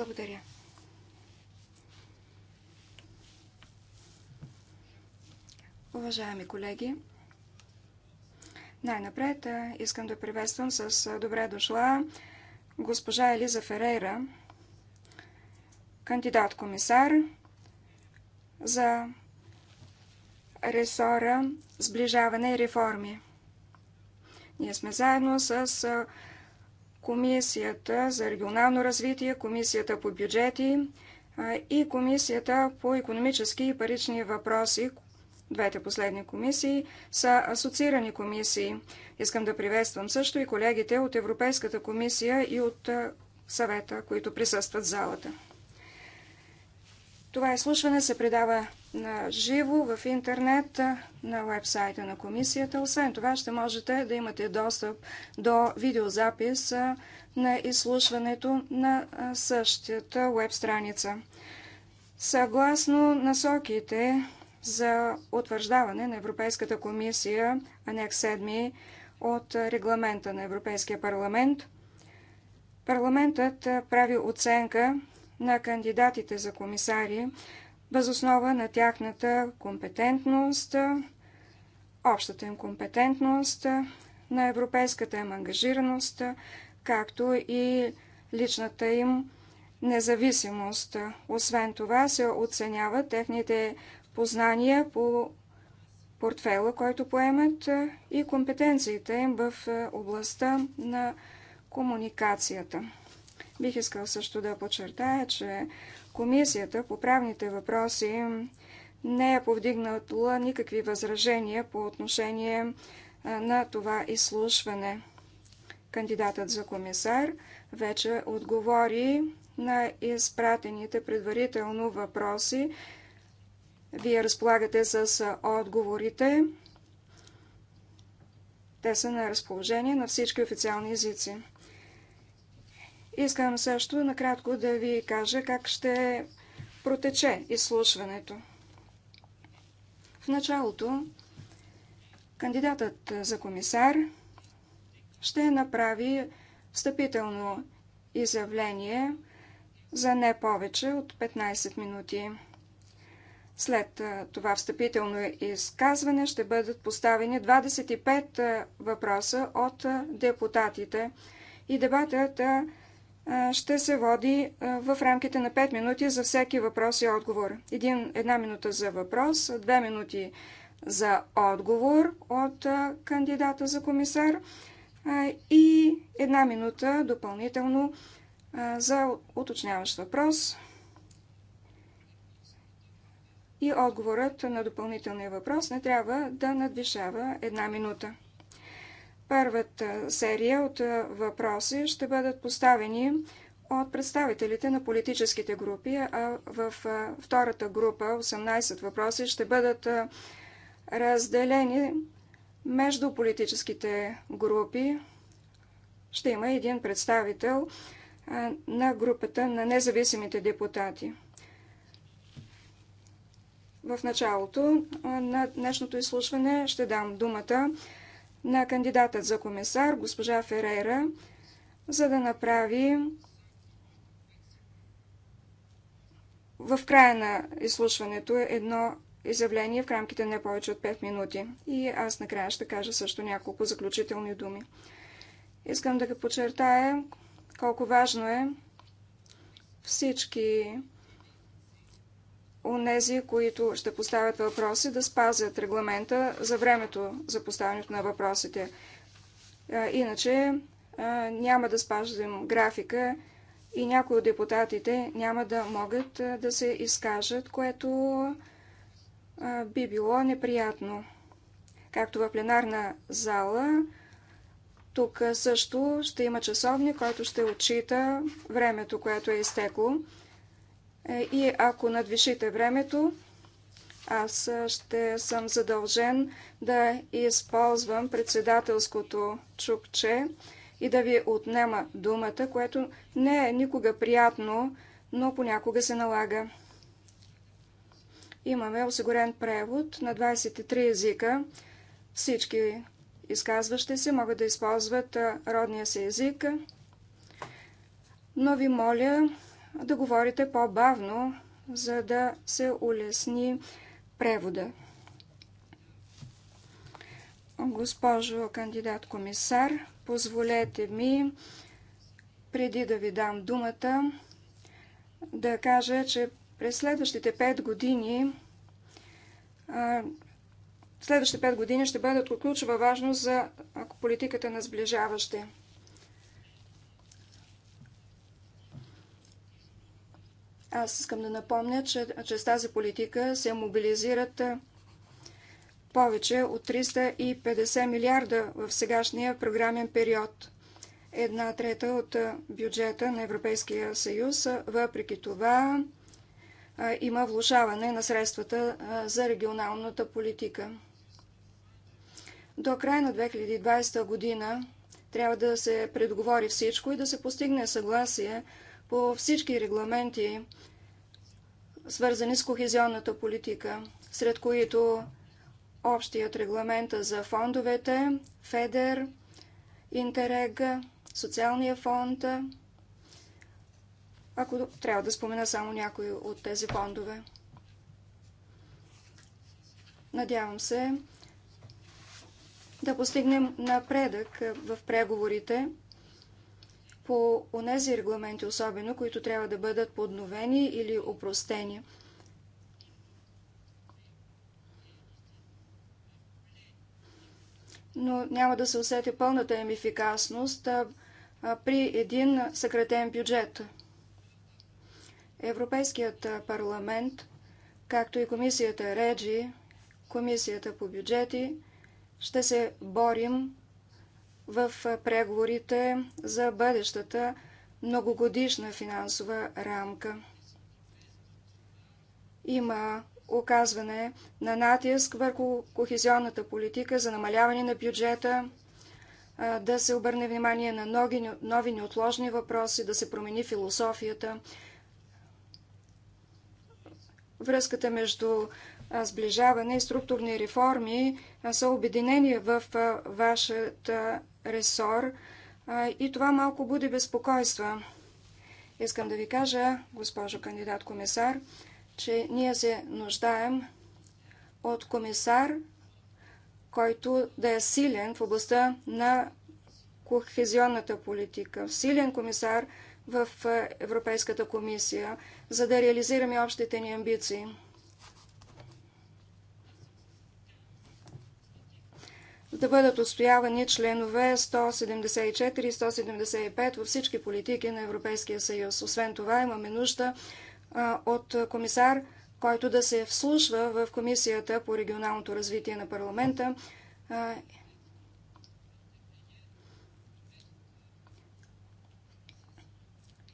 Благодаря. Уважаеми колеги, най-напред искам да приветствам с добре дошла госпожа Елиза Ферейра, кандидат-комисар за ресора Сближаване и реформи. Ние сме заедно с Комисията за регионално развитие, Комисията по бюджети и Комисията по економически и парични въпроси. Двете последни комисии са асоциирани комисии. Искам да приветствам също и колегите от Европейската комисия и от съвета, които присъстват в залата. Това изслушване се предава на живо в интернет на вебсайта на комисията. Освен това ще можете да имате достъп до видеозапис на изслушването на същата веб страница. Съгласно насоките за утвърждаване на Европейската комисия, анекс 7 от регламента на Европейския парламент, парламентът прави оценка на кандидатите за комисари, възоснова на тяхната компетентност, общата им компетентност, на европейската им ангажираност, както и личната им независимост. Освен това се оценяват техните познания по портфела, който поемат и компетенциите им в е, областта на комуникацията. Бих искал също да подчертая, че Комисията по правните въпроси не е повдигнала никакви възражения по отношение на това изслушване. Кандидатът за комисар вече отговори на изпратените предварително въпроси. Вие разполагате с отговорите. Те са на разположение на всички официални езици. Искам също накратко да ви кажа как ще протече изслушването. В началото кандидатът за комисар ще направи встъпително изявление за не повече от 15 минути. След това встъпително изказване ще бъдат поставени 25 въпроса от депутатите и дебатът ще се води в рамките на 5 минути за всеки въпрос и отговор. Един, една минута за въпрос, две минути за отговор от кандидата за комисар и една минута допълнително за уточняващ въпрос и отговорът на допълнителния въпрос не трябва да надвишава една минута. Първата серия от въпроси ще бъдат поставени от представителите на политическите групи, а в втората група, 18 въпроси, ще бъдат разделени между политическите групи. Ще има един представител на групата на независимите депутати. В началото на днешното изслушване ще дам думата на кандидатът за комисар, госпожа Ферейра, за да направи в края на изслушването едно изявление в рамките на повече от 5 минути. И аз накрая ще кажа също няколко заключителни думи. Искам да подчертая колко важно е всички онези, които ще поставят въпроси, да спазят регламента за времето за поставянето на въпросите. Е, иначе е, няма да спазим графика и някои от депутатите няма да могат е, да се изкажат, което би било неприятно. Както в пленарна зала, тук също ще има часовник, който ще отчита времето, което е изтекло. Е, и ако надвишите времето, аз ще съм задължен да използвам председателското чукче и да ви отнема думата, което не е никога приятно, но понякога се налага. Имаме осигурен превод на 23 езика. Всички изказващи се могат да използват родния си език. Но ви моля да говорите по-бавно, за да се улесни превода. Госпожо кандидат комисар, позволете ми, преди да ви дам думата, да кажа, че през следващите 5 години следващите 5 години ще бъдат от ключова важност за политиката на сближаваще. Аз искам да напомня, че чрез тази политика се мобилизират повече от 350 милиарда в сегашния програмен период. Една трета от бюджета на Европейския съюз. Въпреки това има влушаване на средствата за регионалната политика. До края на 2020 година трябва да се предоговори всичко и да се постигне съгласие по всички регламенти, свързани с кохезионната политика, сред които общият регламент за фондовете, ФЕДЕР, Интерег, Социалния фонд, ако трябва да спомена само някои от тези фондове. Надявам се да постигнем напредък в преговорите по онези регламенти особено, които трябва да бъдат подновени или опростени. Но няма да се усети пълната им ефикасност при един съкратен бюджет. Европейският парламент, както и комисията Реджи, комисията по бюджети, ще се борим в преговорите за бъдещата многогодишна финансова рамка. Има оказване на натиск върху кохезионната политика за намаляване на бюджета, да се обърне внимание на нови неотложни въпроси, да се промени философията. Връзката между сближаване и структурни реформи са обединени в вашата ресор и това малко буди безпокойства. Искам да ви кажа, госпожо кандидат комисар, че ние се нуждаем от комисар, който да е силен в областта на кохезионната политика, силен комисар в Европейската комисия, за да реализираме общите ни амбиции. да бъдат отстоявани членове 174 и 175 във всички политики на Европейския съюз. Освен това имаме нужда от комисар, който да се вслушва в Комисията по регионалното развитие на парламента.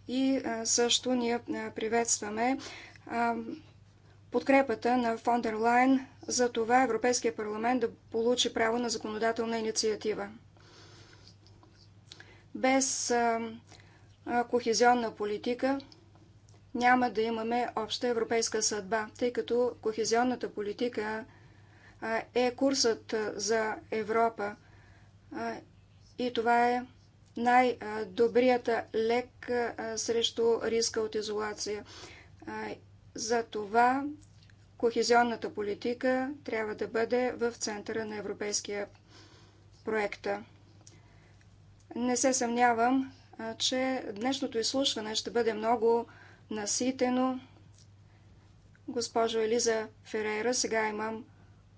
И също ние приветстваме подкрепата на Фондерлайн за това Европейския парламент да получи право на законодателна инициатива. Без кохезионна политика няма да имаме обща европейска съдба, тъй като кохезионната политика е курсът за Европа и това е най-добрият лек срещу риска от изолация. За това Кохезионната политика трябва да бъде в центъра на европейския проект. Не се съмнявам, че днешното изслушване ще бъде много наситено. Госпожо Елиза Ферейра, сега имам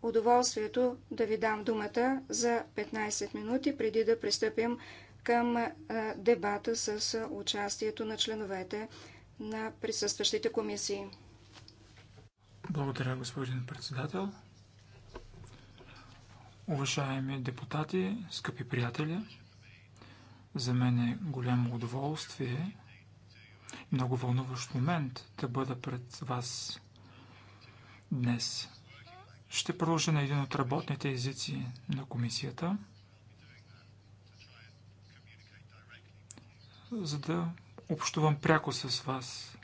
удоволствието да ви дам думата за 15 минути, преди да пристъпим към дебата с участието на членовете на присъстващите комисии. Благодаря, господин председател. Уважаеми депутати, скъпи приятели, за мен е голямо удоволствие и много вълнуващ момент да бъда пред вас днес. Ще продължа на един от работните езици на комисията, за да общувам пряко с вас.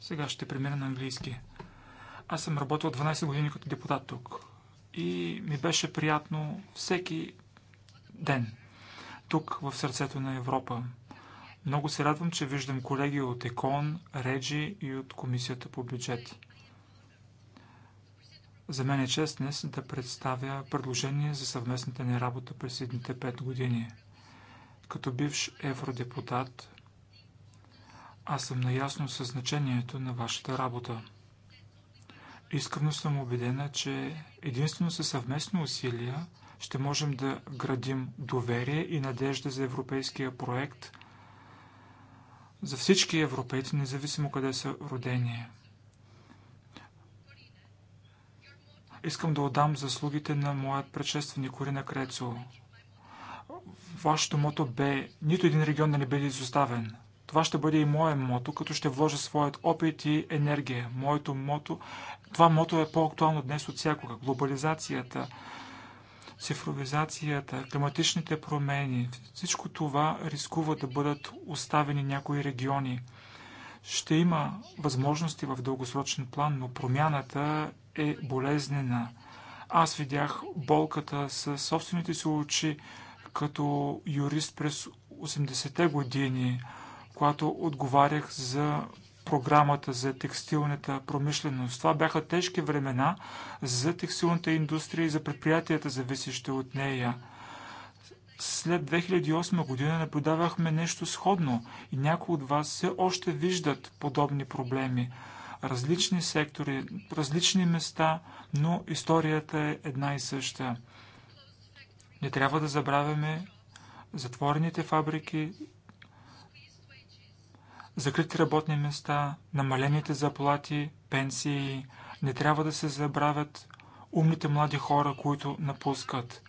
Сега ще премина на английски. Аз съм работил 12 години като депутат тук и ми беше приятно всеки ден тук в сърцето на Европа. Много се радвам, че виждам колеги от ЕКОН, Реджи и от Комисията по бюджет. За мен е чест днес да представя предложение за съвместната ни работа през следните 5 години. Като бивш евродепутат, аз съм наясно със значението на вашата работа. Искрено съм убедена, че единствено със съвместни усилия ще можем да градим доверие и надежда за европейския проект за всички европейци, независимо къде са родени. Искам да отдам заслугите на моят предшественик Корина Крецо. Вашето мото бе нито един регион да не бе изоставен. Това ще бъде и мое мото, като ще вложа своят опит и енергия. Моето мото, това мото е по-актуално днес от всякога. Глобализацията, цифровизацията, климатичните промени, всичко това рискува да бъдат оставени някои региони. Ще има възможности в дългосрочен план, но промяната е болезнена. Аз видях болката със собствените си очи като юрист през 80-те години – когато отговарях за програмата за текстилната промишленост. Това бяха тежки времена за текстилната индустрия и за предприятията, зависещи от нея. След 2008 година наблюдавахме нещо сходно и някои от вас все още виждат подобни проблеми. Различни сектори, различни места, но историята е една и съща. Не трябва да забравяме затворените фабрики, закрити работни места, намалените заплати, пенсии. Не трябва да се забравят умните млади хора, които напускат.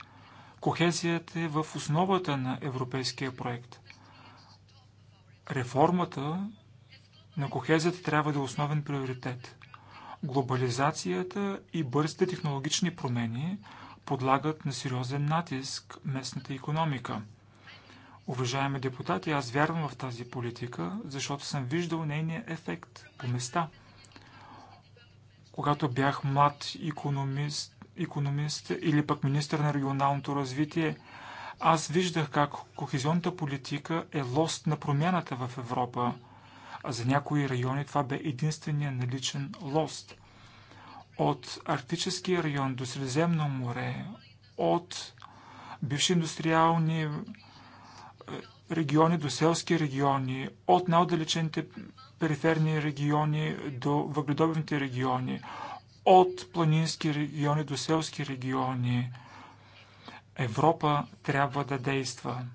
Кохезията е в основата на европейския проект. Реформата на кохезията трябва да е основен приоритет. Глобализацията и бързите технологични промени подлагат на сериозен натиск местната економика – Уважаеми депутати, аз вярвам в тази политика, защото съм виждал нейния ефект по места. Когато бях млад економист, економист или пък министър на регионалното развитие, аз виждах как кохезионната политика е лост на промяната в Европа, а за някои райони това бе единствения наличен лост. От Арктическия район до Средиземно море, от бивши индустриални региони до селски региони, от най-отдалечените периферни региони до въгледобивните региони, от планински региони до селски региони. Европа трябва да действа.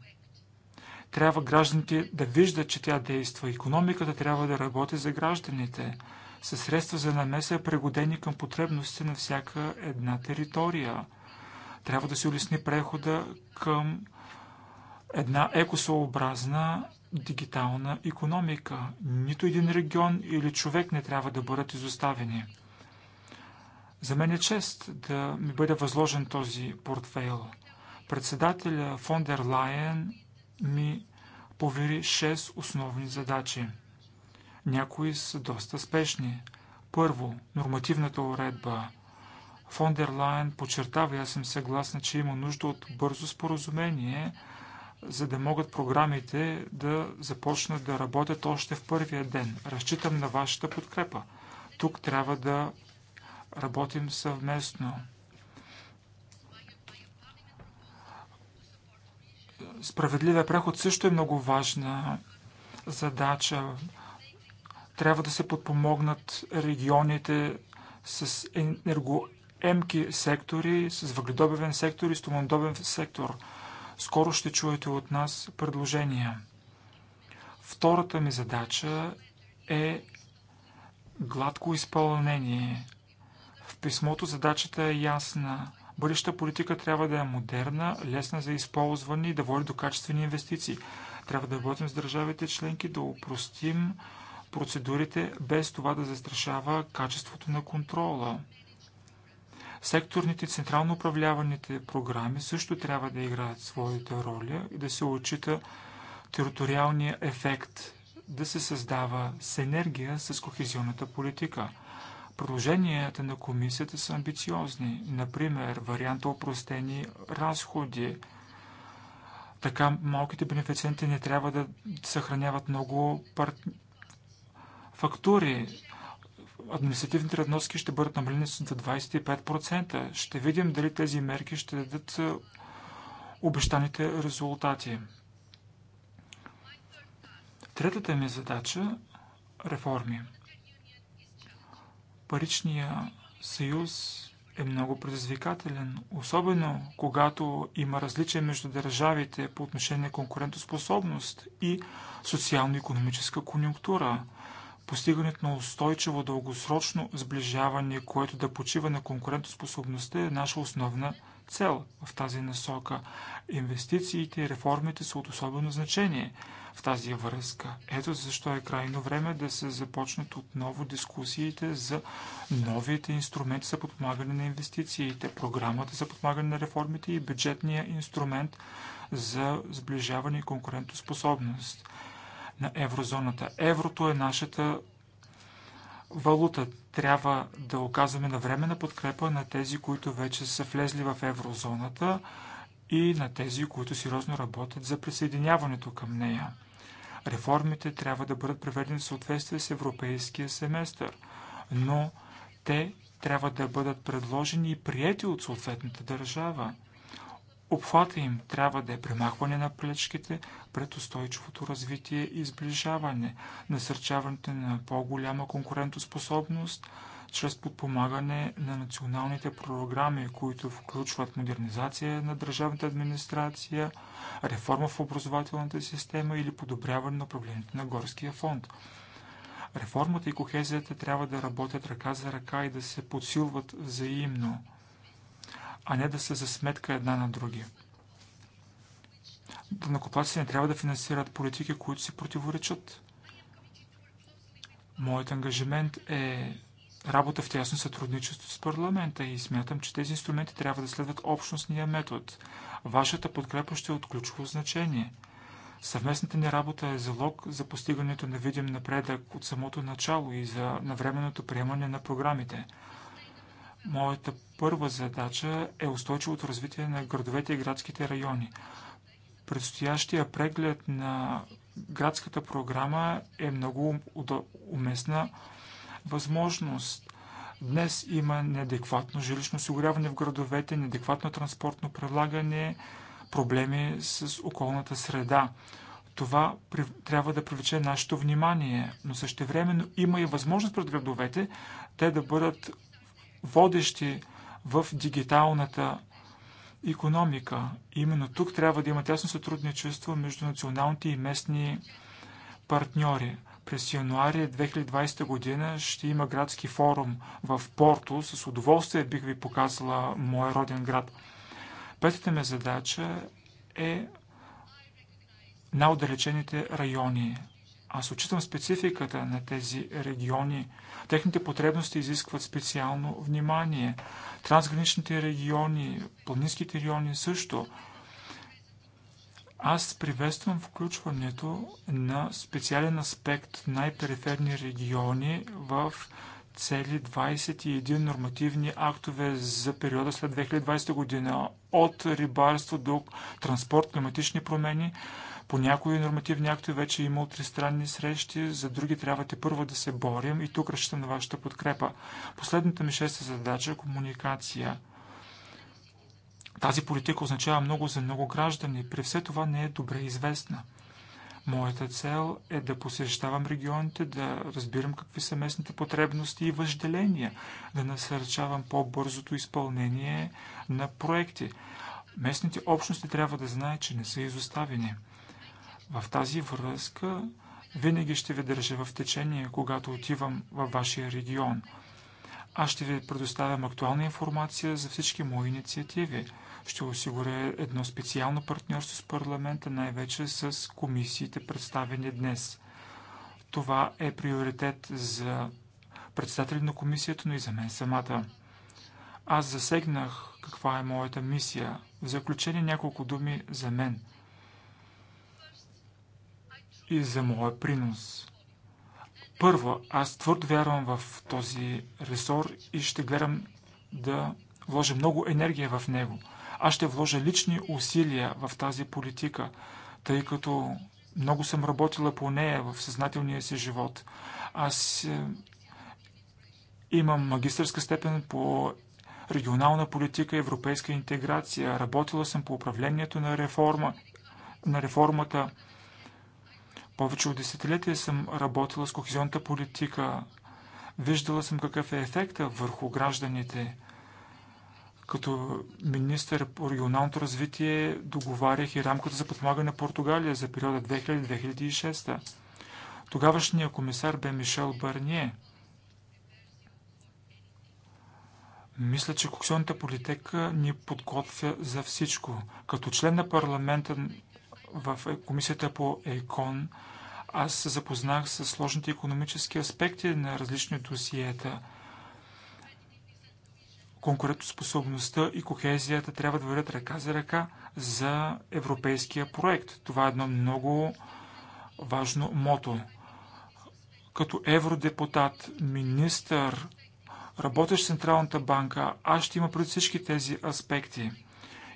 Трябва гражданите да виждат, че тя действа. Економиката трябва да работи за гражданите. Със средства за намеса, пригодени към потребностите на всяка една територия. Трябва да се улесни прехода към една екосообразна дигитална економика. Нито един регион или човек не трябва да бъдат изоставени. За мен е чест да ми бъде възложен този портфейл. Председателя Фондер Лайен ми повери 6 основни задачи. Някои са доста спешни. Първо, нормативната уредба. Фондер Лайен подчертава, аз съм съгласна, че има нужда от бързо споразумение – за да могат програмите да започнат да работят още в първия ден. Разчитам на вашата подкрепа. Тук трябва да работим съвместно. Справедливия преход също е много важна задача. Трябва да се подпомогнат регионите с енергоемки сектори, с въгледобивен сектор и стомандобен сектор – скоро ще чуете от нас предложения. Втората ми задача е гладко изпълнение. В писмото задачата е ясна. Бъдеща политика трябва да е модерна, лесна за използване и да води до качествени инвестиции. Трябва да работим с държавите членки, да упростим процедурите, без това да застрашава качеството на контрола. Секторните централно управляваните програми също трябва да играят своите роля и да се отчита териториалния ефект, да се създава синергия с кохезионната политика. Продълженията на комисията са амбициозни, например варианта опростени разходи. Така малките бенефициенти не трябва да съхраняват много фактори. фактури административните разноски ще бъдат намалени с 25%. Ще видим дали тези мерки ще дадат обещаните резултати. Третата ми задача – реформи. Паричния съюз е много предизвикателен, особено когато има различия между държавите по отношение на конкурентоспособност и социално-економическа конюнктура – Постигането на устойчиво дългосрочно сближаване, което да почива на конкурентоспособността е наша основна цел в тази насока. Инвестициите и реформите са от особено значение в тази връзка. Ето защо е крайно време да се започнат отново дискусиите за новите инструменти за подпомагане на инвестициите, програмата за подпомагане на реформите и бюджетния инструмент за сближаване и конкурентоспособност на еврозоната. Еврото е нашата валута. Трябва да оказваме на на подкрепа на тези, които вече са влезли в еврозоната и на тези, които сериозно работят за присъединяването към нея. Реформите трябва да бъдат преведени в съответствие с европейския семестър, но те трябва да бъдат предложени и приети от съответната държава. Обхвата им трябва да е премахване на плечките пред устойчивото развитие и сближаване, насърчаването на по-голяма конкурентоспособност, чрез подпомагане на националните програми, които включват модернизация на държавната администрация, реформа в образователната система или подобряване на управлението на горския фонд. Реформата и кохезията трябва да работят ръка за ръка и да се подсилват взаимно – а не да са за сметка една на други. Данакоплаците не трябва да финансират политики, които си противоречат. Моят ангажимент е работа в тясно сътрудничество с парламента и смятам, че тези инструменти трябва да следват общностния метод. Вашата подкрепа ще е от ключово значение. Съвместната ни работа е залог за постигането на видим напредък от самото начало и за навременното приемане на програмите. Моята първа задача е устойчивото развитие на градовете и градските райони. Предстоящия преглед на градската програма е много уместна възможност. Днес има неадекватно жилищно осигуряване в градовете, неадекватно транспортно прилагане, проблеми с околната среда. Това трябва да привлече нашето внимание, но същевременно има и възможност пред градовете те да бъдат водещи в дигиталната економика. Именно тук трябва да има тясно сътрудничество между националните и местни партньори. През януари 2020 година ще има градски форум в Порто. С удоволствие бих ви показала моя роден град. Петата ми задача е на отдалечените райони. Аз отчитам спецификата на тези региони. Техните потребности изискват специално внимание. Трансграничните региони, планинските региони също. Аз приветствам включването на специален аспект най-периферни региони в цели 21 нормативни актове за периода след 2020 година от рибарство до транспорт, климатични промени – по някои нормативни актове вече е имал тристранни срещи, за други трябва те първо да се борим и тук разчитам на вашата подкрепа. Последната ми шеста задача е комуникация. Тази политика означава много за много граждани, при все това не е добре известна. Моята цел е да посещавам регионите, да разбирам какви са местните потребности и въжделения, да насърчавам по-бързото изпълнение на проекти. Местните общности трябва да знаят, че не са изоставени. В тази връзка винаги ще ви държа в течение, когато отивам във вашия регион. Аз ще ви предоставям актуална информация за всички мои инициативи. Ще осигуря едно специално партньорство с парламента, най-вече с комисиите, представени днес. Това е приоритет за председателя на комисията, но и за мен самата. Аз засегнах каква е моята мисия. В заключение няколко думи за мен и за моя принос. Първо, аз твърдо вярвам в този ресор и ще гледам да вложа много енергия в него. Аз ще вложа лични усилия в тази политика, тъй като много съм работила по нея в съзнателния си живот. Аз е, имам магистърска степен по регионална политика, европейска интеграция. Работила съм по управлението на, реформа, на реформата, повече от десетилетия съм работила с кохезионната политика. Виждала съм какъв е ефекта върху гражданите. Като министър по регионалното развитие договарях и рамката за подпомагане на Португалия за периода 2000-2006. Тогавашният комисар бе Мишел Барние. Мисля, че коксионната политика ни подготвя за всичко. Като член на парламента в комисията по ЕКОН аз се запознах с сложните економически аспекти на различни досиета. Конкурентоспособността и кохезията трябва да вървят ръка за ръка за европейския проект. Това е едно много важно мото. Като евродепутат, министър, работещ в Централната банка, аз ще има пред всички тези аспекти –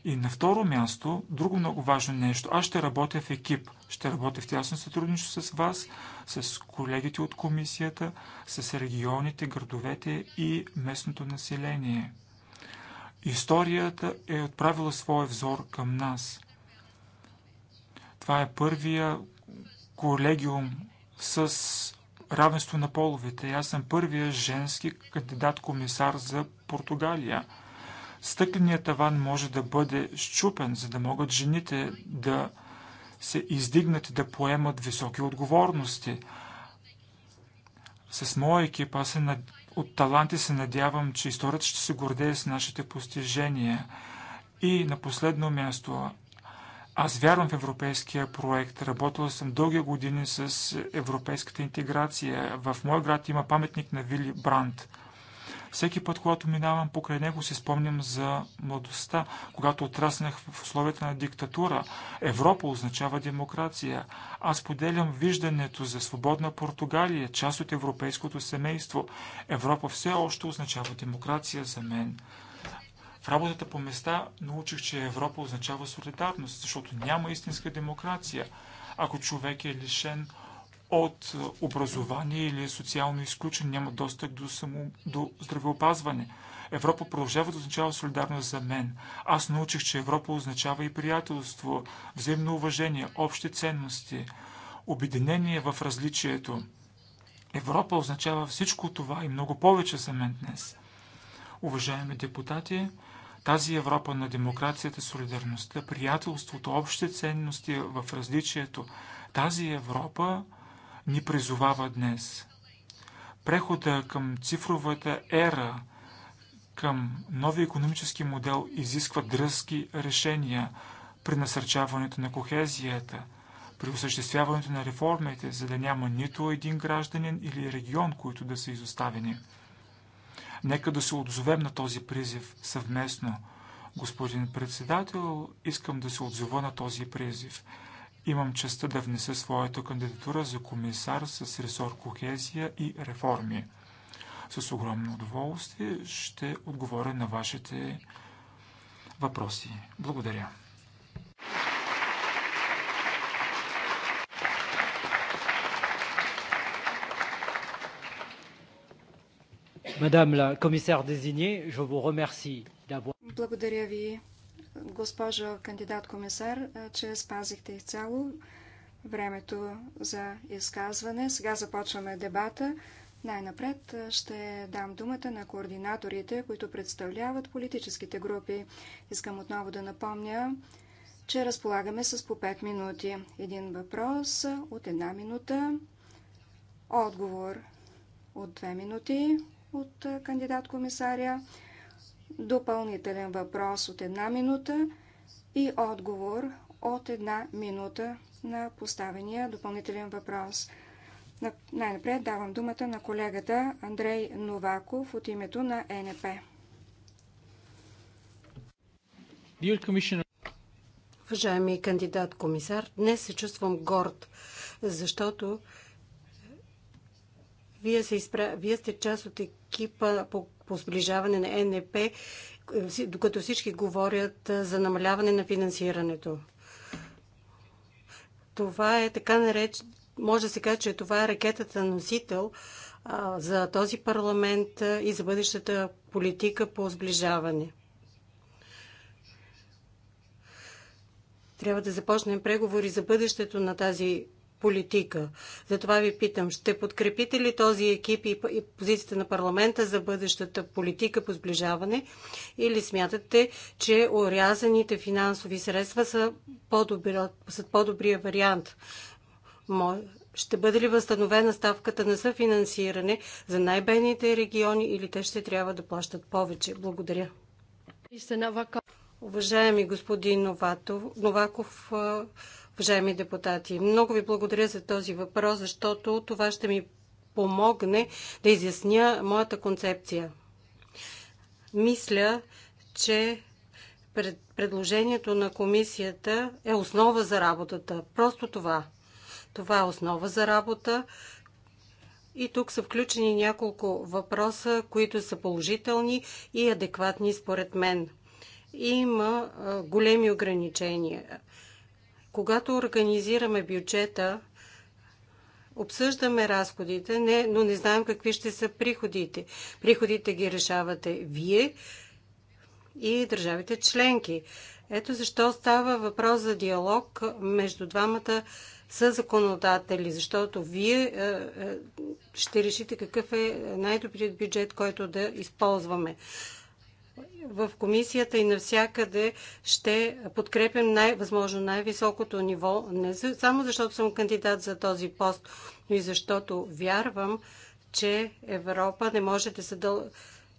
и на второ място, друго много важно нещо. Аз ще работя в екип. Ще работя в тясно сътрудничество с вас, с колегите от комисията, с регионите, градовете и местното население. Историята е отправила своя взор към нас. Това е първия колегиум с равенство на половете. Аз съм първия женски кандидат-комисар за Португалия – стъкленият таван може да бъде щупен, за да могат жените да се издигнат и да поемат високи отговорности. С моя екип се над... от таланти се надявам, че историята ще се гордее с нашите постижения. И на последно място, аз вярвам в европейския проект. Работила съм дълги години с европейската интеграция. В моя град има паметник на Вили Бранд – всеки път, когато минавам покрай него, си спомням за младостта, когато отраснах в условията на диктатура. Европа означава демокрация. Аз поделям виждането за свободна Португалия, част от европейското семейство. Европа все още означава демокрация за мен. В работата по места научих, че Европа означава солидарност, защото няма истинска демокрация, ако човек е лишен от е, образование или е социално изключен, няма достъп до, само, до здравеопазване. Европа продължава да означава солидарност за мен. Аз научих, че Европа означава и приятелство, взаимно уважение, общи ценности, обединение в различието. Европа означава всичко това и много повече за мен днес. Уважаеми депутати, тази Европа на демокрацията, солидарността, приятелството, общите ценности в различието, тази Европа ни призовава днес. Прехода към цифровата ера, към нови економически модел изисква дръзки решения при насърчаването на кохезията, при осъществяването на реформите, за да няма нито един гражданин или регион, които да са изоставени. Нека да се отзовем на този призив съвместно. Господин председател, искам да се отзова на този призив – Имам честа да внеса своята кандидатура за комисар с ресор кохезия и реформи. С огромно удоволствие ще отговоря на вашите въпроси. Благодаря. Мадам ла комисар je vous remercie d'avoir... Благодаря ви, госпожо кандидат-комисар, че спазихте изцяло времето за изказване. Сега започваме дебата. Най-напред ще дам думата на координаторите, които представляват политическите групи. Искам отново да напомня, че разполагаме с по 5 минути. Един въпрос от една минута, отговор от 2 минути от кандидат-комисаря допълнителен въпрос от една минута и отговор от една минута на поставения допълнителен въпрос. Най-напред давам думата на колегата Андрей Новаков от името на НП. Уважаеми кандидат комисар, днес се чувствам горд, защото вие, се изпра... вие сте част от екипа, по по сближаване на НЕП, докато всички говорят за намаляване на финансирането. Това е така нареч... Може да се каже, че това е ракетата носител а, за този парламент и за бъдещата политика по сближаване. Трябва да започнем преговори за бъдещето на тази политика. Затова ви питам, ще подкрепите ли този екип и позицията на парламента за бъдещата политика по сближаване или смятате, че орязаните финансови средства са по-добрия по вариант? Ще бъде ли възстановена ставката на съфинансиране за най-бедните региони или те ще трябва да плащат повече? Благодаря. Уважаеми господин Новаков, уважаеми депутати. Много ви благодаря за този въпрос, защото това ще ми помогне да изясня моята концепция. Мисля, че предложението на комисията е основа за работата. Просто това. Това е основа за работа. И тук са включени няколко въпроса, които са положителни и адекватни според мен. Има големи ограничения. Когато организираме бюджета, обсъждаме разходите, не, но не знаем какви ще са приходите. Приходите ги решавате вие и държавите членки. Ето защо става въпрос за диалог между двамата са законодатели, защото вие е, е, ще решите какъв е най-добрият бюджет, който да използваме в комисията и навсякъде ще подкрепям най- възможно най-високото ниво, не само защото съм кандидат за този пост, но и защото вярвам, че Европа не може да се дъл...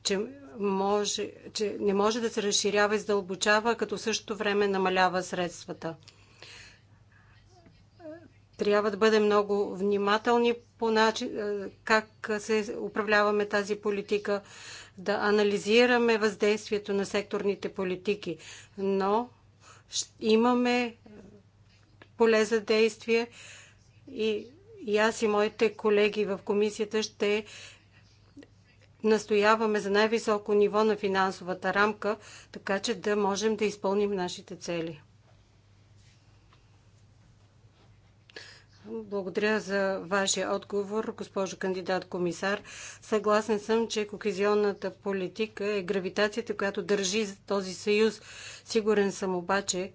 че може, че не може да се разширява и задълбочава, като същото време намалява средствата. Трябва да бъдем много внимателни по начин, е, как се управляваме тази политика, да анализираме въздействието на секторните политики, но имаме поле за действие и, и аз и моите колеги в комисията ще настояваме за най-високо ниво на финансовата рамка, така че да можем да изпълним нашите цели. Благодаря за вашия отговор, госпожо кандидат комисар. Съгласен съм, че кохезионната политика е гравитацията, която държи този съюз. Сигурен съм обаче,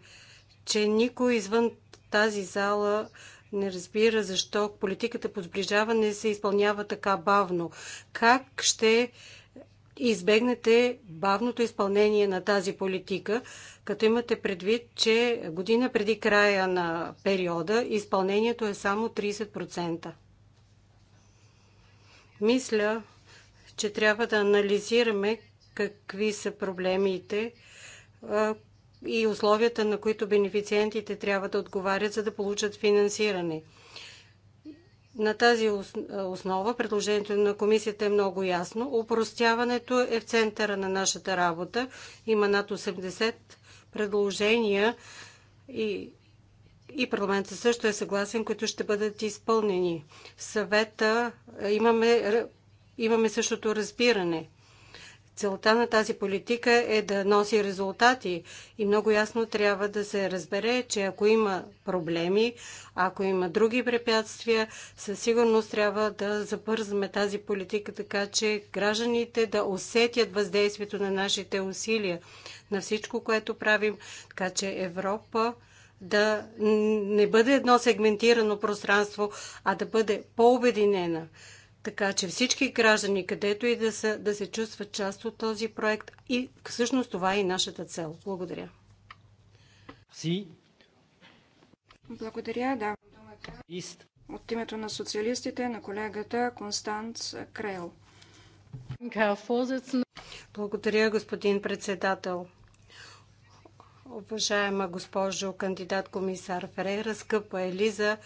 че никой извън тази зала не разбира защо политиката по сближаване се изпълнява така бавно. Как ще избегнете бавното изпълнение на тази политика, като имате предвид, че година преди края на периода изпълнението е само 30%. Мисля, че трябва да анализираме какви са проблемите и условията, на които бенефициентите трябва да отговарят, за да получат финансиране – на тази основа предложението на комисията е много ясно. Опростяването е в центъра на нашата работа. Има над 80 предложения и, и парламентът също е съгласен, които ще бъдат изпълнени. В съвета е, имаме, имаме същото разбиране – Целта на тази политика е да носи резултати и много ясно трябва да се разбере, че ако има проблеми, ако има други препятствия, със сигурност трябва да запързваме тази политика, така че гражданите да усетят въздействието на нашите усилия, на всичко, което правим, така че Европа да не бъде едно сегментирано пространство, а да бъде по-обединена. Така че всички граждани, където и да са, да се чувстват част от този проект и всъщност това е и нашата цел. Благодаря. Си. Благодаря, да. Ист. От името на социалистите на колегата Констанц Крейл. Благодаря, господин председател. Уважаема госпожо кандидат комисар Ферейра, скъпа Елиза,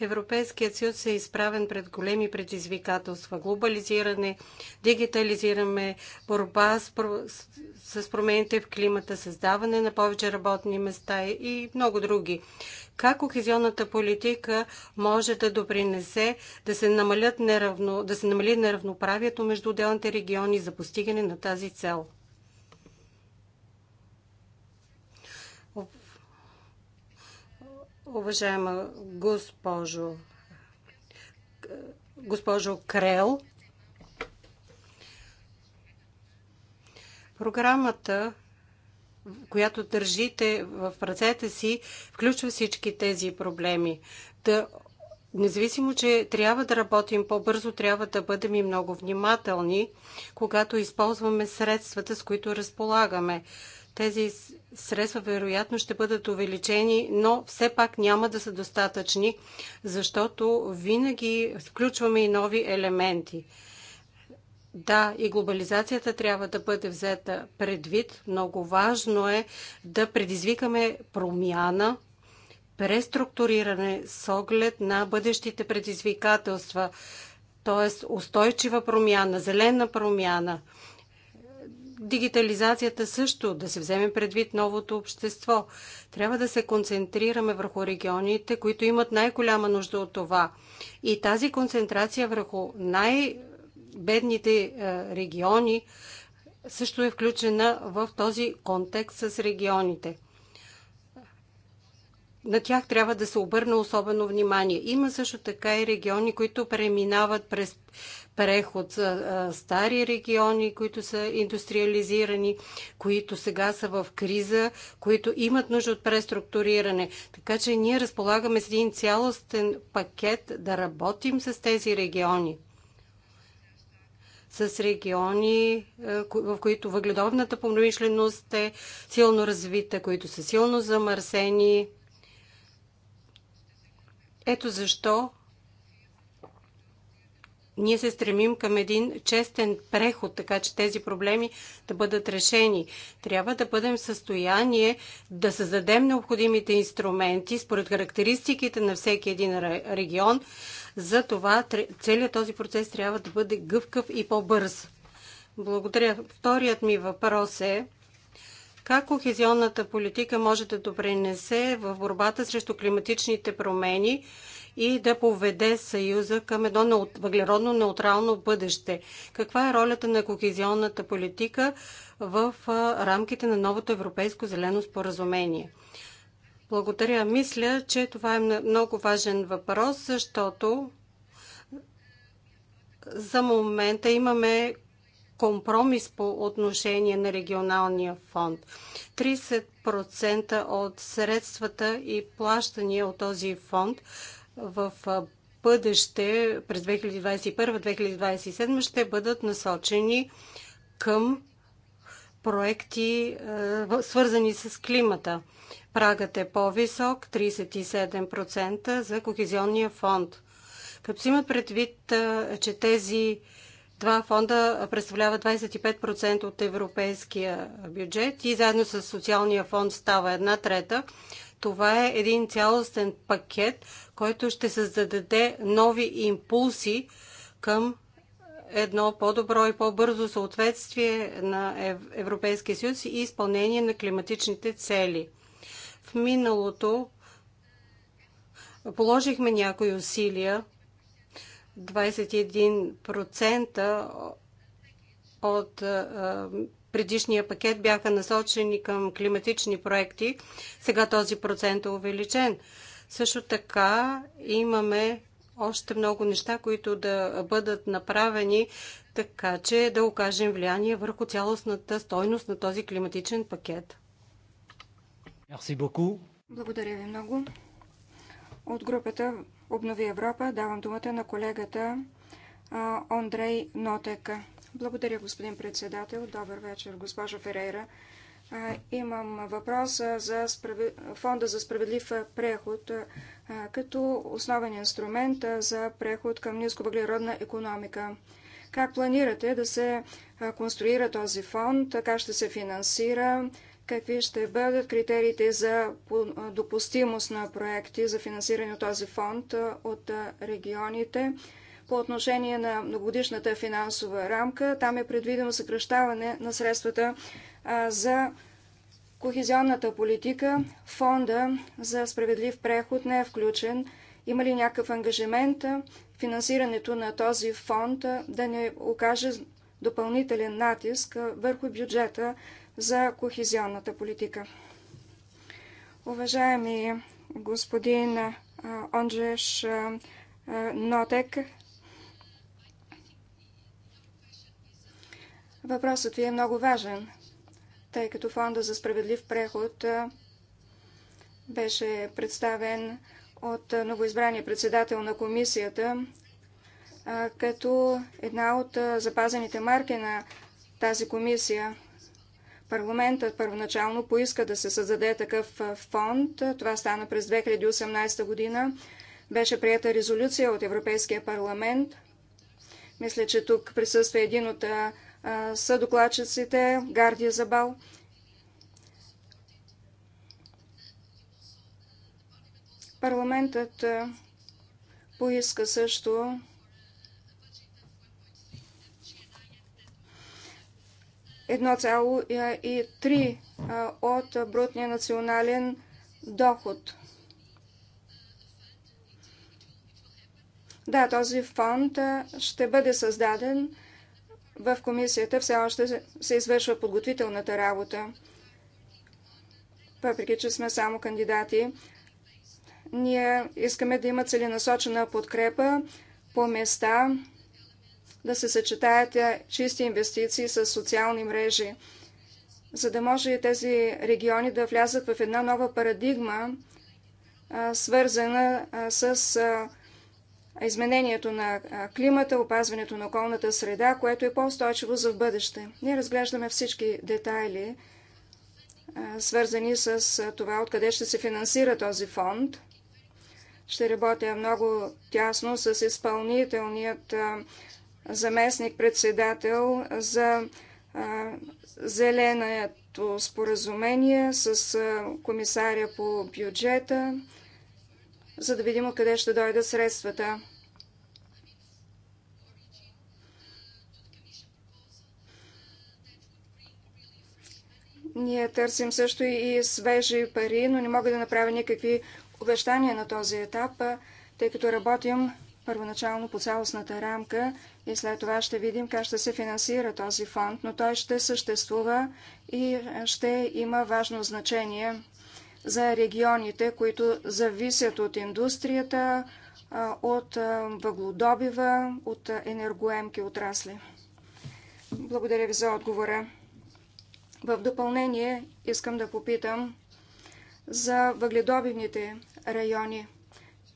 Европейският съюз е изправен пред големи предизвикателства. Глобализиране, дигитализираме, борба с, с промените в климата, създаване на повече работни места и много други. Как кохезионната политика може да допринесе да се, намалят неравно, да се намали неравноправието между отделните региони за постигане на тази цел? Уважаема госпожо, госпожо Крел, програмата, която държите в ръцете си, включва всички тези проблеми. Да, независимо, че трябва да работим по-бързо, трябва да бъдем и много внимателни, когато използваме средствата, с които разполагаме. Тези средства вероятно ще бъдат увеличени, но все пак няма да са достатъчни, защото винаги включваме и нови елементи. Да, и глобализацията трябва да бъде взета предвид. Много важно е да предизвикаме промяна, преструктуриране с оглед на бъдещите предизвикателства, т.е. устойчива промяна, зелена промяна дигитализацията също, да се вземе предвид новото общество. Трябва да се концентрираме върху регионите, които имат най-голяма нужда от това. И тази концентрация върху най-бедните е, региони също е включена в този контекст с регионите на тях трябва да се обърне особено внимание. Има също така и региони, които преминават през преход. за Стари региони, които са индустриализирани, които сега са в криза, които имат нужда от преструктуриране. Така че ние разполагаме с един цялостен пакет да работим с тези региони с региони, в които въгледобната промишленост е силно развита, които са силно замърсени, ето защо ние се стремим към един честен преход, така че тези проблеми да бъдат решени. Трябва да бъдем в състояние да създадем необходимите инструменти според характеристиките на всеки един регион. За това целият този процес трябва да бъде гъвкав и по-бърз. Благодаря. Вторият ми въпрос е как кохезионната политика може да допринесе в борбата срещу климатичните промени и да поведе Съюза към едно въглеродно неутрално бъдеще? Каква е ролята на кохезионната политика в рамките на новото европейско зелено споразумение? Благодаря. Мисля, че това е много важен въпрос, защото за момента имаме компромис по отношение на регионалния фонд. 30% от средствата и плащания от този фонд в бъдеще през 2021-2027 ще бъдат насочени към проекти, свързани с климата. Прагът е по-висок 37% за Кохезионния фонд. Като си имат предвид, че тези това фонда представлява 25% от европейския бюджет и заедно с социалния фонд става една трета. Това е един цялостен пакет, който ще създаде нови импулси към едно по-добро и по-бързо съответствие на Европейския съюз и изпълнение на климатичните цели. В миналото положихме някои усилия 21% от предишния пакет бяха насочени към климатични проекти. Сега този процент е увеличен. Също така имаме още много неща, които да бъдат направени, така че да окажем влияние върху цялостната стойност на този климатичен пакет. Благодаря ви много. От групата Обнови Европа. Давам думата на колегата Андрей Нотек. Благодаря, господин председател. Добър вечер, госпожо Ферейра. Имам въпрос за Фонда за справедлив преход като основен инструмент за преход към нисковъглеродна економика. Как планирате да се конструира този фонд? Как ще се финансира? какви ще бъдат критериите за допустимост на проекти за финансиране от този фонд от регионите. По отношение на многодишната финансова рамка, там е предвидено съкръщаване на средствата за кохезионната политика. Фонда за справедлив преход не е включен. Има ли някакъв ангажимент финансирането на този фонд да не окаже допълнителен натиск върху бюджета за кохезионната политика. Уважаеми господин Онджеш Нотек, въпросът ви е много важен, тъй като Фонда за справедлив преход беше представен от новоизбрания председател на комисията като една от запазените марки на тази комисия – Парламентът първоначално поиска да се създаде такъв фонд. Това стана през 2018 година. Беше прията резолюция от Европейския парламент. Мисля, че тук присъства един от съдокладчиците, Гардия Забал. Парламентът поиска също 1,3 от брутния национален доход. Да, този фонд ще бъде създаден в комисията. Все още се извършва подготвителната работа. Въпреки, че сме само кандидати, ние искаме да има целенасочена подкрепа по места, да се съчетаят чисти инвестиции с социални мрежи, за да може тези региони да влязат в една нова парадигма, свързана с изменението на климата, опазването на околната среда, което е по-устойчиво за в бъдеще. Ние разглеждаме всички детайли, свързани с това, откъде ще се финансира този фонд. Ще работя много тясно с изпълнителният заместник-председател за зеленото споразумение с комисаря по бюджета, за да видим откъде ще дойдат средствата. Ние търсим също и свежи пари, но не мога да направя никакви обещания на този етап, тъй като работим първоначално по цялостната рамка и след това ще видим как ще се финансира този фонд, но той ще съществува и е, ще има важно значение за регионите, които зависят от индустрията, е, от е, въглодобива, от енергоемки отрасли. Благодаря ви за отговора. В допълнение искам да попитам за въгледобивните райони –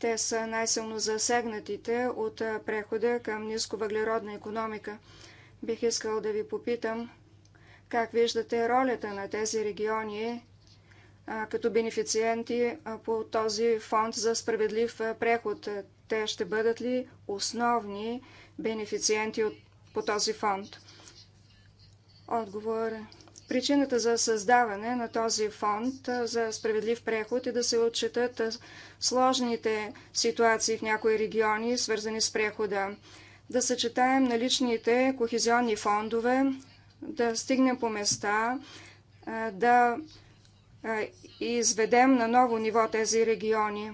те са най-силно засегнатите от прехода към нисковъглеродна економика. Бих искал да ви попитам как виждате ролята на тези региони като бенефициенти по този фонд за справедлив преход. Те ще бъдат ли основни бенефициенти по този фонд? Отговор Причината за създаване на този фонд за справедлив преход е да се отчитат сложните ситуации в някои региони, свързани с прехода. Да съчетаем наличните кохезионни фондове, да стигнем по места, да изведем на ново ниво тези региони.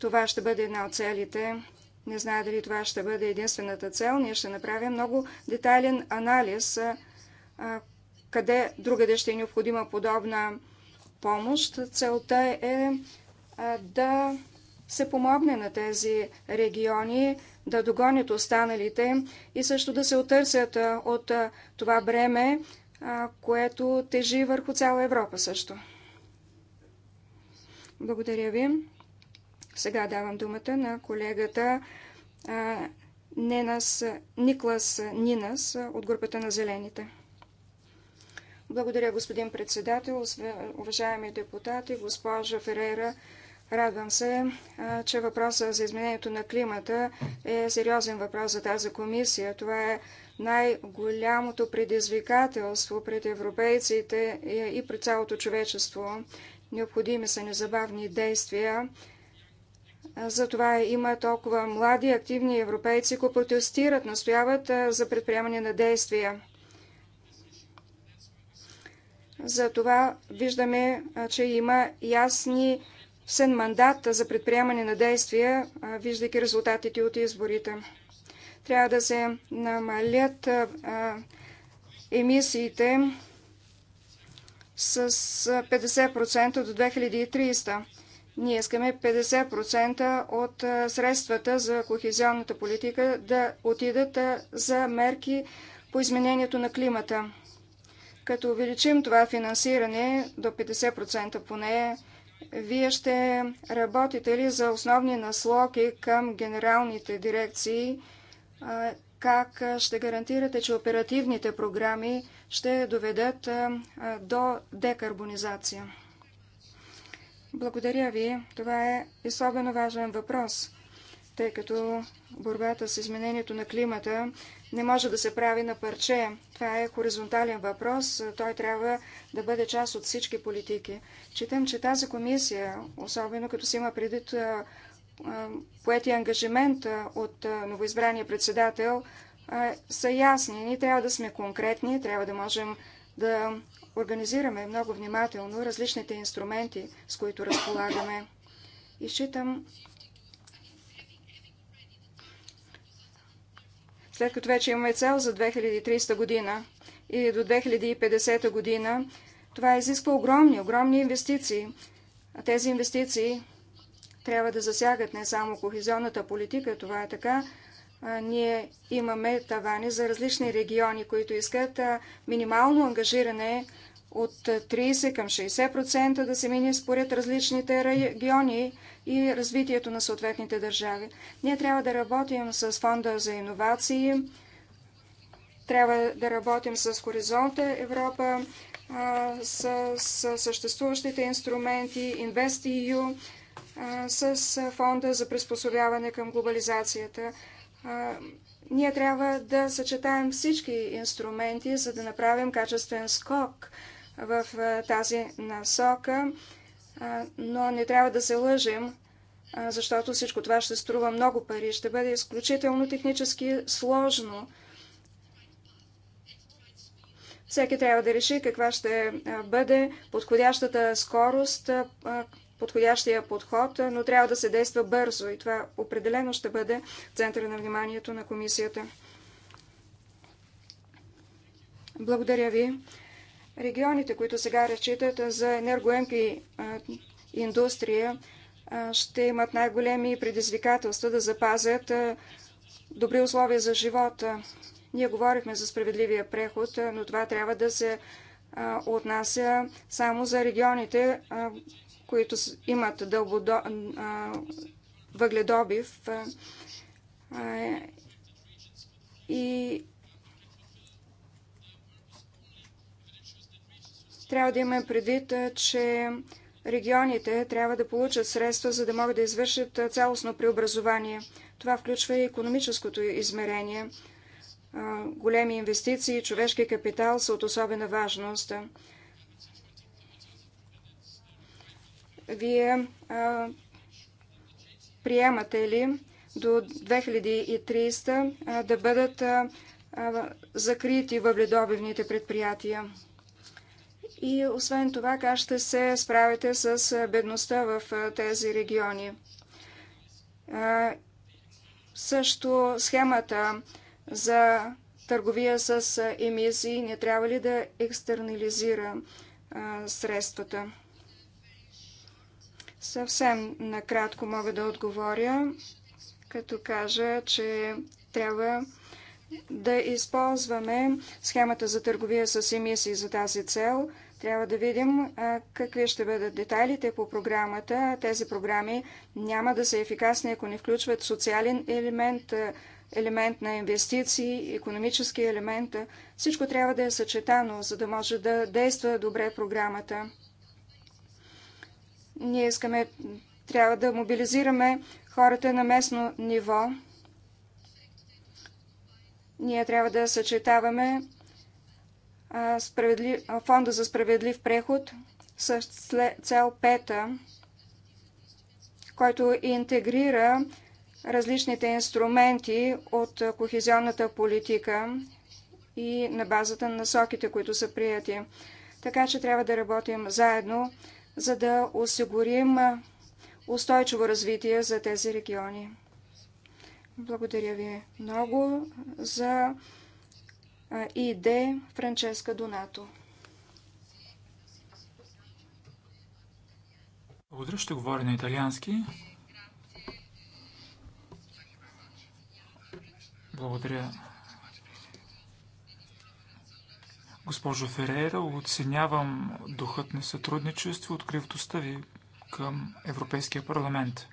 Това ще бъде една от целите. Не знае дали това ще бъде единствената цел. Ние ще направим много детайлен анализ къде другаде ще е необходима подобна помощ. Целта е, е да се помогне на тези региони да догонят останалите и също да се отърсят е, от е, това бреме, което тежи върху цяла Европа също. Благодаря ви. Сега давам думата на колегата Ненас, Никлас Нинас от групата на Зелените. Благодаря, господин председател, уважаеми депутати, госпожа Ферера. Радвам се, че въпросът за изменението на климата е сериозен въпрос за тази комисия. Това е най-голямото предизвикателство пред европейците и пред цялото човечество. Необходими са незабавни действия. Затова има толкова млади, активни европейци, които протестират, настояват за предприемане на действия. Затова виждаме, че има ясни сен мандат за предприемане на действия, виждайки резултатите от изборите. Трябва да се намалят емисиите с 50% до 2300. Ние искаме 50% от средствата за кохезионната политика да отидат за мерки по изменението на климата. Като увеличим това финансиране до 50% поне, вие ще работите ли за основни наслоки към генералните дирекции? Как ще гарантирате, че оперативните програми ще доведат до декарбонизация? Благодаря ви. Това е особено важен въпрос тъй като борбата с изменението на климата не може да се прави на парче. Това е хоризонтален въпрос. Той трябва да бъде част от всички политики. Читам, че тази комисия, особено като се има предвид поети ангажимент от новоизбрания председател, са ясни. Ние трябва да сме конкретни, трябва да можем да организираме много внимателно различните инструменти, с които разполагаме. И считам, след като вече имаме цел за 2300 година и до 2050 година, това изисква огромни, огромни инвестиции. А тези инвестиции трябва да засягат не само кохезионната политика, това е така. А, ние имаме тавани за различни региони, които искат а, минимално ангажиране от 30 към 60% да се мине според различните региони и развитието на съответните държави. Ние трябва да работим с фонда за иновации, трябва да работим с Хоризонта Европа, с, съществуващите инструменти, InvestEU, с фонда за приспособяване към глобализацията. Ние трябва да съчетаем всички инструменти, за да направим качествен скок – в тази насока, но не трябва да се лъжим, защото всичко това ще струва много пари, ще бъде изключително технически сложно. Всеки трябва да реши каква ще бъде подходящата скорост, подходящия подход, но трябва да се действа бързо и това определено ще бъде центъра на вниманието на комисията. Благодаря ви. Регионите, които сега разчитат за енергоемки индустрия, ще имат най-големи предизвикателства да запазят добри условия за живота. Ние говорихме за справедливия преход, но това трябва да се отнася само за регионите, които имат дълбодо... въгледобив и Трябва да имаме предвид, че регионите трябва да получат средства, за да могат да извършат цялостно преобразование. Това включва и економическото измерение. Големи инвестиции и човешки капитал са от особена важност. Вие приемате ли до 2300 да бъдат закрити въвледобивните предприятия? И освен това, как ще се справите с бедността в тези региони? Също схемата за търговия с емисии не трябва ли да екстернализира средствата? Съвсем накратко мога да отговоря, като кажа, че трябва да използваме схемата за търговия с емисии за тази цел, трябва да видим какви ще бъдат детайлите по програмата. Тези програми няма да са ефикасни, ако не включват социален елемент, елемент на инвестиции, економически елемент. Всичко трябва да е съчетано, за да може да действа добре програмата. Ние искаме, трябва да мобилизираме хората на местно ниво. Ние трябва да съчетаваме Фонда за справедлив преход с цел пета, който интегрира различните инструменти от кохезионната политика и на базата на насоките, които са прияти. Така че трябва да работим заедно, за да осигурим устойчиво развитие за тези региони. Благодаря ви много за и Д. Франческа Донато. Благодаря, ще говоря на италиански. Благодаря. Госпожо Ферейра, оценявам духът на сътрудничество и откритостта ви към Европейския парламент.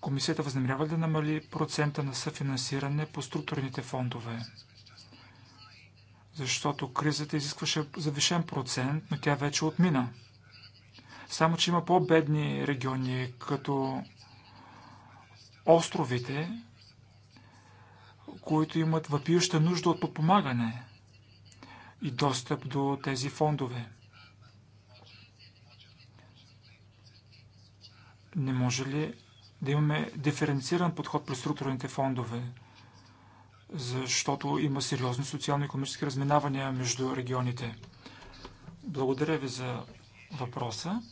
Комисията възнамерява да намали процента на съфинансиране по структурните фондове? Защото кризата изискваше завишен процент, но тя вече отмина. Само, че има по-бедни региони, като островите, които имат въпиюща нужда от подпомагане и достъп до тези фондове. Не може ли да имаме диференциран подход при структурните фондове, защото има сериозни социално-економически разминавания между регионите. Благодаря ви за въпроса.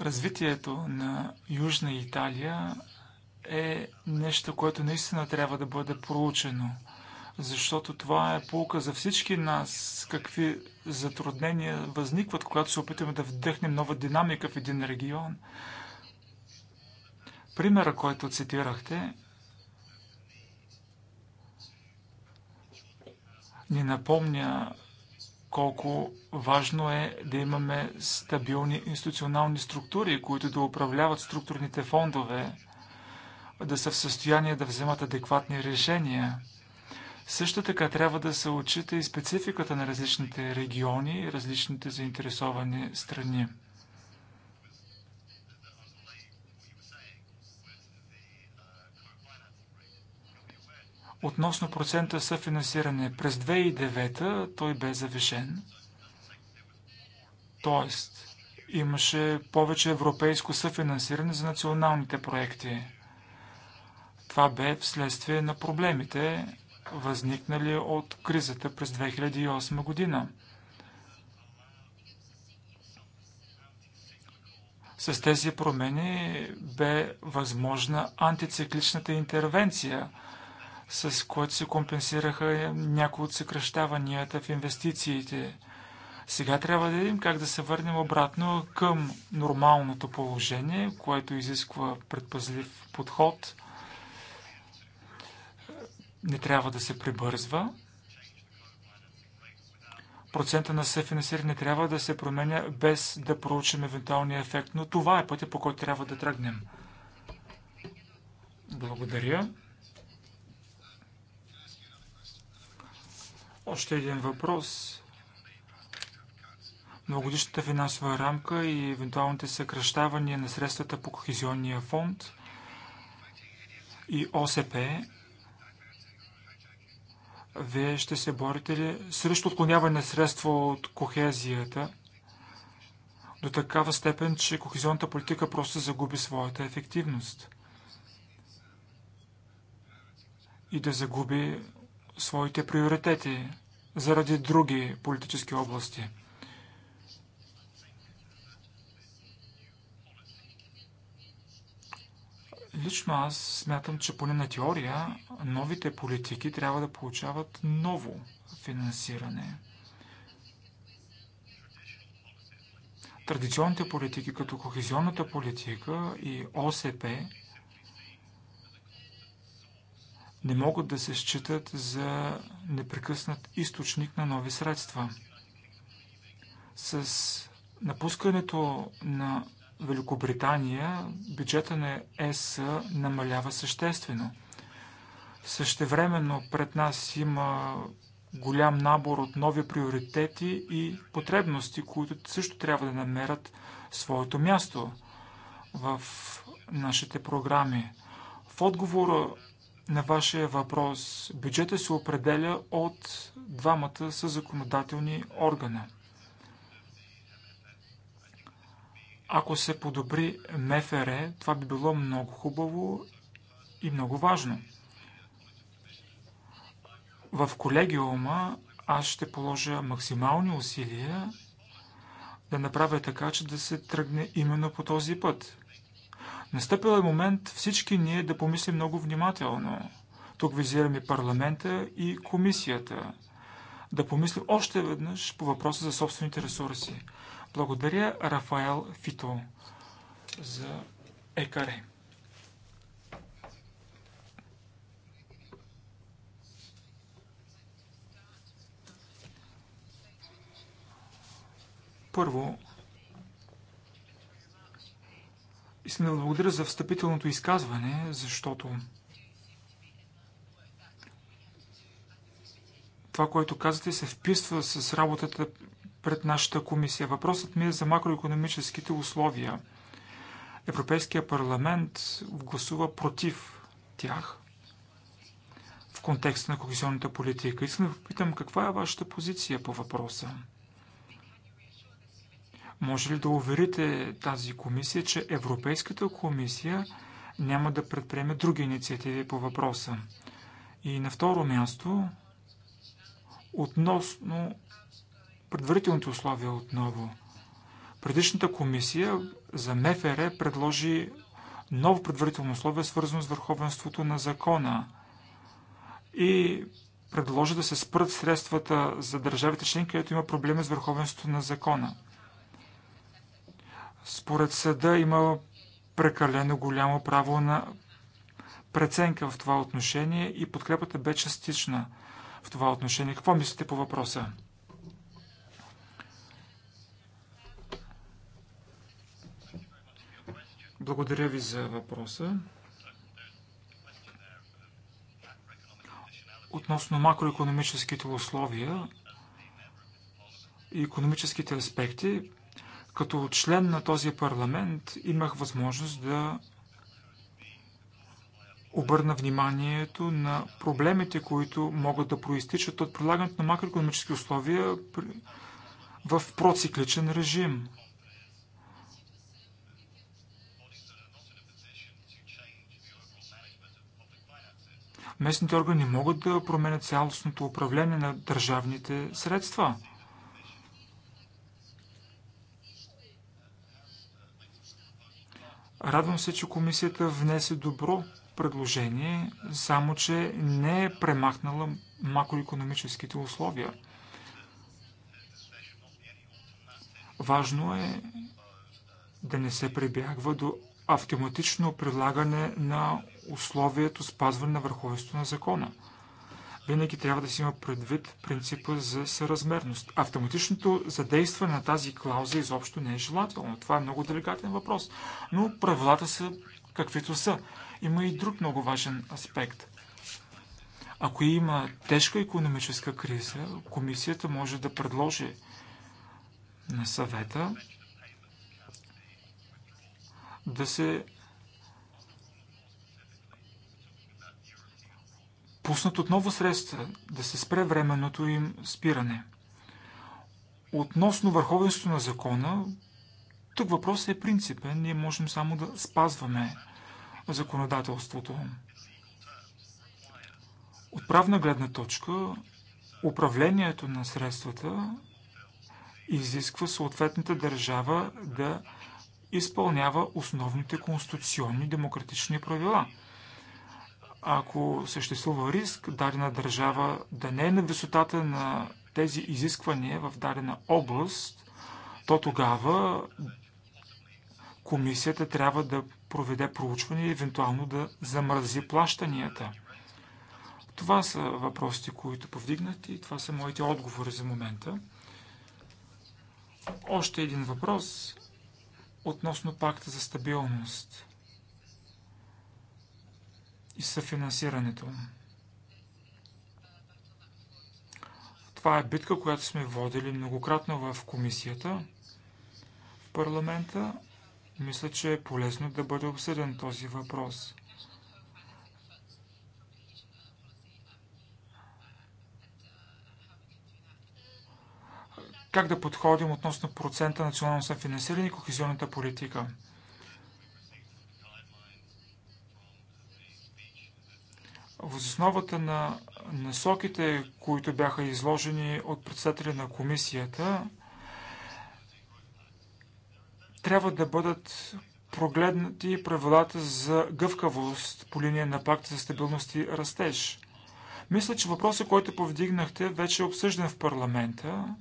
Развитието на Южна Италия е нещо, което наистина трябва да бъде проучено – защото това е полука за всички нас, какви затруднения възникват, когато се опитаме да вдъхнем нова динамика в един регион. Примера, който цитирахте, ни напомня колко важно е да имаме стабилни институционални структури, които да управляват структурните фондове, да са в състояние да вземат адекватни решения – също така трябва да се отчита и спецификата на различните региони и различните заинтересовани страни. Относно процента съфинансиране през 2009 той бе завишен. Тоест, имаше повече европейско съфинансиране за националните проекти. Това бе вследствие на проблемите възникнали от кризата през 2008 година. С тези промени бе възможна антицикличната интервенция, с което се компенсираха някои от съкръщаванията в инвестициите. Сега трябва да видим как да се върнем обратно към нормалното положение, което изисква предпазлив подход – не трябва да се прибързва. Процента на съфинансиране трябва да се променя без да проучим евентуалния ефект, но това е пътя по който трябва да тръгнем. Благодаря. Още един въпрос. Многодишната финансова рамка и евентуалните съкръщавания на средствата по Кохизионния фонд и ОСП вие ще се борите ли срещу отклоняване на средства от кохезията до такава степен, че кохезионната политика просто загуби своята ефективност и да загуби своите приоритети заради други политически области? Лично аз смятам, че поне на теория новите политики трябва да получават ново финансиране. Традиционните политики, като кохезионната политика и ОСП, не могат да се считат за непрекъснат източник на нови средства. С напускането на Великобритания бюджета на ЕС намалява съществено – Същевременно пред нас има голям набор от нови приоритети и потребности, които също трябва да намерят своето място в нашите програми. В отговора на вашия въпрос, бюджета се определя от двамата със законодателни органа. Ако се подобри МФР, това би било много хубаво и много важно – в колегиума аз ще положа максимални усилия да направя така, че да се тръгне именно по този път. Настъпил е момент всички ние да помислим много внимателно. Тук визираме парламента и комисията. Да помислим още веднъж по въпроса за собствените ресурси. Благодаря Рафаел Фито за ЕКАРЕ. Първо, искам да благодаря за встъпителното изказване, защото това, което казвате, се вписва с работата пред нашата комисия. Въпросът ми е за макроекономическите условия. Европейския парламент гласува против тях в контекста на кохезионната политика. Искам да попитам каква е вашата позиция по въпроса. Може ли да уверите тази комисия, че Европейската комисия няма да предприеме други инициативи по въпроса? И на второ място, относно предварителните условия отново. Предишната комисия за МФР предложи ново предварително условие, свързано с върховенството на закона и предложи да се спрат средствата за държавите членки, където има проблеми с върховенството на закона. Според съда има прекалено голямо право на преценка в това отношение и подкрепата бе частична в това отношение. Какво мислите по въпроса? Благодаря ви за въпроса. Относно макроекономическите условия и економическите аспекти, като член на този парламент имах възможност да обърна вниманието на проблемите, които могат да проистичат от прилагането на макроекономически условия в процикличен режим. Местните органи могат да променят цялостното управление на държавните средства – Радвам се, че комисията внесе добро предложение, само че не е премахнала макроекономическите условия. Важно е да не се прибягва до автоматично прилагане на условието спазване на върховенство на закона – винаги трябва да си има предвид принципа за съразмерност. Автоматичното задействане на тази клауза изобщо не е желателно. Това е много деликатен въпрос. Но правилата са каквито са. Има и друг много важен аспект. Ако има тежка економическа криза, комисията може да предложи на съвета да се пуснат отново средства, да се спре временното им спиране. Относно върховенството на закона, тук въпросът е принципен. Ние можем само да спазваме законодателството. От правна гледна точка, управлението на средствата изисква съответната държава да изпълнява основните конституционни демократични правила – ако съществува риск дадена държава да не е на висотата на тези изисквания в дадена област, то тогава комисията трябва да проведе проучване и евентуално да замързи плащанията. Това са въпросите, които повдигнат и това са моите отговори за момента. Още един въпрос относно пакта за стабилност и съфинансирането. Това е битка, която сме водили многократно в комисията, в парламента. Мисля, че е полезно да бъде обсъден този въпрос. Как да подходим относно процента национално съфинансиране и кохезионната политика? в основата на насоките, които бяха изложени от председателя на комисията, трябва да бъдат прогледнати правилата за гъвкавост по линия на пакта за стабилност и растеж. Мисля, че въпросът, който повдигнахте, вече е обсъждан в парламента.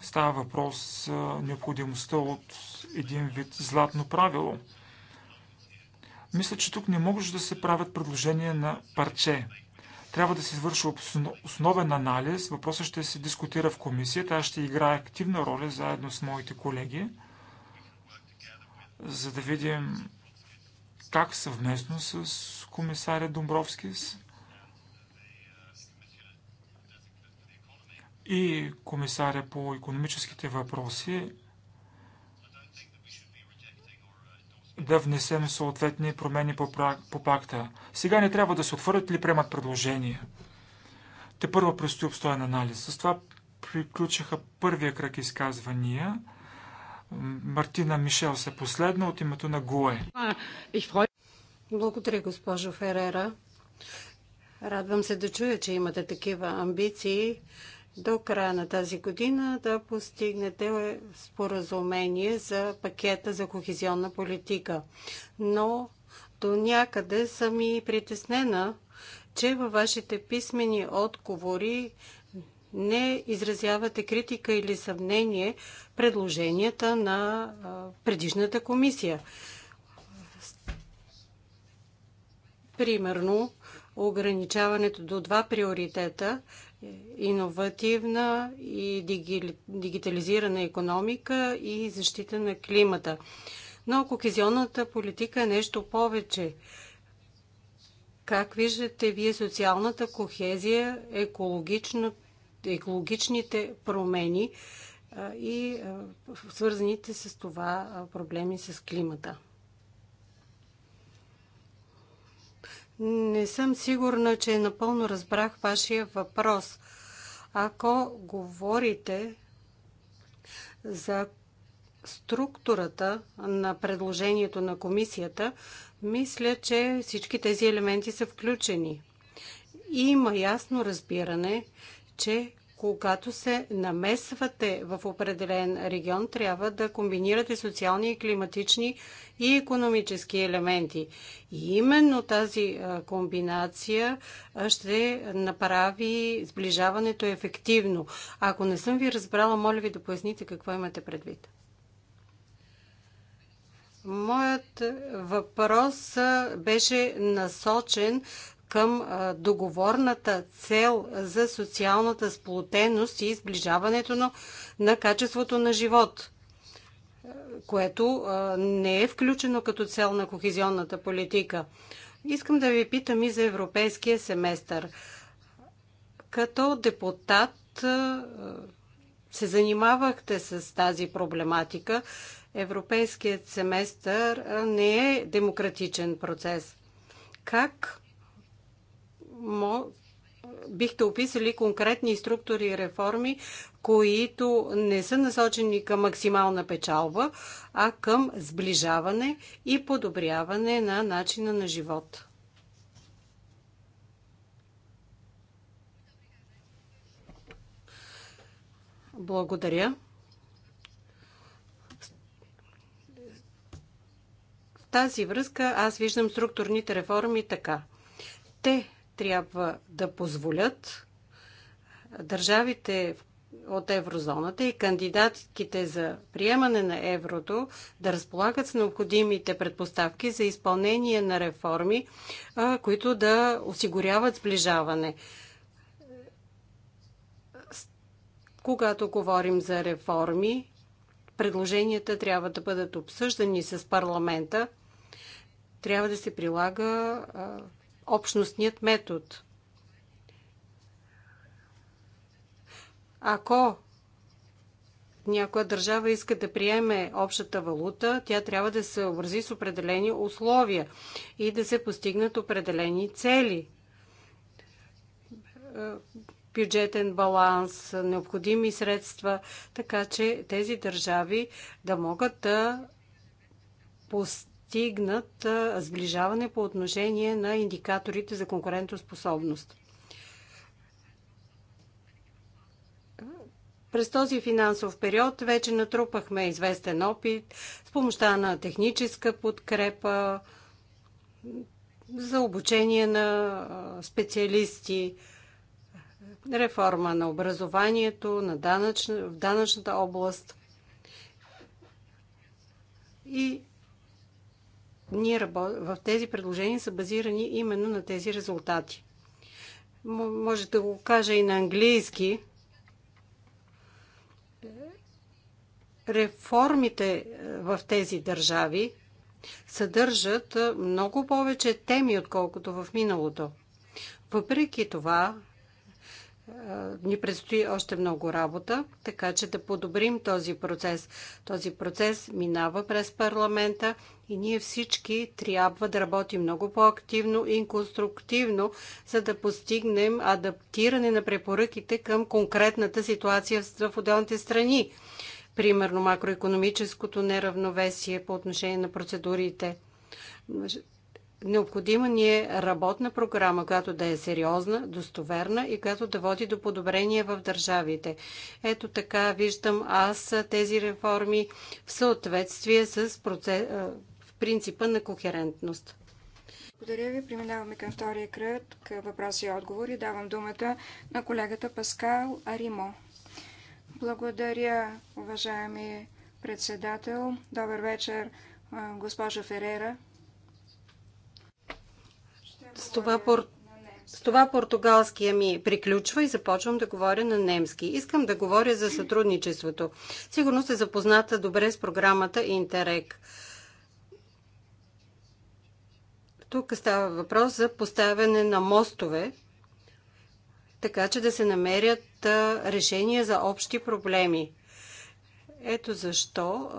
Става въпрос за необходимостта от един вид златно правило – мисля, че тук не могат да се правят предложения на парче. Трябва да се извърши основен анализ. Въпросът ще се дискутира в комисията. Аз ще играя активна роля заедно с моите колеги, за да видим как съвместно с комисаря Домбровскис и комисаря по економическите въпроси да внесем съответни промени по, по пакта. Сега не трябва да се отвърдат или приемат предложения. Те първо предстои обстоен анализ. С това приключиха първия кръг изказвания. Мартина Мишел се последна от името на ГУЕ. Благодаря, госпожо Ферера. Радвам се да чуя, че имате такива амбиции до края на тази година да постигнете споразумение за пакета за кохезионна политика. Но до някъде съм и притеснена, че във вашите писмени отговори не изразявате критика или съмнение предложенията на предишната комисия. Примерно, ограничаването до два приоритета иновативна и дигитализирана економика и защита на климата. Но кохезионната политика е нещо повече. Как виждате вие социалната кохезия, екологичните промени и свързаните с това проблеми с климата? Не съм сигурна, че напълно разбрах вашия въпрос. Ако говорите за структурата на предложението на комисията, мисля, че всички тези елементи са включени. Има ясно разбиране, че когато се намесвате в определен регион, трябва да комбинирате социални, климатични и економически елементи. И именно тази комбинация ще направи сближаването ефективно. Ако не съм ви разбрала, моля ви да поясните какво имате предвид. Моят въпрос беше насочен към договорната цел за социалната сплотеност и сближаването на, на качеството на живот, което не е включено като цел на кохезионната политика. Искам да ви питам и за европейския семестър. Като депутат се занимавахте с тази проблематика. Европейският семестър не е демократичен процес. Как бихте описали конкретни структури и реформи, които не са насочени към максимална печалба, а към сближаване и подобряване на начина на живот? Благодаря. В тази връзка аз виждам структурните реформи така. Те трябва да позволят държавите от еврозоната и кандидатките за приемане на еврото да разполагат с необходимите предпоставки за изпълнение на реформи, които да осигуряват сближаване. Когато говорим за реформи, предложенията трябва да бъдат обсъждани с парламента, трябва да се прилага общностният метод. Ако някоя държава иска да приеме общата валута, тя трябва да се образи с определени условия и да се постигнат определени цели. Е, бюджетен баланс, необходими средства, така че тези държави да могат да, постигнат постигнат сближаване по отношение на индикаторите за конкурентоспособност. През този финансов период вече натрупахме известен опит с помощта на техническа подкрепа за обучение на специалисти, реформа на образованието, на данъчна, в данъчната област. И ние работ... в тези предложения са базирани именно на тези резултати. Може да го кажа и на английски. Реформите е, в тези държави съдържат е, много повече теми, отколкото в миналото. Въпреки това, ни предстои още много работа, така че да подобрим този процес. Този процес минава през парламента и ние всички трябва да работим много по-активно и конструктивно, за да постигнем адаптиране на препоръките към конкретната ситуация в отделните страни. Примерно макроекономическото неравновесие по отношение на процедурите Необходима ни е работна програма, която да е сериозна, достоверна и която да води до подобрение в държавите. Ето така виждам аз тези реформи в съответствие с процес, принципа на кохерентност. Благодаря ви. Преминаваме към втория кръг въпроси и отговори. Давам думата на колегата Паскал Аримо. Благодаря, уважаеми председател. Добър вечер, госпожа Ферера. С това, пор... С това португалския ми приключва и започвам да говоря на немски. Искам да говоря за сътрудничеството. Сигурно сте запозната добре с програмата Интерек. Тук става въпрос за поставяне на мостове, така че да се намерят решения за общи проблеми. Ето защо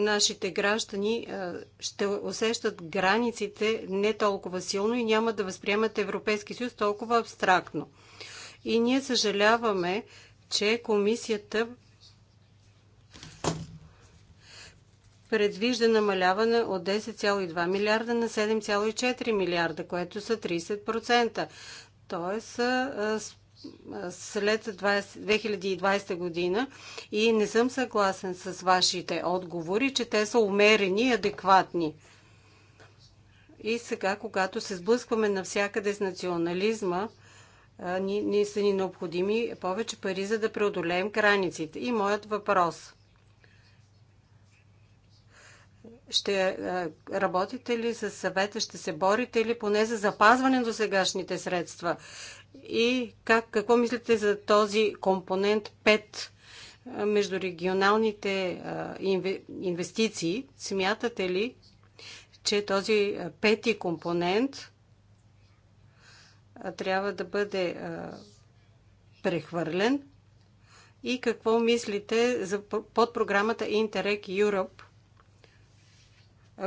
нашите граждани ще усещат границите не толкова силно и няма да възприемат Европейски съюз толкова абстрактно. И ние съжаляваме, че комисията предвижда намаляване от 10,2 милиарда на 7,4 милиарда, което са 30%. Тоест, след 2020 година и не съм съгласен с вашите отговори, че те са умерени и адекватни. И сега, когато се сблъскваме навсякъде с национализма, ни, ни са ни необходими повече пари, за да преодолеем границите. И моят въпрос. Ще работите ли с съвета, ще се борите ли поне за запазване до сегашните средства? И как, какво мислите за този компонент 5 между регионалните инвестиции? Смятате ли, че този пети компонент трябва да бъде прехвърлен? И какво мислите за подпрограмата Interreg Europe,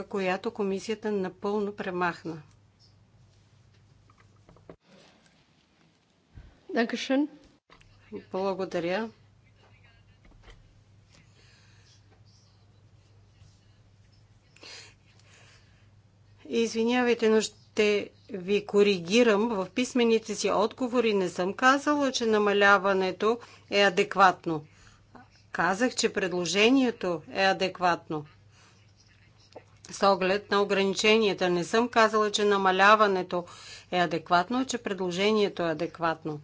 която комисията напълно премахна? Благодаря. Извинявайте, но ще ви коригирам. В писмените си отговори не съм казала, че намаляването е адекватно. Казах, че предложението е адекватно с оглед на ограниченията. Не съм казала, че намаляването е адекватно, а че предложението е адекватно.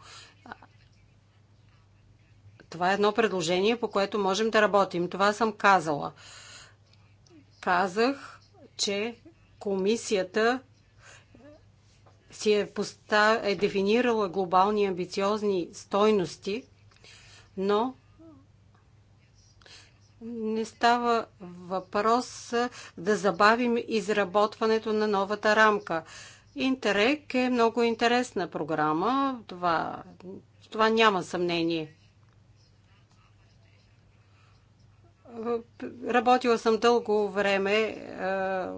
Това е едно предложение, по което можем да работим. Това съм казала. Казах, че комисията си е, постав... е дефинирала глобални амбициозни стойности, но не става въпрос да забавим изработването на новата рамка. Интерек е много интересна програма, това, това няма съмнение. Работила съм дълго време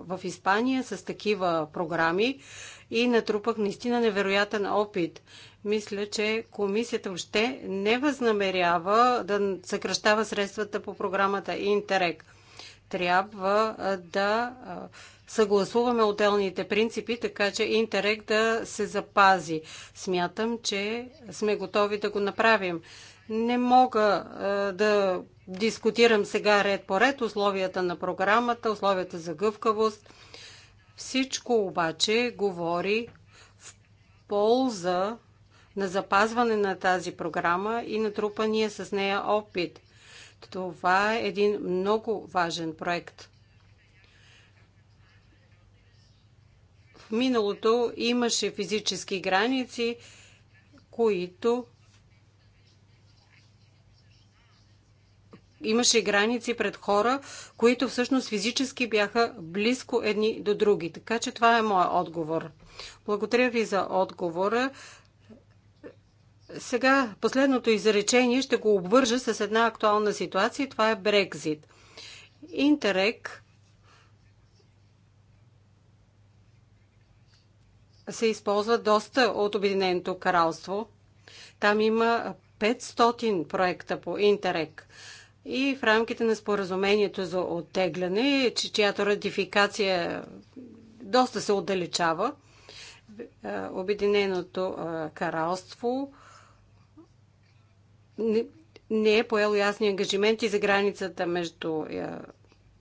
в Испания с такива програми и натрупах наистина невероятен опит. Мисля, че комисията още не възнамерява да съкръщава средствата по програмата Интерек. Трябва да съгласуваме отделните принципи, така че Интерек да се запази. Смятам, че сме готови да го направим. Не мога да дискутирам сега ред по ред условията на програмата, условията за гъвкавост – всичко обаче говори в полза на запазване на тази програма и натрупания с нея опит. Това е един много важен проект. В миналото имаше физически граници, които имаше граници пред хора, които всъщност физически бяха близко едни до други. Така че това е моят отговор. Благодаря ви за отговора. Сега последното изречение ще го обвържа с една актуална ситуация. Това е Брекзит. Интерек се използва доста от Обединеното кралство. Там има 500 проекта по Интерек и в рамките на споразумението за оттегляне, чиято ратификация доста се отдалечава, Обединеното каралство не е поело ясни ангажименти за границата между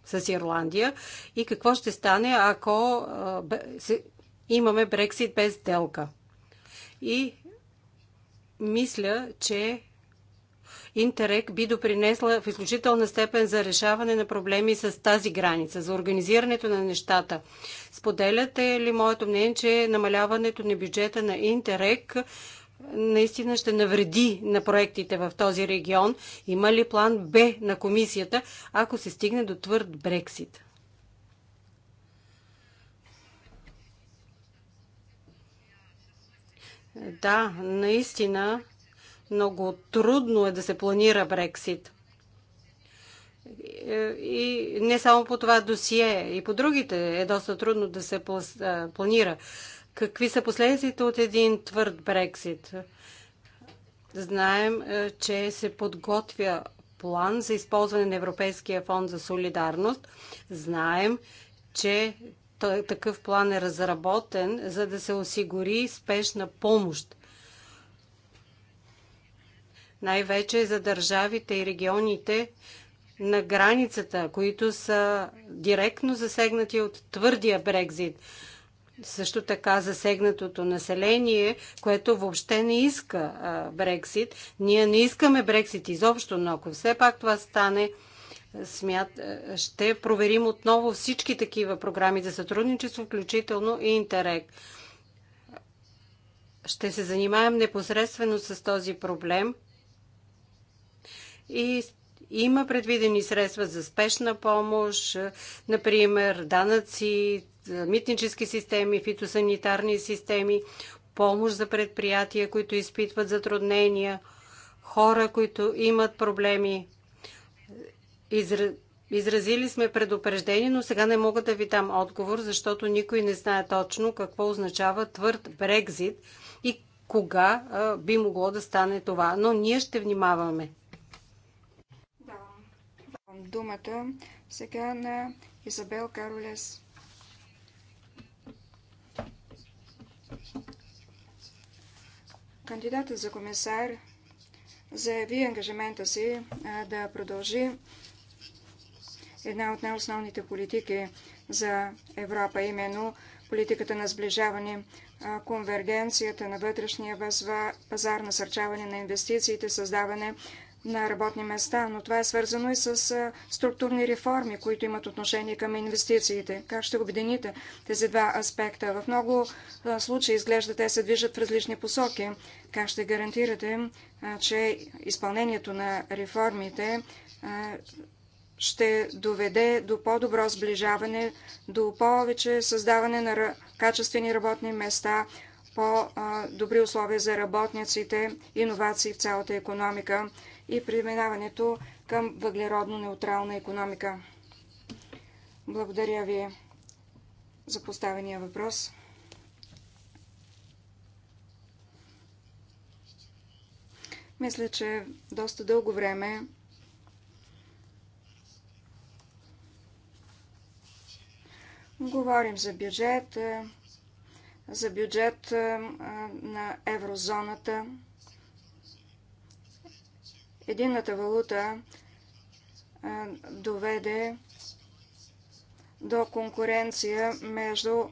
с Ирландия и какво ще стане, ако имаме Брексит без сделка. И мисля, че Интерек би допринесла в изключителна степен за решаване на проблеми с тази граница, за организирането на нещата. Споделяте ли моето мнение, че намаляването на бюджета на Интерек наистина ще навреди на проектите в този регион? Има ли план Б на комисията, ако се стигне до твърд Брексит? Да, наистина много трудно е да се планира Брексит. Е, и не само по това досие, и по другите е доста трудно да се планира. Какви са последиците от един твърд Брексит? Знаем, е, че се подготвя план за използване на Европейския фонд за солидарност. Знаем, че такъв план е разработен, за да се осигури спешна помощ най-вече за държавите и регионите на границата, които са директно засегнати от твърдия Брекзит. Също така засегнатото население, което въобще не иска Брексит. Ние не искаме Брексит изобщо, но ако все пак това стане, смят, ще проверим отново всички такива програми за сътрудничество, включително и Интерек. Ще се занимаем непосредствено с този проблем и има предвидени средства за спешна помощ, например данъци, митнически системи, фитосанитарни системи, помощ за предприятия, които изпитват затруднения, хора, които имат проблеми. Изра... Изразили сме предупреждение, но сега не мога да ви дам отговор, защото никой не знае точно какво означава твърд Брекзит и кога а, би могло да стане това. Но ние ще внимаваме думата сега на Изабел Каролес. Кандидатът за комисар заяви ангажимента си да продължи една от най-основните политики за Европа, именно политиката на сближаване, конвергенцията на вътрешния пазар, насърчаване на инвестициите, създаване на работни места, но това е свързано и с структурни реформи, които имат отношение към инвестициите. Как ще обедините тези два аспекта? В много случаи изглежда те се движат в различни посоки. Как ще гарантирате, че изпълнението на реформите ще доведе до по-добро сближаване, до повече създаване на качествени работни места, по-добри условия за работниците, иновации в цялата економика и преминаването към въглеродно-неутрална економика. Благодаря ви за поставения въпрос. Мисля, че доста дълго време говорим за бюджет, за бюджет на еврозоната. Единната валута доведе до конкуренция между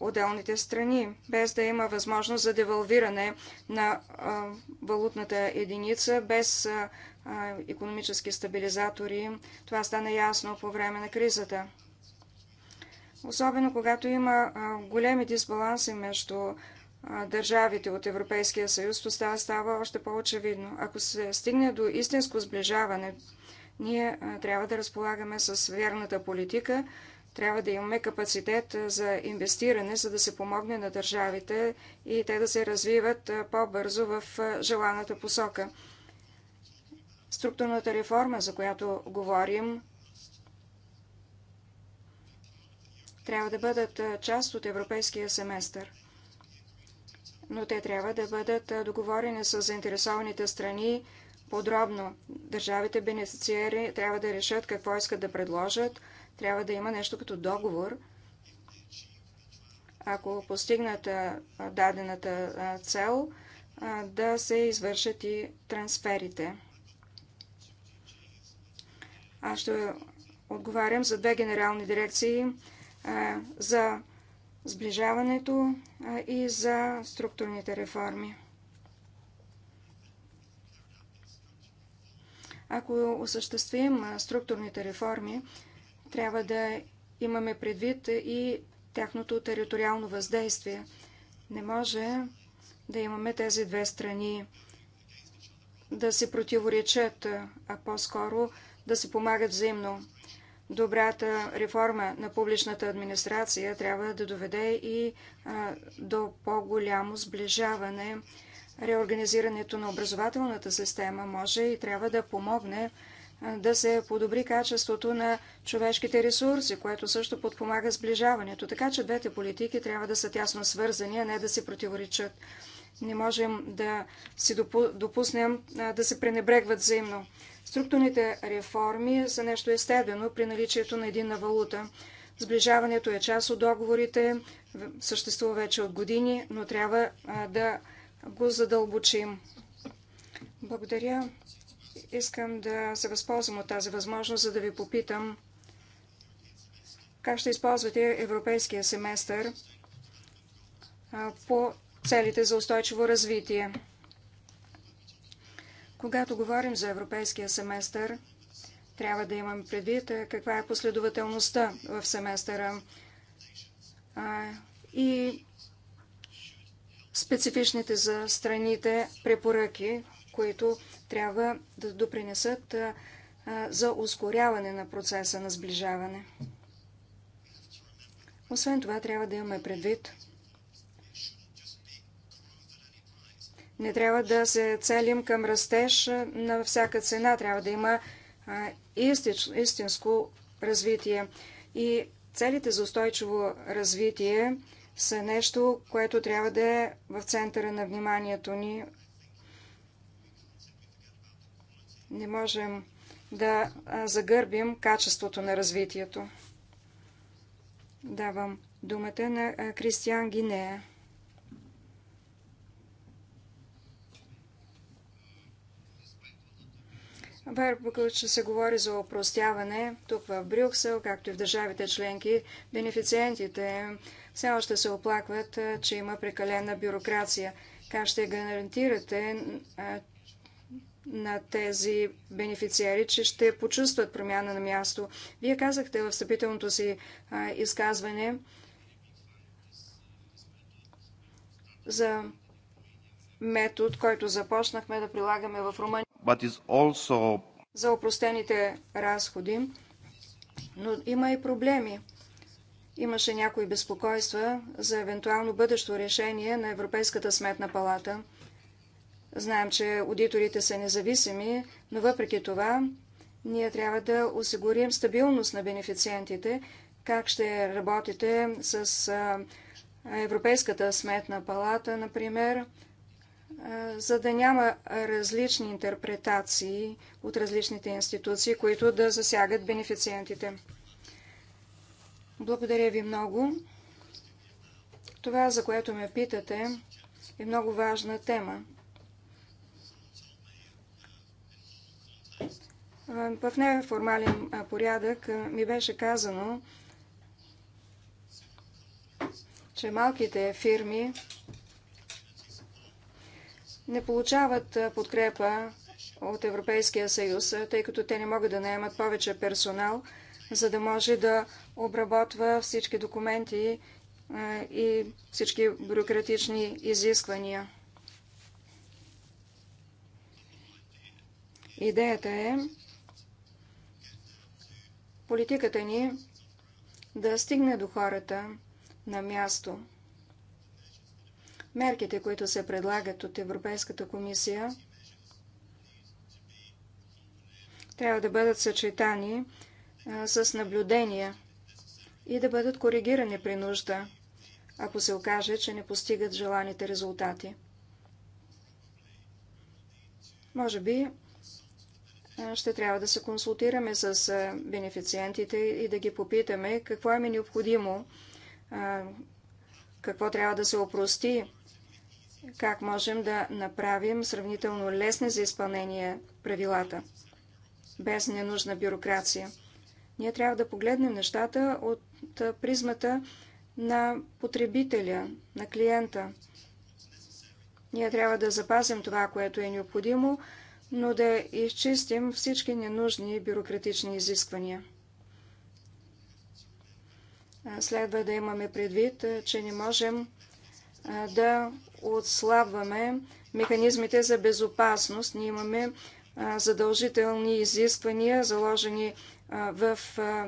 отделните страни, без да има възможност за девалвиране на валутната единица, без економически стабилизатори. Това стана ясно по време на кризата. Особено когато има големи дисбаланси между държавите от Европейския съюз, то става, става още по-очевидно. Ако се стигне до истинско сближаване, ние трябва да разполагаме с вярната политика, трябва да имаме капацитет за инвестиране, за да се помогне на държавите и те да се развиват по-бързо в желаната посока. Структурната реформа, за която говорим, трябва да бъдат част от европейския семестър но те трябва да бъдат договорени с заинтересованите страни подробно. Държавите бенефициери трябва да решат какво искат да предложат. Трябва да има нещо като договор. Ако постигнат дадената цел, да се извършат и трансферите. Аз ще отговарям за две генерални дирекции за сближаването и за структурните реформи. Ако осъществим структурните реформи, трябва да имаме предвид и тяхното териториално въздействие. Не може да имаме тези две страни да се противоречат, а по-скоро да се помагат взаимно добрата реформа на публичната администрация трябва да доведе и до по-голямо сближаване. Реорганизирането на образователната система може и трябва да помогне да се подобри качеството на човешките ресурси, което също подпомага сближаването. Така че двете политики трябва да са тясно свързани, а не да се противоречат. Не можем да си допуснем да се пренебрегват взаимно. Структурните реформи са нещо естествено при наличието на единна валута. Сближаването е част от договорите, съществува вече от години, но трябва да го задълбочим. Благодаря. Искам да се възползвам от тази възможност, за да ви попитам как ще използвате европейския семестър по целите за устойчиво развитие. Когато говорим за европейския семестър, трябва да имам предвид е, каква е последователността в семестъра и специфичните за страните препоръки, които трябва да допринесат за ускоряване на процеса на сближаване. Освен това, трябва да имаме предвид, Не трябва да се целим към растеж на всяка цена. Трябва да има истинско развитие. И целите за устойчиво развитие са нещо, което трябва да е в центъра на вниманието ни. Не можем да загърбим качеството на развитието. Давам думата на Кристиан Гинея. Върху, че се говори за опростяване тук в Брюксел, както и в държавите членки, бенефициентите все още се оплакват, че има прекалена бюрокрация. Как ще гарантирате на тези бенефициери, че ще почувстват промяна на място? Вие казахте в встъпителното си изказване за метод, който започнахме да прилагаме в Румъния за опростените разходи, но има и проблеми. Имаше някои безпокойства за евентуално бъдещо решение на Европейската сметна палата. Знаем, че аудиторите са независими, но въпреки това ние трябва да осигурим стабилност на бенефициентите. Как ще работите с Европейската сметна палата, например, за да няма различни интерпретации от различните институции, които да засягат бенефициентите. Благодаря ви много. Това, за което ме питате, е много важна тема. В неформален порядък ми беше казано, че малките фирми не получават подкрепа от Европейския съюз, тъй като те не могат да наемат повече персонал, за да може да обработва всички документи и всички бюрократични изисквания. Идеята е политиката ни да стигне до хората на място мерките, които се предлагат от Европейската комисия, трябва да бъдат съчетани а, с наблюдения и да бъдат коригирани при нужда, ако се окаже, че не постигат желаните резултати. Може би ще трябва да се консултираме с бенефициентите и да ги попитаме какво им е необходимо, какво трябва да се опрости, как можем да направим сравнително лесни за изпълнение правилата, без ненужна бюрокрация. Ние трябва да погледнем нещата от призмата на потребителя, на клиента. Ние трябва да запазим това, което е необходимо, но да изчистим всички ненужни бюрократични изисквания. Следва да имаме предвид, че не можем да отслабваме механизмите за безопасност. Ние имаме задължителни изисквания, заложени в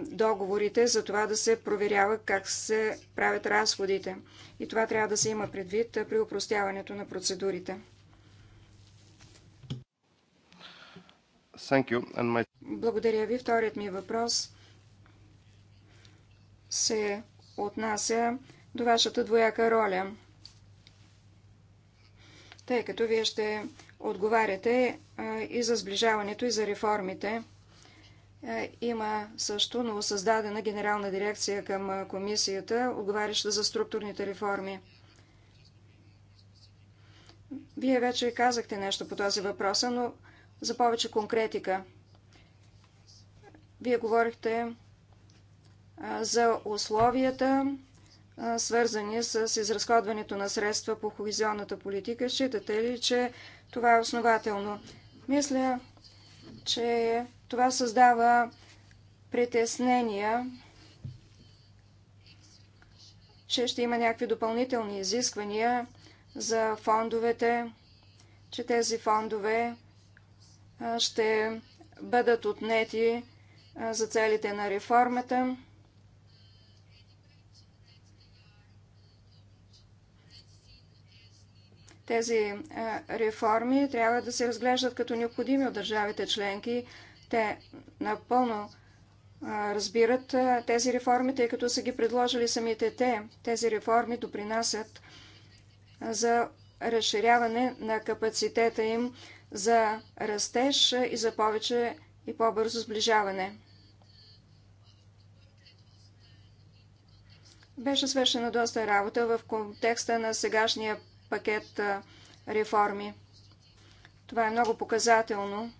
договорите за това да се проверява как се правят разходите. И това трябва да се има предвид при упростяването на процедурите. My... Благодаря ви. Вторият ми въпрос се отнася до вашата двояка роля – тъй като вие ще отговаряте и за сближаването, и за реформите. Има също новосъздадена генерална дирекция към комисията, отговаряща за структурните реформи. Вие вече казахте нещо по този въпрос, но за повече конкретика. Вие говорихте за условията, свързани с изразходването на средства по хоризионната политика. Считате ли, че това е основателно? Мисля, че това създава притеснения, че ще има някакви допълнителни изисквания за фондовете, че тези фондове ще бъдат отнети за целите на реформата. Тези е, реформи трябва да се разглеждат като необходими от държавите членки. Те напълно е, разбират е, тези реформи, тъй като са ги предложили самите те. Тези реформи допринасят за разширяване на капацитета им за растеж и за повече и по-бързо сближаване. Беше свършена доста работа в контекста на сегашния пакет реформи. Това е много показателно.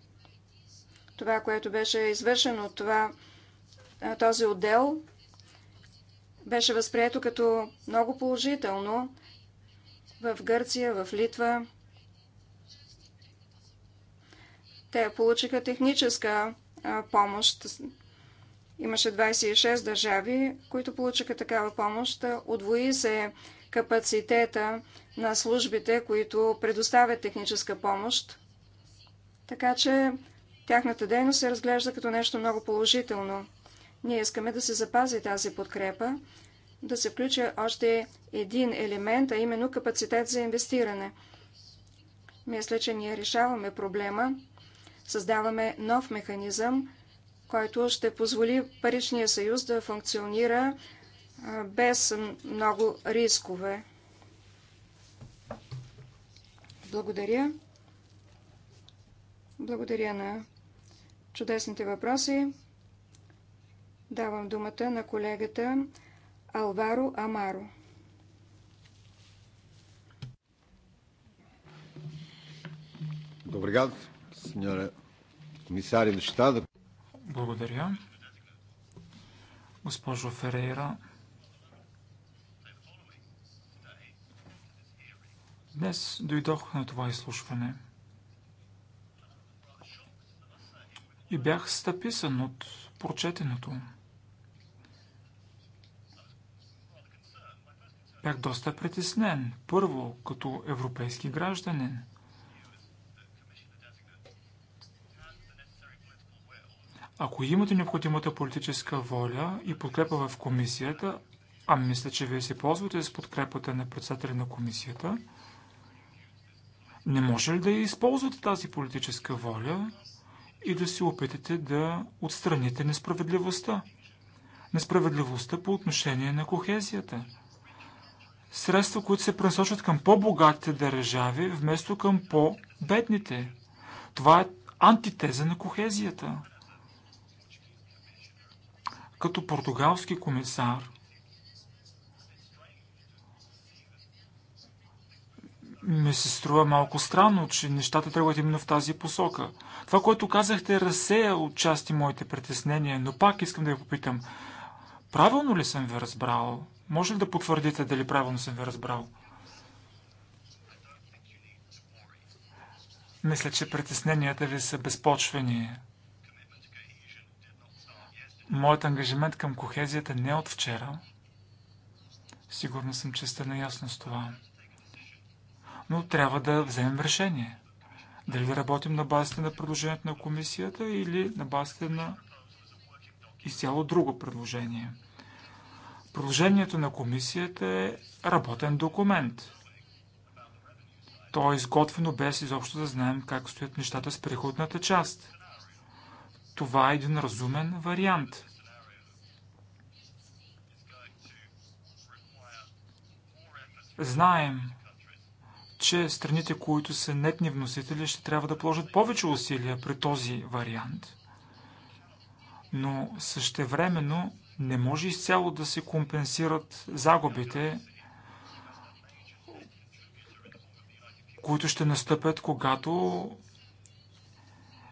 Това, което беше извършено от това, този отдел, беше възприето като много положително в Гърция, в Литва. Те получиха техническа помощ. Имаше 26 държави, които получиха такава помощ. Отвои се капацитета на службите, които предоставят техническа помощ. Така че тяхната дейност се разглежда като нещо много положително. Ние искаме да се запази тази подкрепа, да се включи още един елемент, а именно капацитет за инвестиране. Мисля, че ние решаваме проблема, създаваме нов механизъм, който ще позволи паричния съюз да функционира без много рискове. Благодаря. Благодаря на чудесните въпроси. Давам думата на колегата Алваро Амаро. Добре, сеньоре комисари do Благодаря. Госпожо Ферейра, Днес дойдох на това изслушване и бях стъписан от прочетеното. Бях доста притеснен, първо като европейски гражданин. Ако имате необходимата политическа воля и подкрепа в комисията, а мисля, че вие се ползвате с подкрепата на председателя на комисията – не може ли да използвате тази политическа воля и да се опитате да отстраните несправедливостта? Несправедливостта по отношение на кохезията. Средства, които се пренасочват към по-богатите държави, вместо към по-бедните. Това е антитеза на кохезията. Като португалски комисар, ми се струва малко странно, че нещата тръгват именно в тази посока. Това, което казахте, разсея от части моите притеснения, но пак искам да ви попитам. Правилно ли съм ви разбрал? Може ли да потвърдите дали правилно съм ви разбрал? Мисля, че притесненията ви са безпочвени. Моят ангажимент към кохезията не е от вчера. Сигурно съм, че сте наясно с това но трябва да вземем решение. Дали да работим на базата на предложението на комисията или на базата на изцяло друго предложение. Предложението на комисията е работен документ. То е изготвено без изобщо да знаем как стоят нещата с приходната част. Това е един разумен вариант. Знаем, че страните, които са нетни вносители, ще трябва да положат повече усилия при този вариант. Но същевременно не може изцяло да се компенсират загубите, които ще настъпят, когато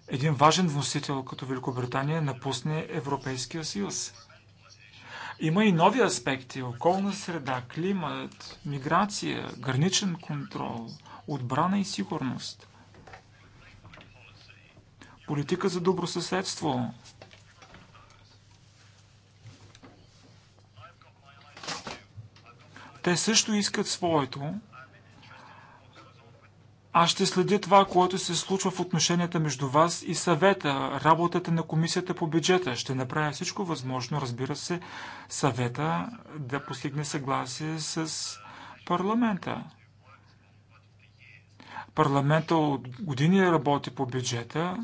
един важен вносител като Великобритания напусне Европейския съюз. Има и нови аспекти околна среда, климат, миграция, граничен контрол, отбрана и сигурност. Политика за добросъседство. Те също искат своето, аз ще следя това, което се случва в отношенията между вас и съвета, работата на комисията по бюджета. Ще направя всичко възможно, разбира се, съвета да постигне съгласие с парламента. Парламента от години работи по бюджета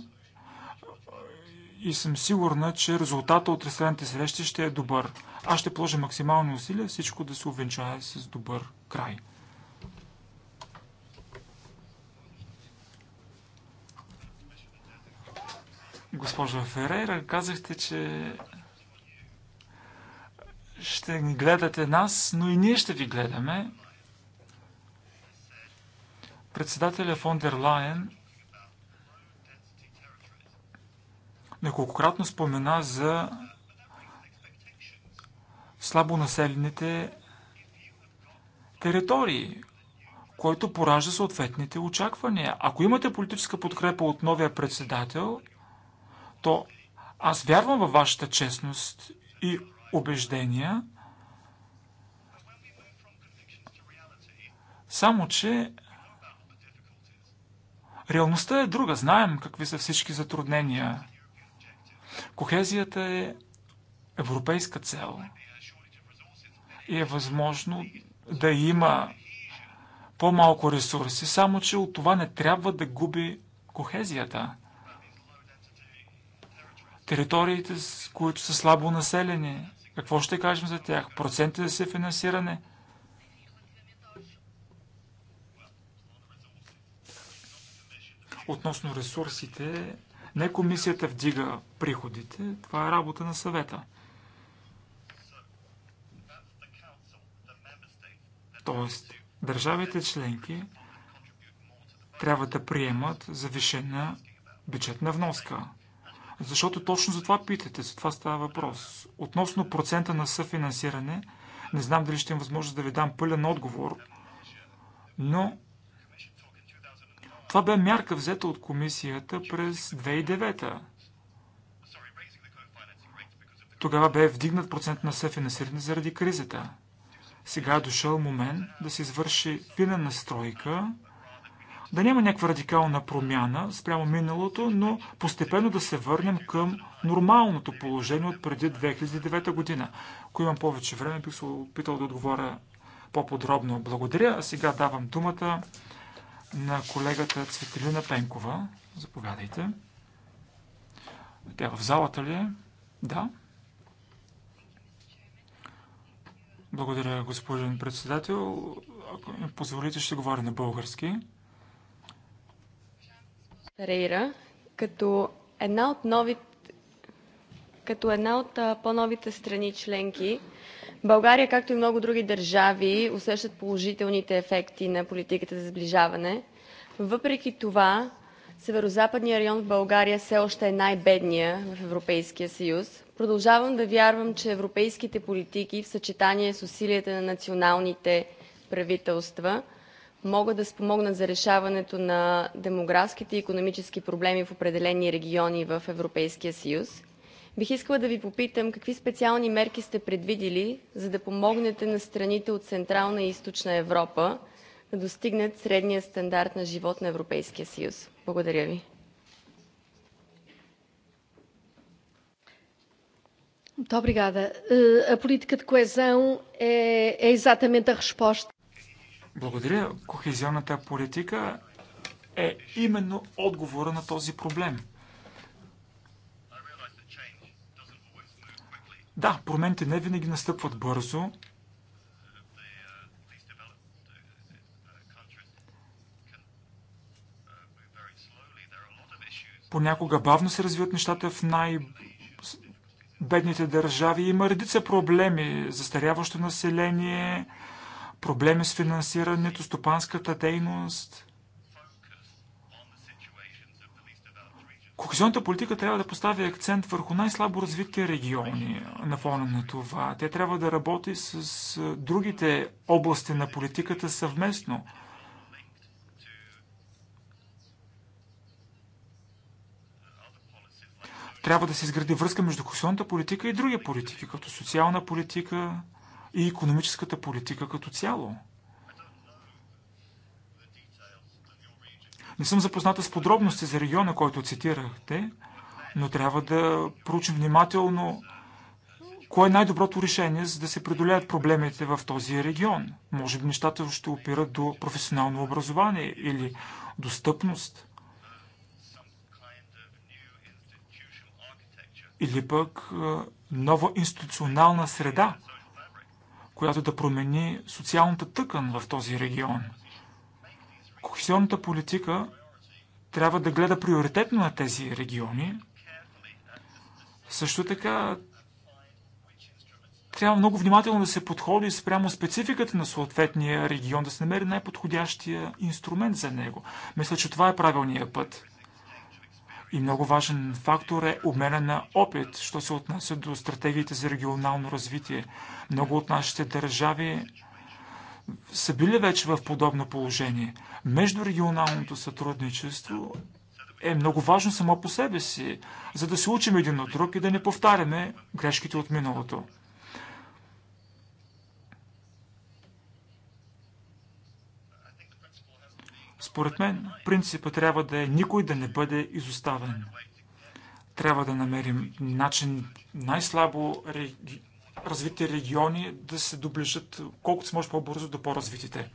и съм сигурна, че резултата от ресторанните срещи ще е добър. Аз ще положа максимални усилия всичко да се увенчае с добър край. Госпожо Ферейра, казахте, че ще ни гледате нас, но и ние ще ви гледаме. Председателя фон дер Лайен неколкократно спомена за слабо населените територии, който поражда съответните очаквания. Ако имате политическа подкрепа от новия председател то аз вярвам във вашата честност и убеждения, само че реалността е друга. Знаем какви са всички затруднения. Кохезията е европейска цел и е възможно да има по-малко ресурси, само че от това не трябва да губи кохезията. Териториите, които са слабо населени, какво ще кажем за тях? Проценти за финансиране. Относно ресурсите, не комисията вдига приходите, това е работа на съвета. Тоест, държавите членки трябва да приемат завишена бюджетна вноска. Защото точно за това питате, за това става въпрос. Относно процента на съфинансиране, не знам дали ще имам възможност да ви дам пълен отговор, но това бе мярка взета от комисията през 2009 Тогава бе вдигнат процент на съфинансиране заради кризата. Сега е дошъл момент да се извърши фина настройка да няма някаква радикална промяна спрямо миналото, но постепенно да се върнем към нормалното положение от преди 2009 година. Ако имам повече време, бих се опитал да отговоря по-подробно. Благодаря. А сега давам думата на колегата Цветелина Пенкова. Заповядайте. Тя е в залата ли е? Да. Благодаря, господин председател. Ако ми позволите, ще говоря на български. Рейра, като една от новите като една от по-новите страни членки, България, както и много други държави, усещат положителните ефекти на политиката за сближаване. Въпреки това, северо-западният район в България все още е най-бедния в Европейския съюз. Продължавам да вярвам, че европейските политики в съчетание с усилията на националните правителства могат да спомогнат за решаването на демографските и економически проблеми в определени региони в Европейския съюз. Бих искала да Ви попитам какви специални мерки сте предвидили, за да помогнете на страните от Централна и Източна Европа да достигнат средния стандарт на живот на Европейския съюз? Благодаря Ви. Muito obrigada. Eh, a política de coesão é, é exatamente a resposta. Благодаря. Кохезионната политика е именно отговора на този проблем. Да, промените не винаги настъпват бързо. Понякога бавно се развиват нещата в най-бедните държави. Има редица проблеми. Застаряващо население, проблеми с финансирането, стопанската дейност. Кохезионната политика трябва да постави акцент върху най-слабо развитите региони на фона на това. Тя трябва да работи с другите области на политиката съвместно. Трябва да се изгради връзка между кохезионната политика и други политики, като социална политика, и економическата политика като цяло. Не съм запозната с подробности за региона, който цитирахте, но трябва да проучим внимателно кое е най-доброто решение, за да се преодолеят проблемите в този регион. Може би нещата ще опират до професионално образование или достъпност. Или пък нова институционална среда – която да промени социалната тъкан в този регион. Кохесионната политика трябва да гледа приоритетно на тези региони. Също така трябва много внимателно да се подходи спрямо спецификата на съответния регион, да се намери най-подходящия инструмент за него. Мисля, че това е правилният път. И много важен фактор е обмена на опит, що се отнася до стратегиите за регионално развитие. Много от нашите държави са били вече в подобно положение. Междурегионалното сътрудничество е много важно само по себе си, за да се учим един от друг и да не повтаряме грешките от миналото. Според мен принципът трябва да е никой да не бъде изоставен. Трябва да намерим начин най-слабо реги... развити региони да се доближат колкото се може по-бързо до по-развитите.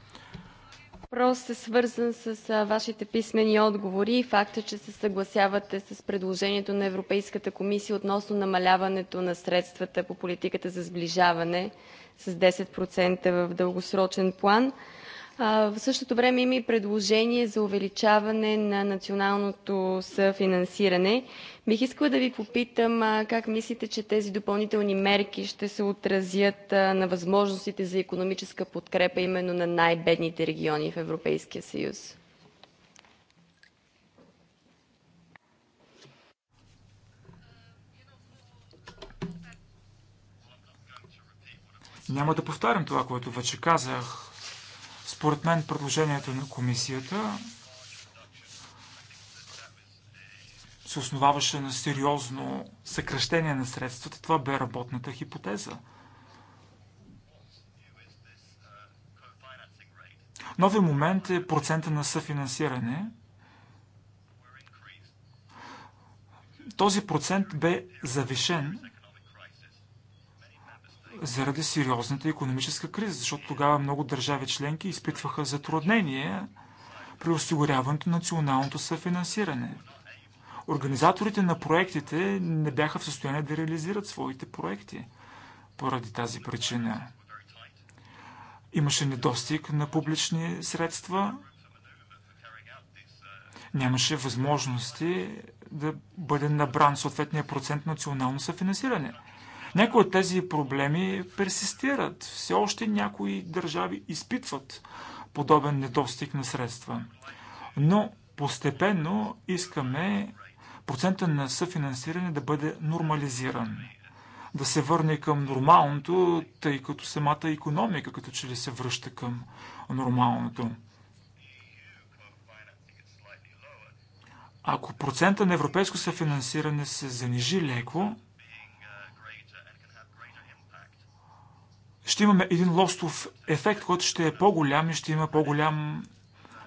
Въпросът е свързан с вашите писмени отговори и факта, че се съгласявате с предложението на Европейската комисия относно намаляването на средствата по политиката за сближаване с 10% в дългосрочен план. В същото време има и предложение за увеличаване на националното съфинансиране. Бих искала да Ви попитам как мислите, че тези допълнителни мерки ще се отразят на възможностите за економическа подкрепа именно на най-бедните региони в Европейския съюз? Няма да повтарям това, което вече казах. Според мен предложението на комисията се основаваше на сериозно съкръщение на средствата. Това бе работната хипотеза. Нови момент е процента на съфинансиране. Този процент бе завишен заради сериозната економическа криза, защото тогава много държави членки изпитваха затруднения при осигуряването на националното съфинансиране. Организаторите на проектите не бяха в състояние да реализират своите проекти поради тази причина. Имаше недостиг на публични средства, нямаше възможности да бъде набран съответния процент национално съфинансиране – някои от тези проблеми персистират. Все още някои държави изпитват подобен недостиг на средства. Но постепенно искаме процента на съфинансиране да бъде нормализиран. Да се върне към нормалното, тъй като самата економика като че ли се връща към нормалното. Ако процента на европейско съфинансиране се занижи леко, ще имаме един лостов ефект, който ще е по-голям и ще има по-голям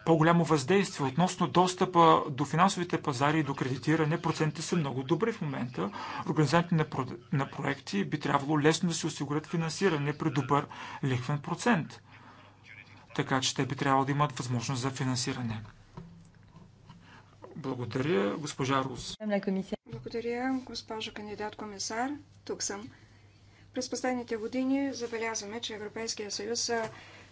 по-голямо въздействие относно достъпа до финансовите пазари и до кредитиране. Процентите са много добри в момента. Организаторите на, про... на проекти би трябвало лесно да се осигурят финансиране при добър лихвен процент. Така че те би трябвало да имат възможност за финансиране. Благодаря, госпожа Рус. Благодаря, госпожа кандидат комисар. Тук съм. През последните години забелязваме, че Европейския съюз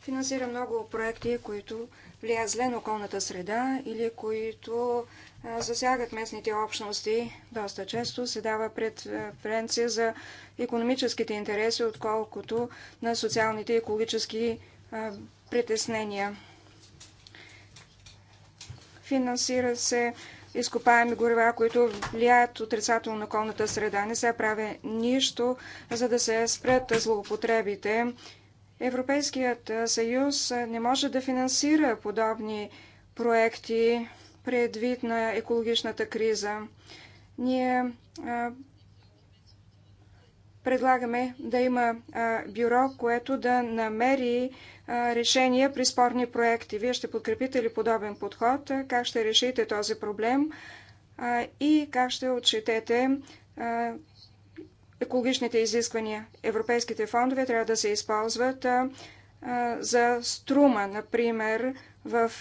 финансира много проекти, които влияят зле на околната среда или които засягат местните общности. Доста често се дава преференция за економическите интереси, отколкото на социалните и екологически притеснения. Финансира се изкопаеми горива, които влияят отрицателно на околната среда. Не се прави нищо, за да се спрят злоупотребите. Европейският съюз не може да финансира подобни проекти предвид на екологичната криза. Ние предлагаме да има бюро, което да намери решения при спорни проекти. Вие ще подкрепите ли подобен подход? Как ще решите този проблем? И как ще отчетете екологичните изисквания? Европейските фондове трябва да се използват за струма, например, в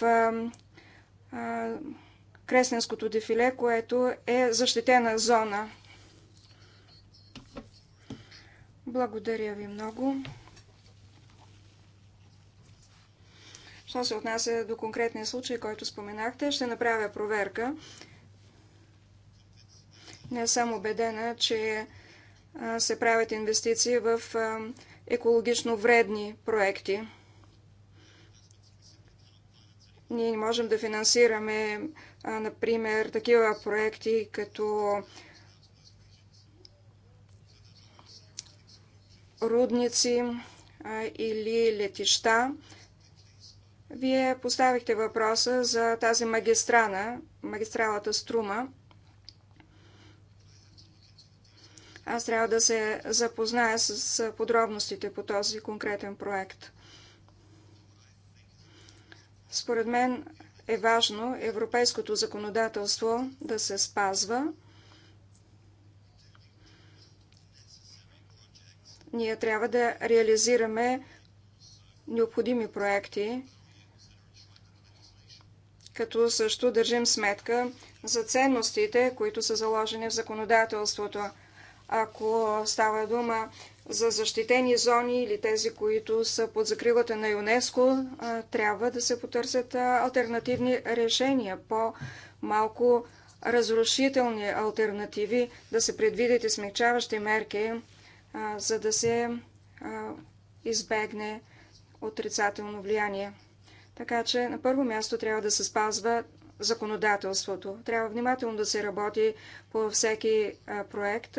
Кресненското дефиле, което е защитена зона. Благодаря ви много. Що се отнася до конкретния случай, който споменахте, ще направя проверка. Не съм убедена, че се правят инвестиции в екологично вредни проекти. Ние не можем да финансираме, например, такива проекти като рудници или летища. Вие поставихте въпроса за тази магистрана, магистралата Струма. Аз трябва да се запозная с подробностите по този конкретен проект. Според мен е важно европейското законодателство да се спазва – Ние трябва да реализираме необходими проекти, като също държим сметка за ценностите, които са заложени в законодателството. Ако става дума за защитени зони или тези, които са под закрилата на ЮНЕСКО, трябва да се потърсят альтернативни решения, по-малко разрушителни альтернативи, да се предвидят и смягчаващи мерки, за да се избегне отрицателно влияние. Така че на първо място трябва да се спазва законодателството. Трябва внимателно да се работи по всеки проект.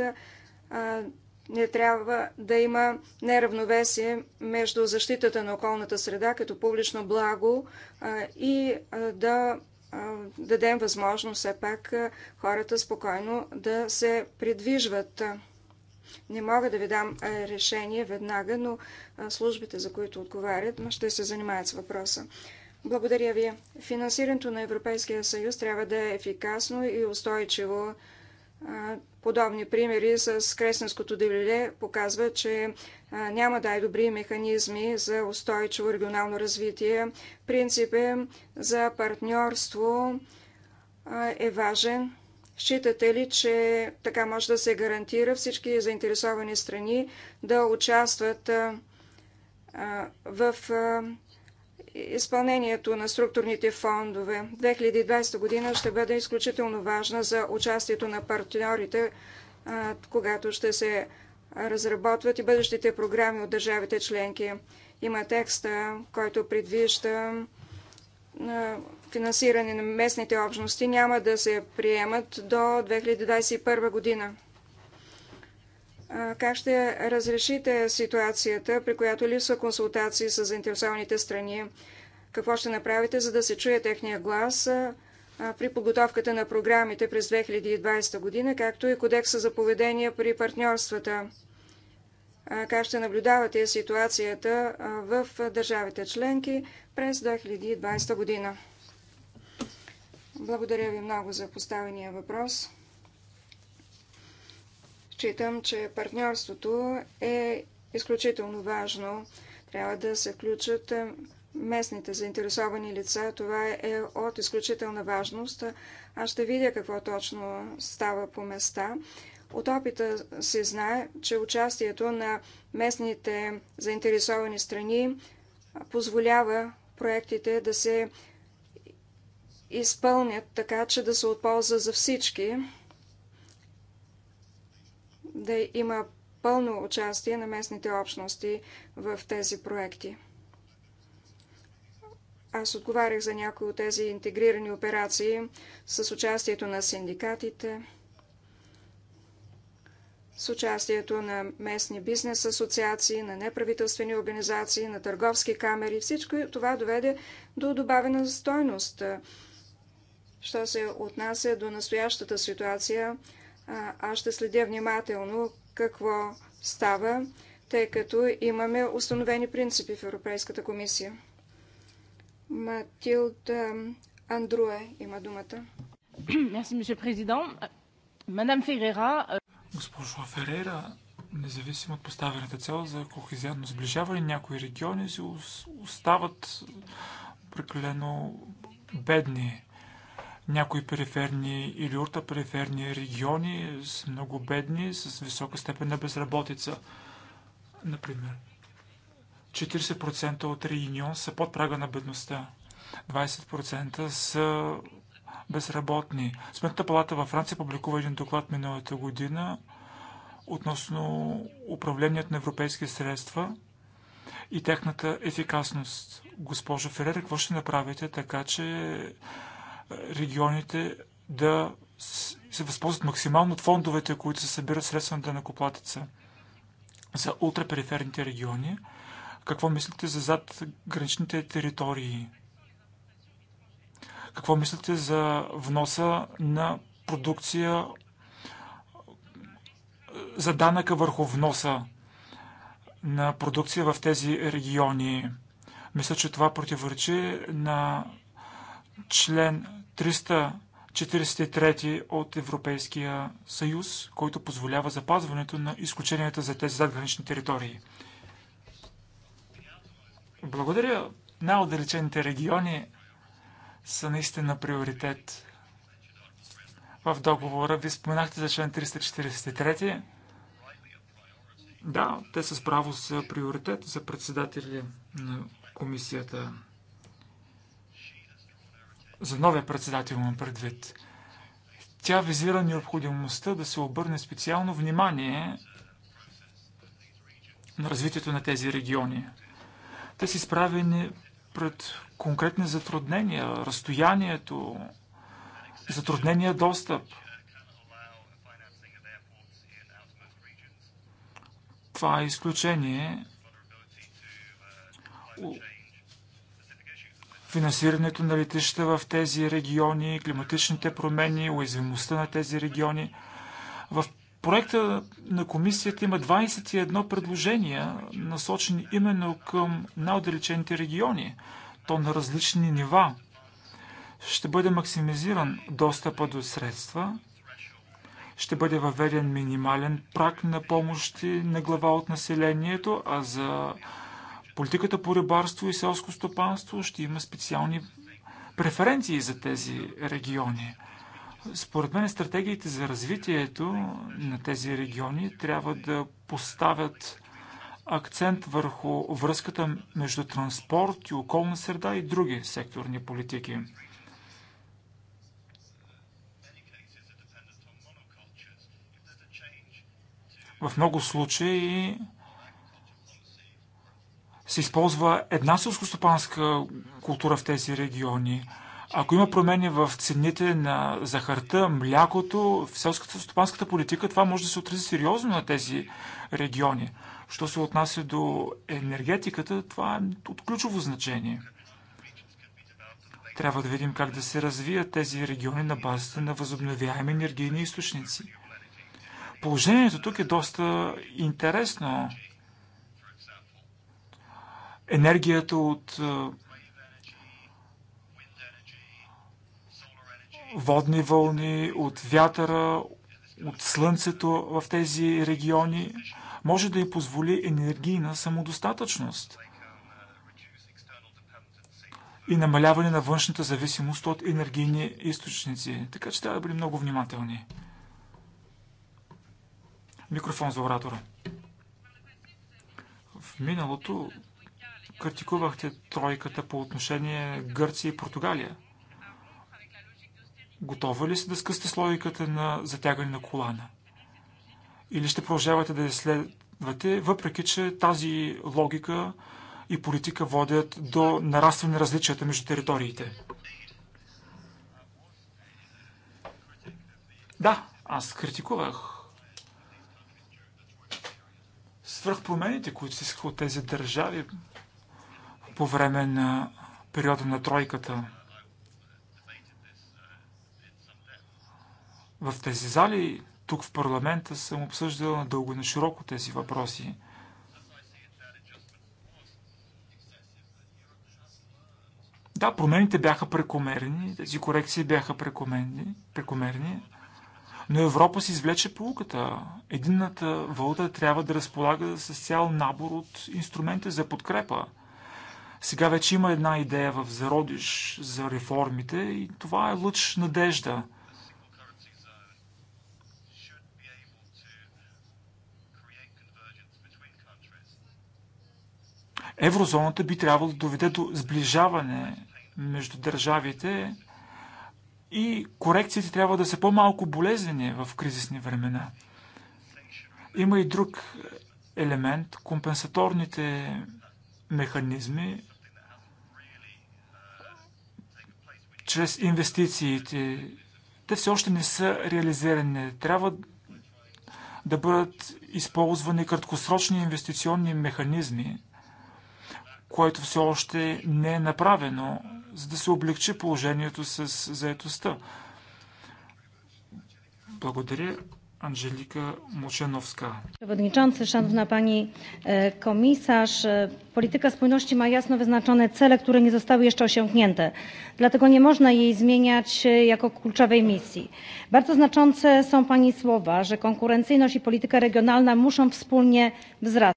Не трябва да има неравновесие между защитата на околната среда като публично благо и да дадем възможност все пак хората спокойно да се придвижват. Не мога да ви дам решение веднага, но службите, за които отговарят, ще се занимаят с въпроса. Благодаря ви. Финансирането на Европейския съюз трябва да е ефикасно и устойчиво. Подобни примери с Кресненското дивлеле показва, че няма да е добри механизми за устойчиво регионално развитие. Принципът за партньорство е важен Считате ли, че така може да се гарантира всички заинтересовани страни да участват в изпълнението на структурните фондове. 2020 година ще бъде изключително важна за участието на партньорите, когато ще се разработват и бъдещите програми от държавите членки. Има текста, който предвижда финансиране на местните общности няма да се приемат до 2021 година. Как ще разрешите ситуацията, при която липсва консултации с заинтересованите страни? Какво ще направите, за да се чуе техния глас при подготовката на програмите през 2020 година, както и кодекса за поведение при партньорствата? Как ще наблюдавате ситуацията в държавите членки през 2020 година? Благодаря ви много за поставения въпрос. Считам, че партньорството е изключително важно. Трябва да се включат местните заинтересовани лица. Това е от изключителна важност. Аз ще видя какво точно става по места. От опита се знае, че участието на местните заинтересовани страни позволява проектите да се изпълнят така, че да се отполза за всички, да има пълно участие на местните общности в тези проекти. Аз отговарях за някои от тези интегрирани операции с участието на синдикатите, с участието на местни бизнес асоциации, на неправителствени организации, на търговски камери. Всичко това доведе до добавена стойност Що се отнася до настоящата ситуация, аз ще следя внимателно какво става, тъй като имаме установени принципи в Европейската комисия. Матилд Андруе има думата. Мерси, мисър президент. Мадам Ферера. Госпожо Ферера, независимо от поставената цел за кохезианно сближаване, някои региони си остават прекалено бедни. Някои периферни или уртапериферни региони са много бедни, с висока степен на безработица. Например, 40% от Реюнион са под прага на бедността. 20% са безработни. Сметната палата във Франция публикува един доклад миналата година относно управлението на европейски средства и тяхната ефикасност. Госпожо Ферер, какво ще направите така, че регионите да се възползват максимално от фондовете, които се събират средства на накоплатеца за ултрапериферните региони. Какво мислите за зад граничните територии? Какво мислите за вноса на продукция за данъка върху вноса на продукция в тези региони? Мисля, че това противоречи на член 343 от Европейския съюз, който позволява запазването на изключенията за тези задгранични територии. Благодаря. Най-отдалечените региони са наистина приоритет в договора. Ви споменахте за член 343. Да, те с право са приоритет за председатели на комисията за новия председател имам предвид. Тя визира необходимостта да се обърне специално внимание на развитието на тези региони. Те са изправени пред конкретни затруднения, разстоянието, затруднения достъп. Това е изключение финансирането на летища в тези региони, климатичните промени, уязвимостта на тези региони. В проекта на комисията има 21 предложения, насочени именно към най-отдалечените региони, то на различни нива. Ще бъде максимизиран достъпа до средства, ще бъде въведен минимален прак на помощи на глава от населението, а за Политиката по рибарство и селско стопанство ще има специални преференции за тези региони. Според мен стратегиите за развитието на тези региони трябва да поставят акцент върху връзката между транспорт и околна среда и други секторни политики. В много случаи се използва една селскостопанска култура в тези региони, ако има промени в цените на захарта, млякото, в селската стопанската политика, това може да се отрази сериозно на тези региони. Що се отнася до енергетиката, това е от ключово значение. Трябва да видим как да се развият тези региони на базата на възобновяеми енергийни източници. Положението тук е доста интересно енергията от водни вълни, от вятъра, от слънцето в тези региони, може да й позволи енергийна самодостатъчност и намаляване на външната зависимост от енергийни източници. Така че трябва да бъдем много внимателни. Микрофон за оратора. В миналото критикувахте тройката по отношение Гърция и Португалия. Готова ли сте да скъсте с логиката на затягане на колана? Или ще продължавате да я следвате, въпреки че тази логика и политика водят до нарастване на различията между териториите? Да, аз критикувах свръхпромените, които се искаха от тези държави по време на периода на тройката. В тези зали, тук в парламента, съм обсъждал дълго и на широко тези въпроси. Да, промените бяха прекомерни, тези корекции бяха прекомерни, прекомерни но Европа си извлече полуката. Единната валута трябва да разполага с цял набор от инструменти за подкрепа – сега вече има една идея в зародиш за реформите и това е лъч надежда. Еврозоната би трябвало да доведе до сближаване между държавите и корекциите трябва да са по-малко болезнени в кризисни времена. Има и друг елемент компенсаторните механизми чрез инвестициите. Те все още не са реализирани. Трябва да бъдат използвани краткосрочни инвестиционни механизми, което все още не е направено, за да се облегчи положението с заетостта. Благодаря. Angelika Moszenowska. Przewodniczący, szanowna pani komisarz, polityka spójności ma jasno wyznaczone cele, które nie zostały jeszcze osiągnięte. Dlatego nie można jej zmieniać jako kluczowej misji. Bardzo znaczące są pani słowa, że konkurencyjność i polityka regionalna muszą wspólnie wzrastać.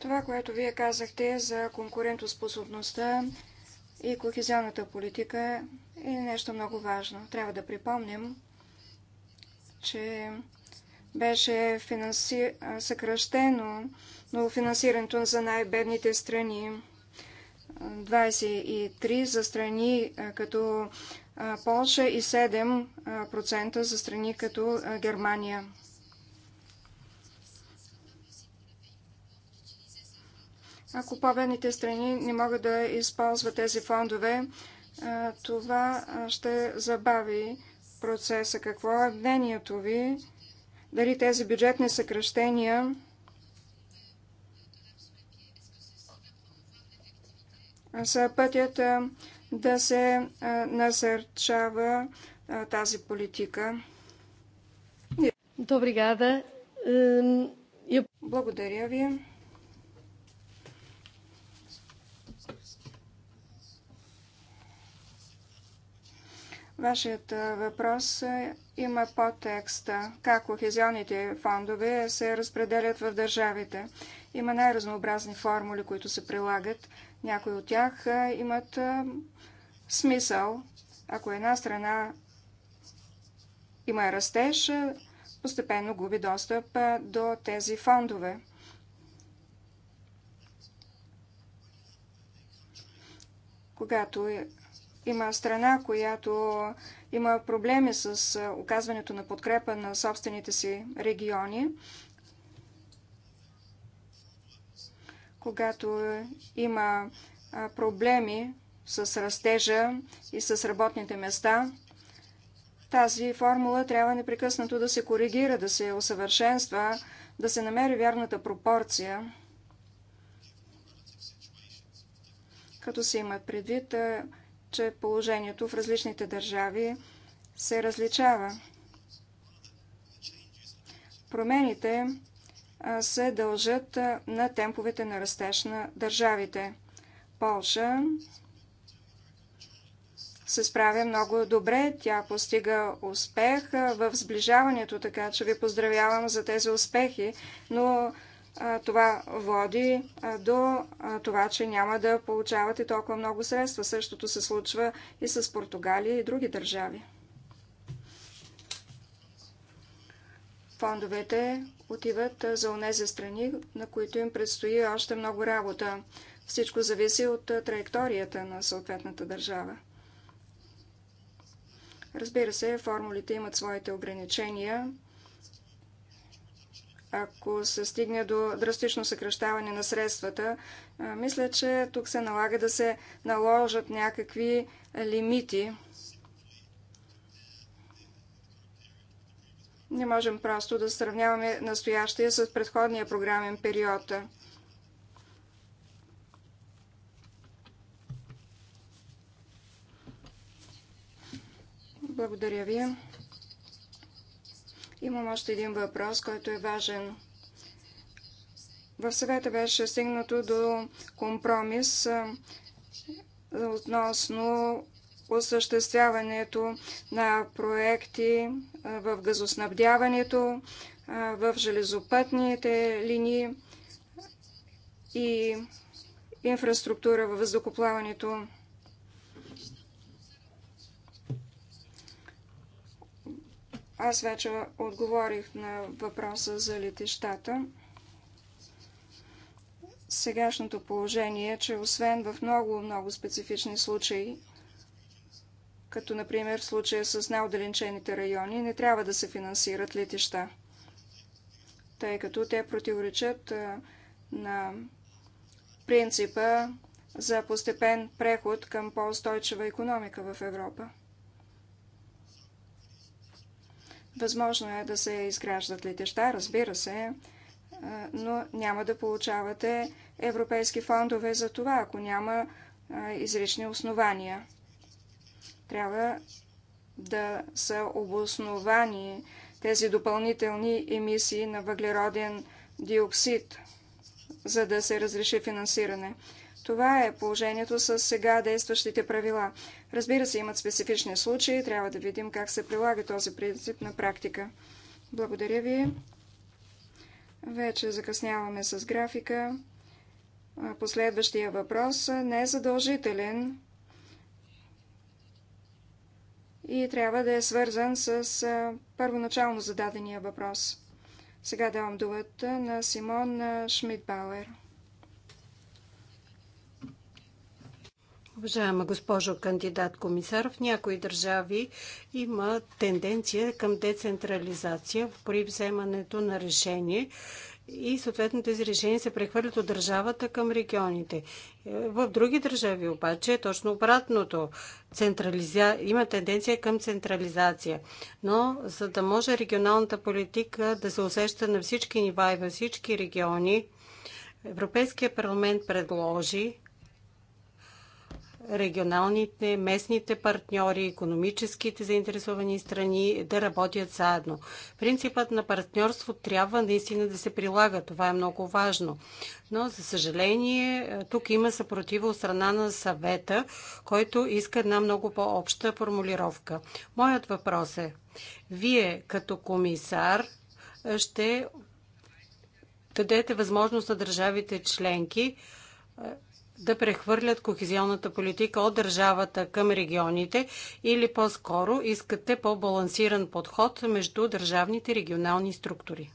Това, което вие казахте за конкурентоспособността и кохезионната политика е нещо много важно. Трябва да припомним, че беше финанси... съкръщено но финансирането за най-бедните страни. 23 за страни като Полша и 7% за страни като Германия. Ако победните страни не могат да използват тези фондове, това ще забави процеса? Какво е мнението ви? Дали тези бюджетни съкръщения са пътят да се насърчава тази политика? Добригада. Благодаря ви. Вашият е, въпрос е, има подтекста как кохезионните фондове се разпределят в държавите. Има най-разнообразни формули, които се прилагат. Някои от тях е, имат смисъл. Ако една страна има растеж, постепенно губи достъп до тези фондове. Когато има страна, която има проблеми с оказването на подкрепа на собствените си региони, когато има проблеми с растежа и с работните места, тази формула трябва непрекъснато да се коригира, да се усъвършенства, да се намери вярната пропорция, като се имат предвид че положението в различните държави се различава. Промените се дължат на темповете на растеж на държавите. Полша се справя много добре. Тя постига успех в сближаването, така че ви поздравявам за тези успехи, но това води до това, че няма да получавате толкова много средства. Същото се случва и с Португалия и други държави. Фондовете отиват за онези страни, на които им предстои още много работа. Всичко зависи от траекторията на съответната държава. Разбира се, формулите имат своите ограничения ако се стигне до драстично съкръщаване на средствата, мисля, че тук се налага да се наложат някакви лимити. Не можем просто да сравняваме настоящия с предходния програмен период. Благодаря ви. Имам още един въпрос, който е важен. В съвета беше стигнато до компромис относно осъществяването на проекти в газоснабдяването, в железопътните линии и инфраструктура във въздухоплаването. Аз вече отговорих на въпроса за летищата. Сегашното положение е, че освен в много-много специфични случаи, като например в случая с най-отдалечените райони, не трябва да се финансират летища, тъй като те противоречат на принципа за постепен преход към по-устойчива економика в Европа. Възможно е да се изграждат летеща, разбира се, но няма да получавате европейски фондове за това, ако няма изрични основания. Трябва да са обосновани тези допълнителни емисии на въглероден диоксид, за да се разреши финансиране. Това е положението с сега действащите правила. Разбира се, имат специфични случаи. Трябва да видим как се прилага този принцип на практика. Благодаря ви. Вече закъсняваме с графика. Последващия въпрос не е задължителен и трябва да е свързан с първоначално зададения въпрос. Сега давам думата на Симон Шмидбауер. Уважаема госпожо кандидат комисар, в някои държави има тенденция към децентрализация при вземането на решение и съответно тези решения се прехвърлят от държавата към регионите. В други държави обаче е точно обратното. Централиза... Има тенденция към централизация. Но за да може регионалната политика да се усеща на всички нива и във всички региони, Европейския парламент предложи регионалните, местните партньори, економическите заинтересовани страни да работят заедно. Принципът на партньорство трябва наистина да се прилага. Това е много важно. Но, за съжаление, тук има съпротива от страна на съвета, който иска една много по-обща формулировка. Моят въпрос е, вие като комисар ще дадете възможност на държавите членки да прехвърлят кохезионната политика от държавата към регионите или по-скоро искате по-балансиран подход между държавните регионални структури?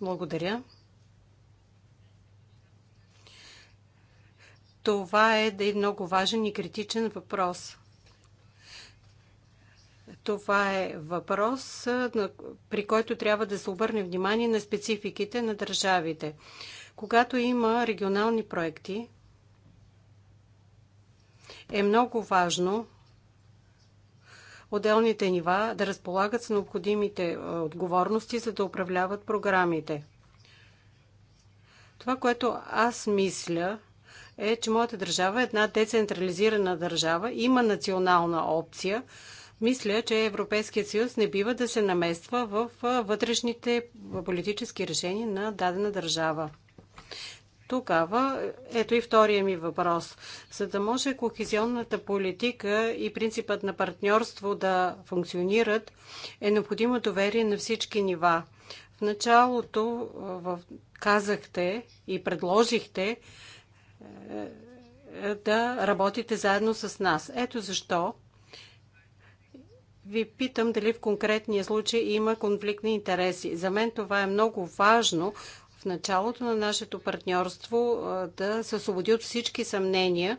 Благодаря. Това е да е много важен и критичен въпрос. Това е въпрос, при който трябва да се обърне внимание на спецификите на държавите. Когато има регионални проекти, е много важно отделните нива да разполагат с необходимите отговорности, за да управляват програмите. Това, което аз мисля, е, че моята държава е една децентрализирана държава, има национална опция, мисля, че Европейският съюз не бива да се намества в вътрешните политически решения на дадена държава. Тогава, ето и втория ми въпрос. За да може кохезионната политика и принципът на партньорство да функционират, е необходимо доверие на всички нива. В началото казахте и предложихте е, е, да работите заедно с нас. Ето защо ви питам дали в конкретния случай има конфликт на интереси. За мен това е много важно в началото на нашето партньорство да се освободи от всички съмнения.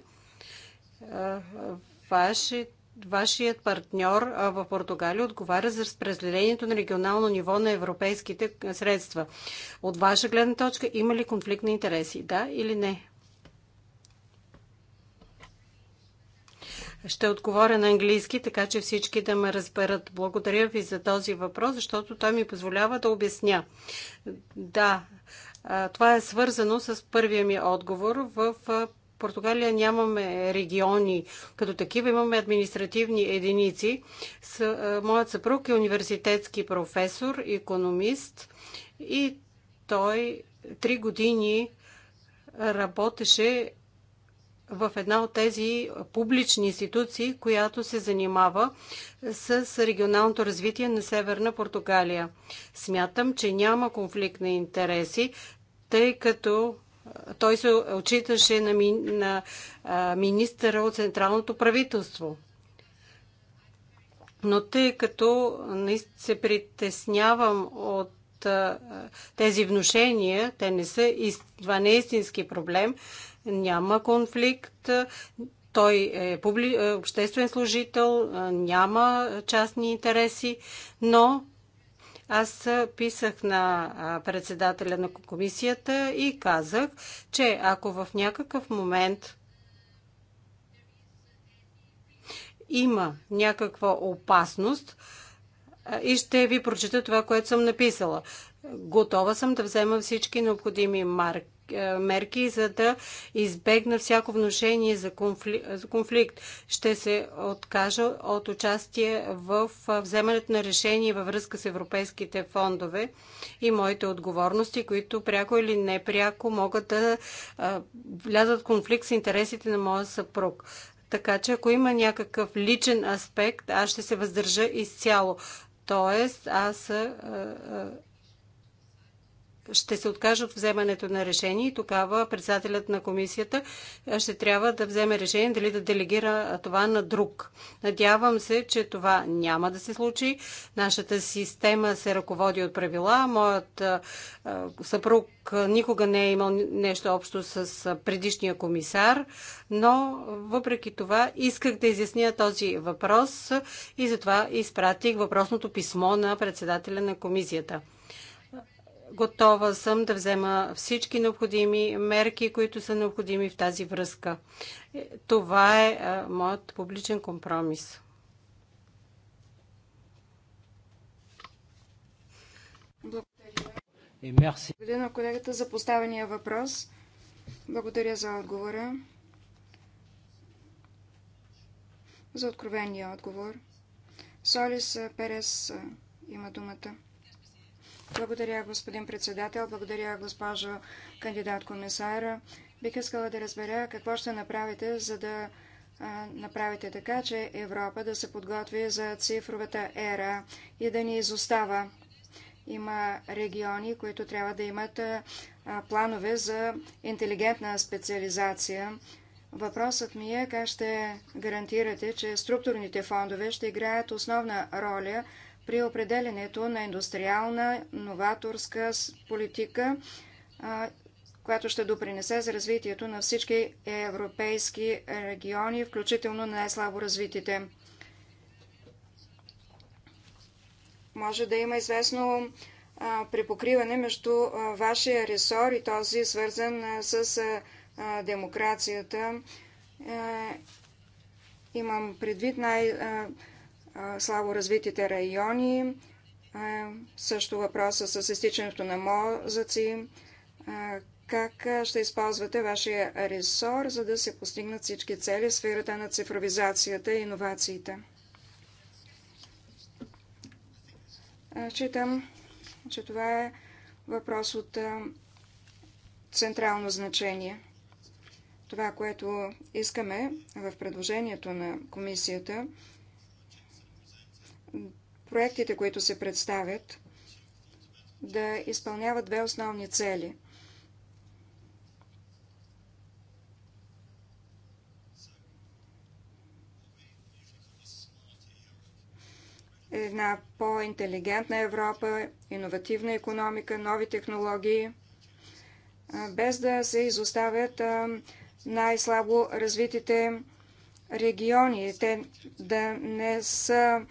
Ваши, вашият партньор в Португалия отговаря за разпределението на регионално ниво на европейските средства. От ваша гледна точка има ли конфликт на интереси? Да или не? Ще отговоря на английски, така че всички да ме разберат. Благодаря ви за този въпрос, защото той ми позволява да обясня. Да, това е свързано с първия ми отговор. В Португалия нямаме региони като такива, имаме административни единици. Моят съпруг е университетски професор, економист и той три години работеше в една от тези публични институции, която се занимава с регионалното развитие на Северна Португалия. Смятам, че няма конфликт на интереси, тъй като той се отчиташе на, ми, на а, министъра от Централното правителство. Но тъй като се притеснявам от тези внушения, те не са, това не е истински проблем, няма конфликт, той е публи... Е, обществен служител, е, няма частни интереси, но аз писах на председателя на комисията и казах, че ако в някакъв момент има някаква опасност, е, и ще ви прочета това, което съм написала. Готова съм да взема всички необходими марки е, мерки, за да избегна всяко вношение за конфликт. Ще се откажа от участие в вземането на решение във връзка с европейските фондове и моите отговорности, които пряко или непряко могат да влязат в конфликт с интересите на моя съпруг. Така че ако има някакъв личен аспект, аз ще се въздържа изцяло. Тоест, аз а, а, ще се откаже от вземането на решение и тогава председателят на комисията ще трябва да вземе решение дали да делегира това на друг. Надявам се, че това няма да се случи. Нашата система се ръководи от правила. Моят съпруг никога не е имал нещо общо с предишния комисар, но въпреки това исках да изясня този въпрос и затова изпратих въпросното писмо на председателя на комисията готова съм да взема всички необходими мерки, които са необходими в тази връзка. Е, това е моят публичен компромис. Благодаря. Благодаря на колегата за поставения въпрос. Благодаря за отговора. За откровения отговор. Солис Перес има думата. Благодаря, господин председател. Благодаря, госпожо кандидат комисара. Бих искала да разбера какво ще направите, за да направите така, че Европа да се подготви за цифровата ера и да ни изостава. Има региони, които трябва да имат планове за интелигентна специализация. Въпросът ми е как ще гарантирате, че структурните фондове ще играят основна роля при определенето на индустриална, новаторска политика, която ще допринесе за развитието на всички европейски региони, включително на най-слабо развитите. Може да има известно припокриване между вашия ресор и този свързан с демокрацията. Е, имам предвид най- слабо развитите райони, също въпроса с изтичането на мозъци, как ще използвате вашия ресор, за да се постигнат всички цели в сферата на цифровизацията и иновациите. Считам, че това е въпрос от централно значение. Това, което искаме в предложението на комисията, проектите, които се представят, да изпълняват две основни цели. Една по-интелигентна Европа, иновативна економика, нови технологии, без да се изоставят най-слабо развитите региони. Те да не са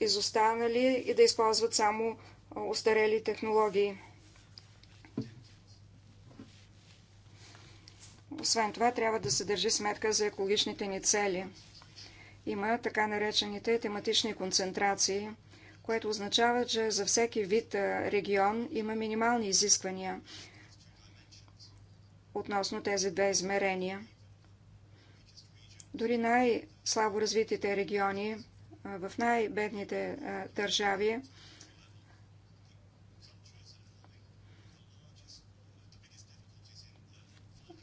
изостанали и да използват само устарели технологии. Освен това, трябва да се държи сметка за екологичните ни цели. Има така наречените тематични концентрации, което означава, че за всеки вид регион има минимални изисквания относно тези две измерения. Дори най-слабо развитите региони в най-бедните държави.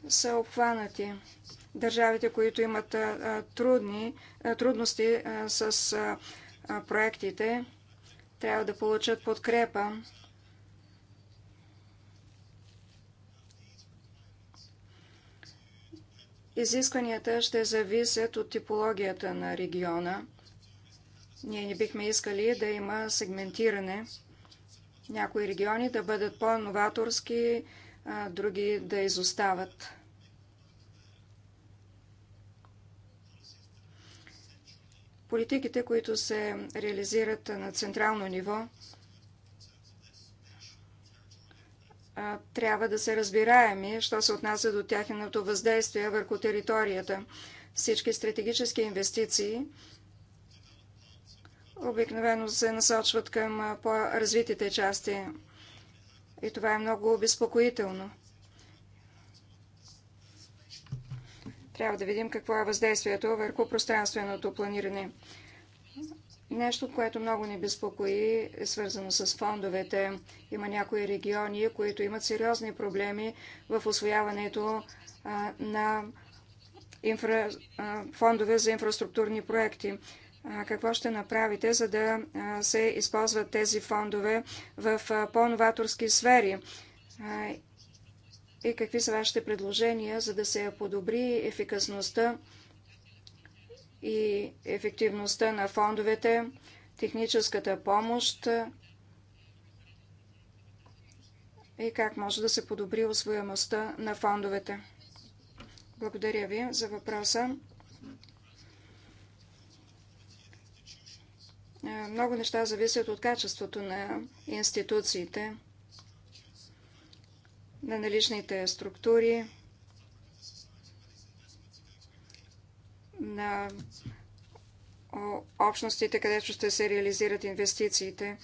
са обхванати. Държавите, които имат трудни, трудности с проектите, трябва да получат подкрепа. Изискванията ще зависят от типологията на региона – ние не бихме искали да има сегментиране. Някои региони да бъдат по-новаторски, други да изостават. Политиките, които се реализират на централно ниво, трябва да се разбираеми, що се отнася до тяхното въздействие върху територията. Всички стратегически инвестиции – обикновено се насочват към по-развитите части. И това е много обезпокоително. Трябва да видим какво е въздействието върху пространственото планиране. Нещо, което много ни безпокои, е свързано с фондовете. Има някои региони, които имат сериозни проблеми в освояването на инфра... фондове за инфраструктурни проекти какво ще направите, за да се използват тези фондове в по-новаторски сфери и какви са вашите предложения, за да се подобри ефикасността и ефективността на фондовете, техническата помощ и как може да се подобри освоемостта на фондовете. Благодаря ви за въпроса. Е, много неща зависят от качеството на институциите, на наличните структури, на общностите, където ще се реализират инвестициите.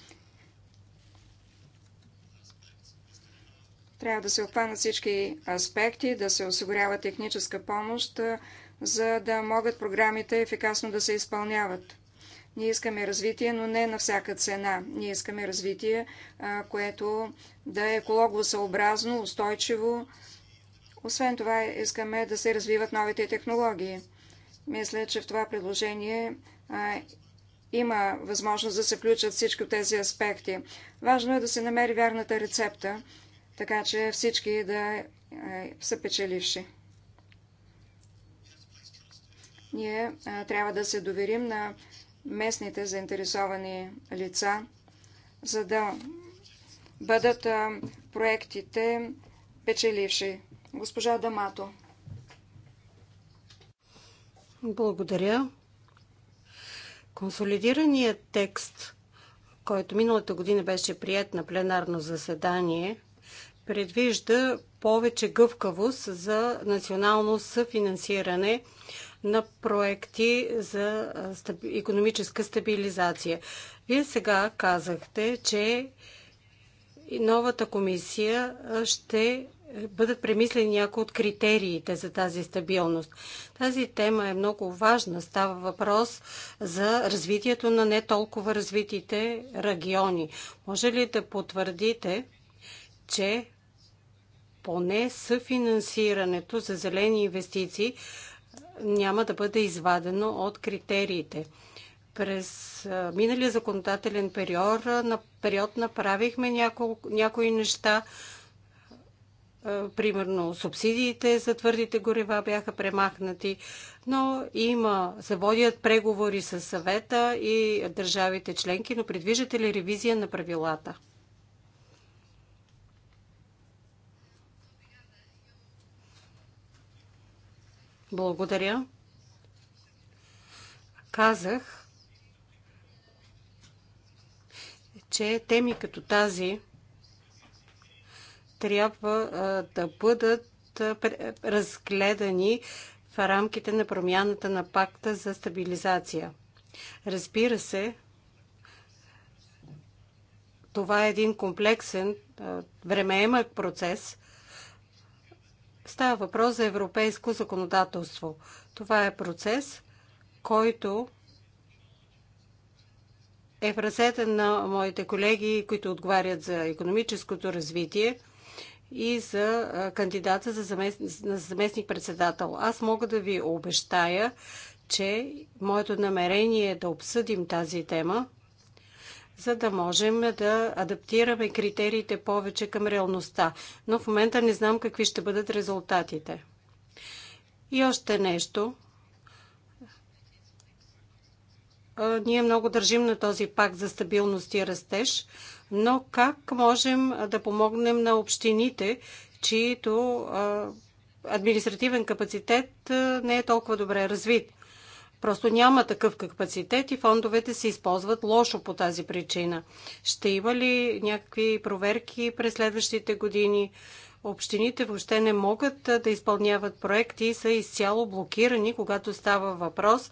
Трябва да се обхванат всички аспекти, да се осигурява техническа помощ, е, за да могат програмите ефикасно да се изпълняват. Ние искаме развитие, но не на всяка цена. Ние искаме развитие, което да е екологосъобразно, устойчиво. Освен това, искаме да се развиват новите технологии. Мисля, че в това предложение има възможност да се включат всички тези аспекти. Важно е да се намери вярната рецепта, така че всички да са печеливши. Ние трябва да се доверим на местните заинтересовани лица, за да бъдат проектите печеливши. Госпожа Дамато. Благодаря. Консолидираният текст, който миналата година беше прият на пленарно заседание, предвижда повече гъвкавост за национално съфинансиране – на проекти за економическа стабилизация. Вие сега казахте, че новата комисия ще бъдат премислени някои от критериите за тази стабилност. Тази тема е много важна. Става въпрос за развитието на не толкова развитите региони. Може ли да потвърдите, че поне съфинансирането за зелени инвестиции няма да бъде извадено от критериите. През миналия законодателен период, на период направихме няко, някои неща. Примерно субсидиите за твърдите горива бяха премахнати, но има, се водят преговори с съвета и държавите членки, но предвиждате ли ревизия на правилата? Благодаря. Казах, че теми като тази трябва да бъдат разгледани в рамките на промяната на пакта за стабилизация. Разбира се, това е един комплексен, времеемък процес, Става въпрос за европейско законодателство. Това е процес, който е в ръцете на моите колеги, които отговарят за економическото развитие и за кандидата за заместник-председател. Аз мога да ви обещая, че моето намерение е да обсъдим тази тема за да можем да адаптираме критериите повече към реалността. Но в момента не знам какви ще бъдат резултатите. И още нещо. Ние много държим на този пакт за стабилност и растеж, но как можем да помогнем на общините, чието административен капацитет не е толкова добре развит? Просто няма такъв капацитет и фондовете се използват лошо по тази причина. Ще има ли някакви проверки през следващите години? Общините въобще не могат да изпълняват проекти и са изцяло блокирани, когато става въпрос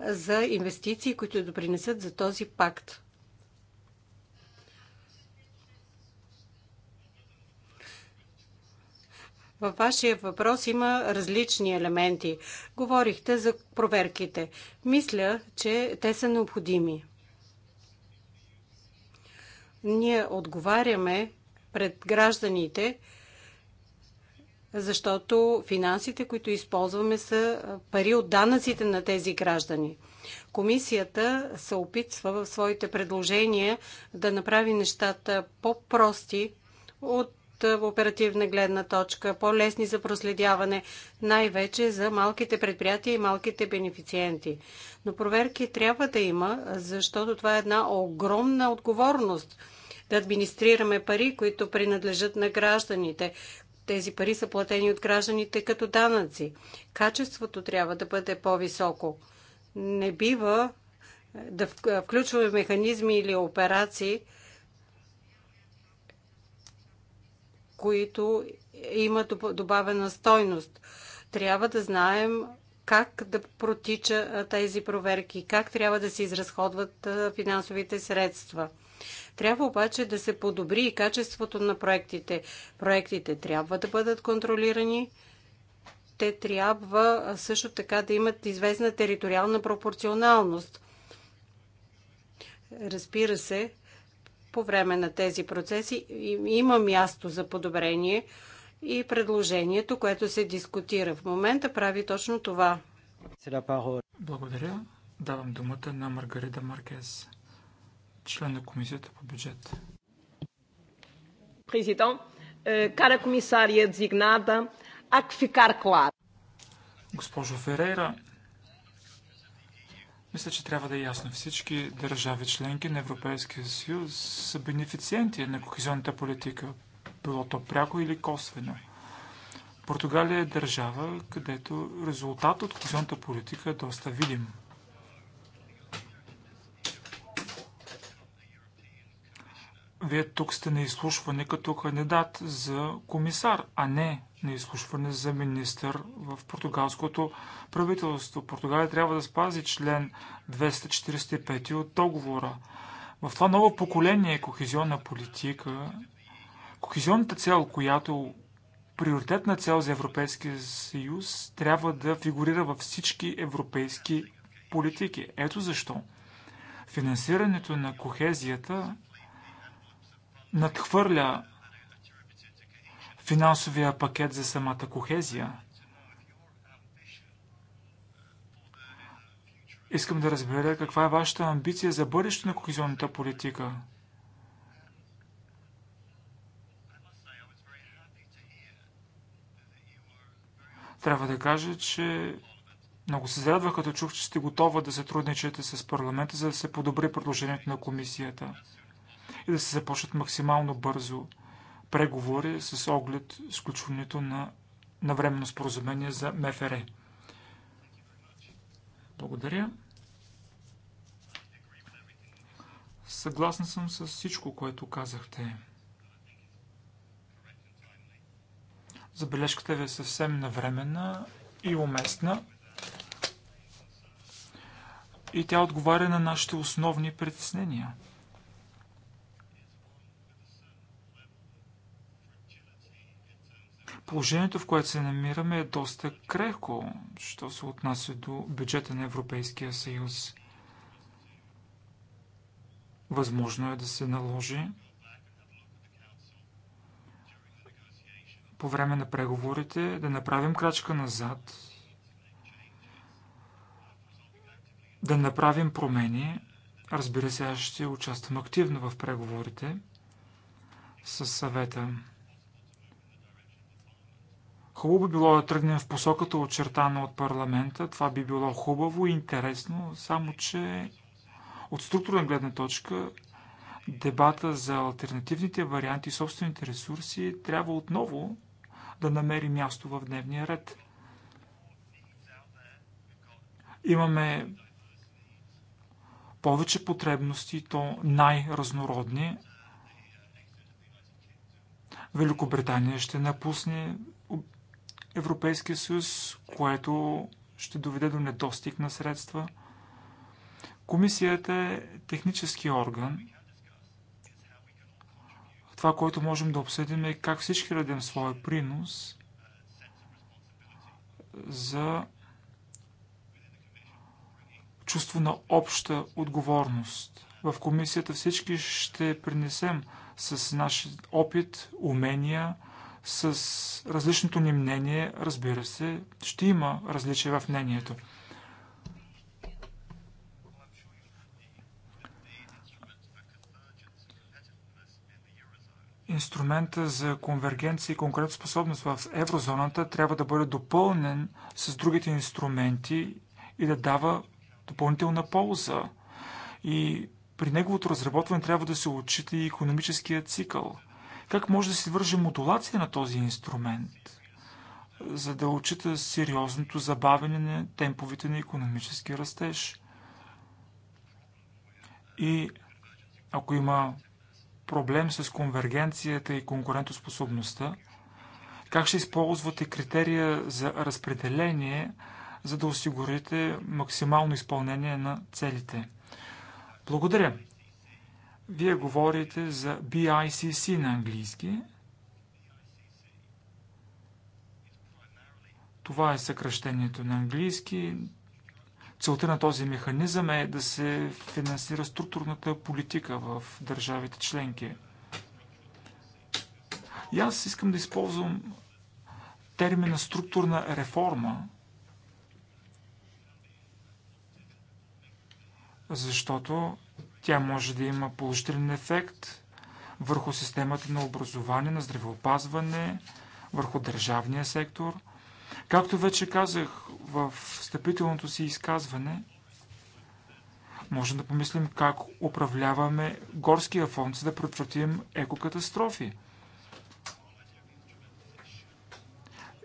за инвестиции, които допринесат за този пакт. Във вашия въпрос има различни елементи. Говорихте за проверките. Мисля, че те са необходими. Ние отговаряме пред гражданите, защото финансите, които използваме, са пари от данъците на тези граждани. Комисията се опитва в своите предложения да направи нещата по-прости от в оперативна гледна точка, по-лесни за проследяване, най-вече за малките предприятия и малките бенефициенти. Но проверки трябва да има, защото това е една огромна отговорност да администрираме пари, които принадлежат на гражданите. Тези пари са платени от гражданите като данъци. Качеството трябва да бъде по-високо. Не бива да включваме механизми или операции, които имат добавена стойност. Трябва да знаем как да протича тези проверки, как трябва да се изразходват финансовите средства. Трябва обаче да се подобри и качеството на проектите. Проектите трябва да бъдат контролирани. Те трябва също така да имат известна териториална пропорционалност. Разбира се, по време на тези процеси има място за подобрение и предложението, което се дискутира в момента, прави точно това. Благодаря. Давам думата на Маргарита Маркес, член на Комисията по бюджет. Президент, е, кара комисария е дезигната, ак фикар клар. Госпожо Ферейра, мисля, че трябва да е ясно. Всички държави членки на Европейския съюз са бенефициенти на кохезионната политика, било то пряко или косвено. Португалия е държава, където резултат от кохезионната политика е доста видим. Вие тук сте на изслушване като кандидат за комисар, а не на изслушване за министър в португалското правителство. Португалия трябва да спази член 245 от договора. В това ново поколение кохезионна политика, кохезионната цел, която приоритетна цел за Европейския съюз, трябва да фигурира във всички европейски политики. Ето защо финансирането на кохезията надхвърля финансовия пакет за самата кохезия. Искам да разбера каква е вашата амбиция за бъдещето на кохезионната политика. Трябва да кажа, че много се зарадвах, като чух, че сте готова да сътрудничате с парламента, за да се подобри предложението на комисията и да се започнат максимално бързо преговори с оглед сключването на навременно споразумение за МФР. Благодаря. Съгласна съм с всичко, което казахте. Забележката ви е съвсем навременна и уместна. И тя отговаря на нашите основни притеснения – Положението, в което се намираме, е доста крехко, що се отнася до бюджета на Европейския съюз. Възможно е да се наложи по време на преговорите да направим крачка назад, да направим промени. Разбира се, аз ще участвам активно в преговорите с съвета. Хубаво би било да тръгнем в посоката очертана от парламента. Това би било хубаво и интересно, само че от структурна гледна точка дебата за альтернативните варианти и собствените ресурси трябва отново да намери място в дневния ред. Имаме повече потребности, то най-разнородни. Великобритания ще напусне Европейския съюз, което ще доведе до недостиг на средства. Комисията е технически орган. Това, което можем да обсъдим е как всички дадем своя принос за чувство на обща отговорност. В комисията всички ще принесем с нашия опит, умения, с различното ни мнение, разбира се, ще има различия в мнението. Инструмента за конвергенция и конкурентоспособност в еврозоната трябва да бъде допълнен с другите инструменти и да дава допълнителна полза. И при неговото разработване трябва да се отчита и економическия цикъл – как може да се върже модулация на този инструмент, за да отчита сериозното забавене на темповите на економически растеж? И ако има проблем с конвергенцията и конкурентоспособността, как ще използвате критерия за разпределение, за да осигурите максимално изпълнение на целите? Благодаря. Вие говорите за BICC на английски. Това е съкръщението на английски. Целта на този механизъм е да се финансира структурната политика в държавите членки. И аз искам да използвам термина структурна реформа, защото тя може да има положителен ефект върху системата на образование, на здравеопазване, върху държавния сектор. Както вече казах в встъпителното си изказване, можем да помислим как управляваме горския фонд, за да предотвратим екокатастрофи.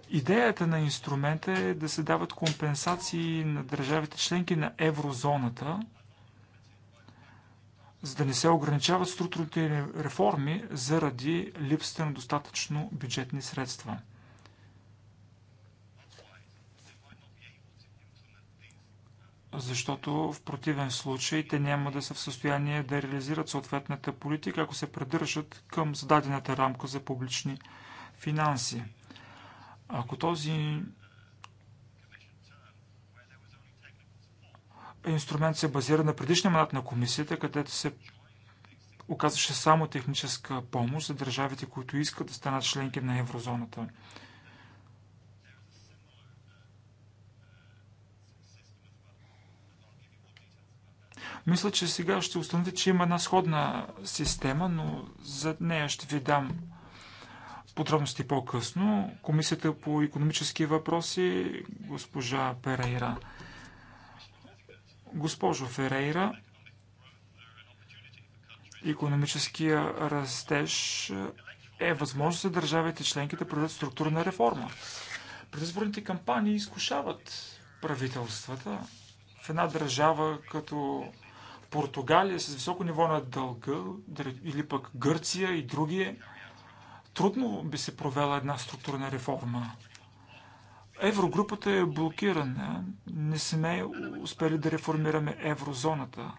Идеята на инструмента е да се дават компенсации на държавите членки на еврозоната – за да не се ограничават структурните реформи заради липсата на достатъчно бюджетни средства. Защото в противен случай те няма да са в състояние да реализират съответната политика, ако се придържат към зададената рамка за публични финанси. Ако този инструмент се базира на предишния мандат на комисията, където се оказваше само техническа помощ за държавите, които искат да станат членки на еврозоната. Мисля, че сега ще установите, че има една сходна система, но за нея ще ви дам подробности по-късно. Комисията по економически въпроси, госпожа Перейра. Госпожо Ферейра, економическия растеж е възможност за държавите членки да проведат структурна реформа. Предизборните кампании изкушават правителствата. В една държава като Португалия с високо ниво на дълга или пък Гърция и други, е трудно би се провела една структурна реформа. Еврогрупата е блокирана. Не сме успели да реформираме еврозоната.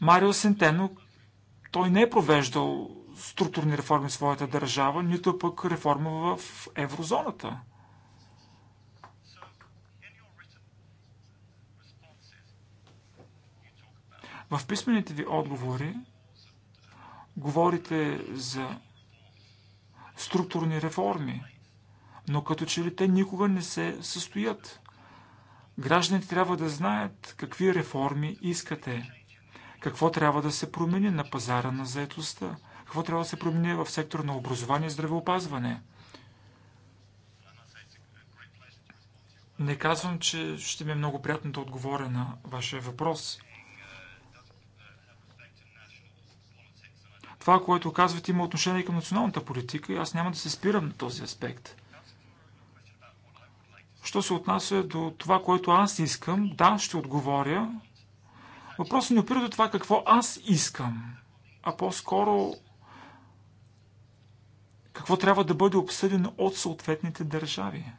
Марио Сентено, той не е провеждал структурни реформи в своята държава, нито е пък реформа в еврозоната. В писмените ви отговори говорите за структурни реформи, но като че ли те никога не се състоят. Гражданите трябва да знаят какви реформи искате, какво трябва да се промени на пазара на заетостта, какво трябва да се промени в сектора на образование и здравеопазване. Не казвам, че ще ми е много приятно да отговоря на вашия въпрос – Това, което казвате, има отношение към националната политика и аз няма да се спирам на този аспект. Що се отнася до това, което аз искам, да, ще отговоря. Въпросът не опира до това какво аз искам, а по-скоро какво трябва да бъде обсъдено от съответните държави.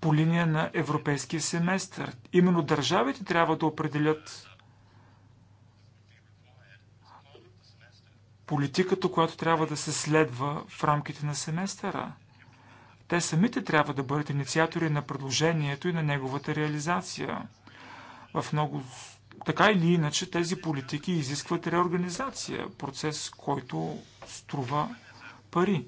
По линия на европейския семестър. Именно държавите трябва да определят политиката, която трябва да се следва в рамките на семестъра. Те самите трябва да бъдат инициатори на предложението и на неговата реализация. В много... Така или иначе, тези политики изискват реорганизация, процес, който струва пари.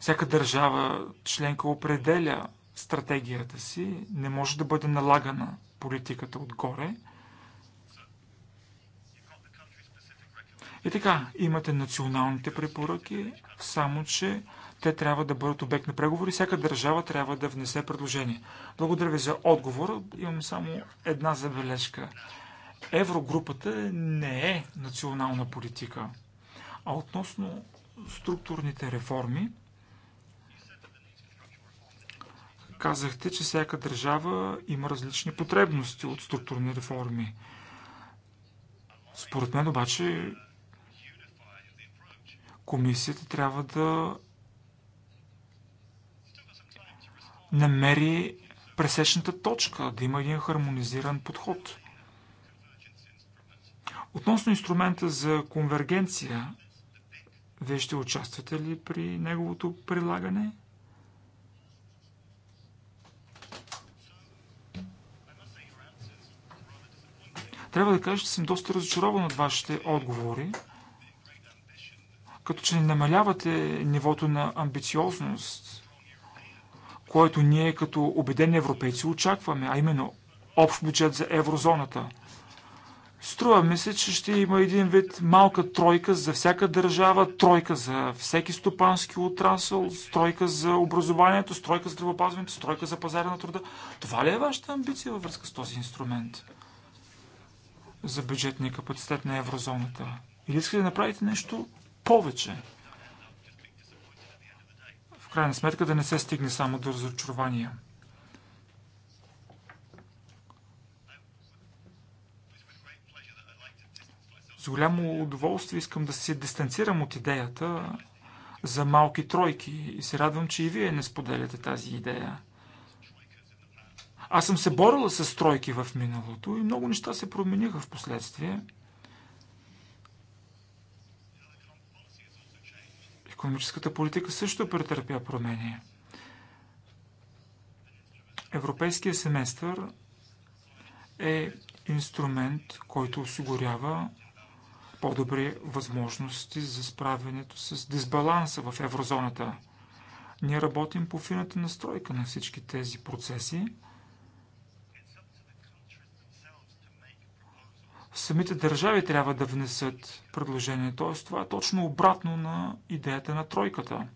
Всяка държава членка определя стратегията си, не може да бъде налагана политиката отгоре – И така, имате националните препоръки, само че те трябва да бъдат обект на преговори. Всяка държава трябва да внесе предложение. Благодаря ви за отговора. Имам само една забележка. Еврогрупата не е национална политика. А относно структурните реформи, казахте, че всяка държава има различни потребности от структурни реформи. Според мен обаче комисията трябва да намери пресечната точка, да има един хармонизиран подход. Относно инструмента за конвергенция, вие ще участвате ли при неговото прилагане? Трябва да кажа, че съм доста разочарован от вашите отговори като че не намалявате нивото на амбициозност, което ние като убедени европейци очакваме, а именно общ бюджет за еврозоната. Струва ми се, че ще има един вид малка тройка за всяка държава, тройка за всеки стопански отрасъл, тройка за образованието, стройка за здравеопазването, тройка за пазара на труда. Това ли е вашата амбиция във връзка с този инструмент за бюджетния капацитет на еврозоната? Или искате да направите нещо повече. В крайна сметка да не се стигне само до разочарования. С голямо удоволствие искам да се дистанцирам от идеята за малки тройки и се радвам, че и вие не споделяте тази идея. Аз съм се борила с тройки в миналото и много неща се промениха в последствие – Економическата политика също претърпя промени. Европейския семестър е инструмент, който осигурява по-добри възможности за справянето с дисбаланса в еврозоната. Ние работим по фината настройка на всички тези процеси – самите държави трябва да внесат предложение. Т.е. това е точно обратно на идеята на тройката.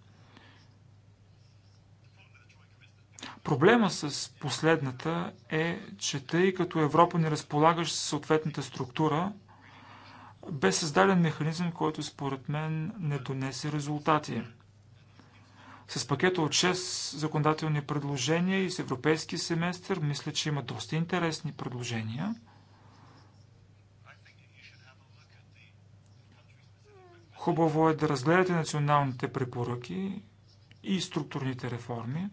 Проблема с последната е, че тъй като Европа не разполагаш с съответната структура, бе създаден механизъм, който според мен не донесе резултати. С пакета от 6 законодателни предложения и с европейски семестър мисля, че има доста интересни предложения – Хубаво е да разгледате националните препоръки и структурните реформи.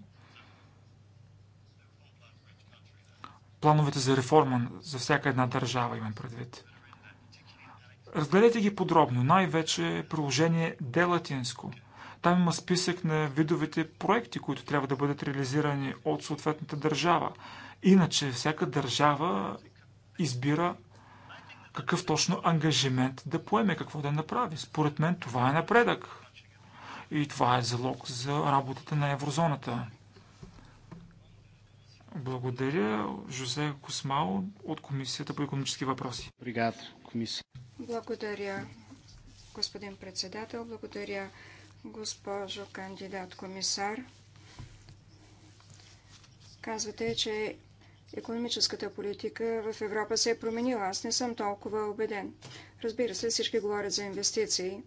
Плановете за реформа за всяка една държава имам предвид. Разгледайте ги подробно, най-вече приложение Делатинско. Там има списък на видовите проекти, които трябва да бъдат реализирани от съответната държава. Иначе всяка държава избира какъв точно ангажимент да поеме, какво да направи. Според мен това е напредък. И това е залог за работата на еврозоната. Благодаря, Жозе Космао от Комисията по економически въпроси. Бригада, комисия. Благодаря, господин председател. Благодаря, госпожо кандидат комисар. Казвате, че економическата политика в Европа се е променила. Аз не съм толкова убеден. Разбира се, всички говорят за инвестиции.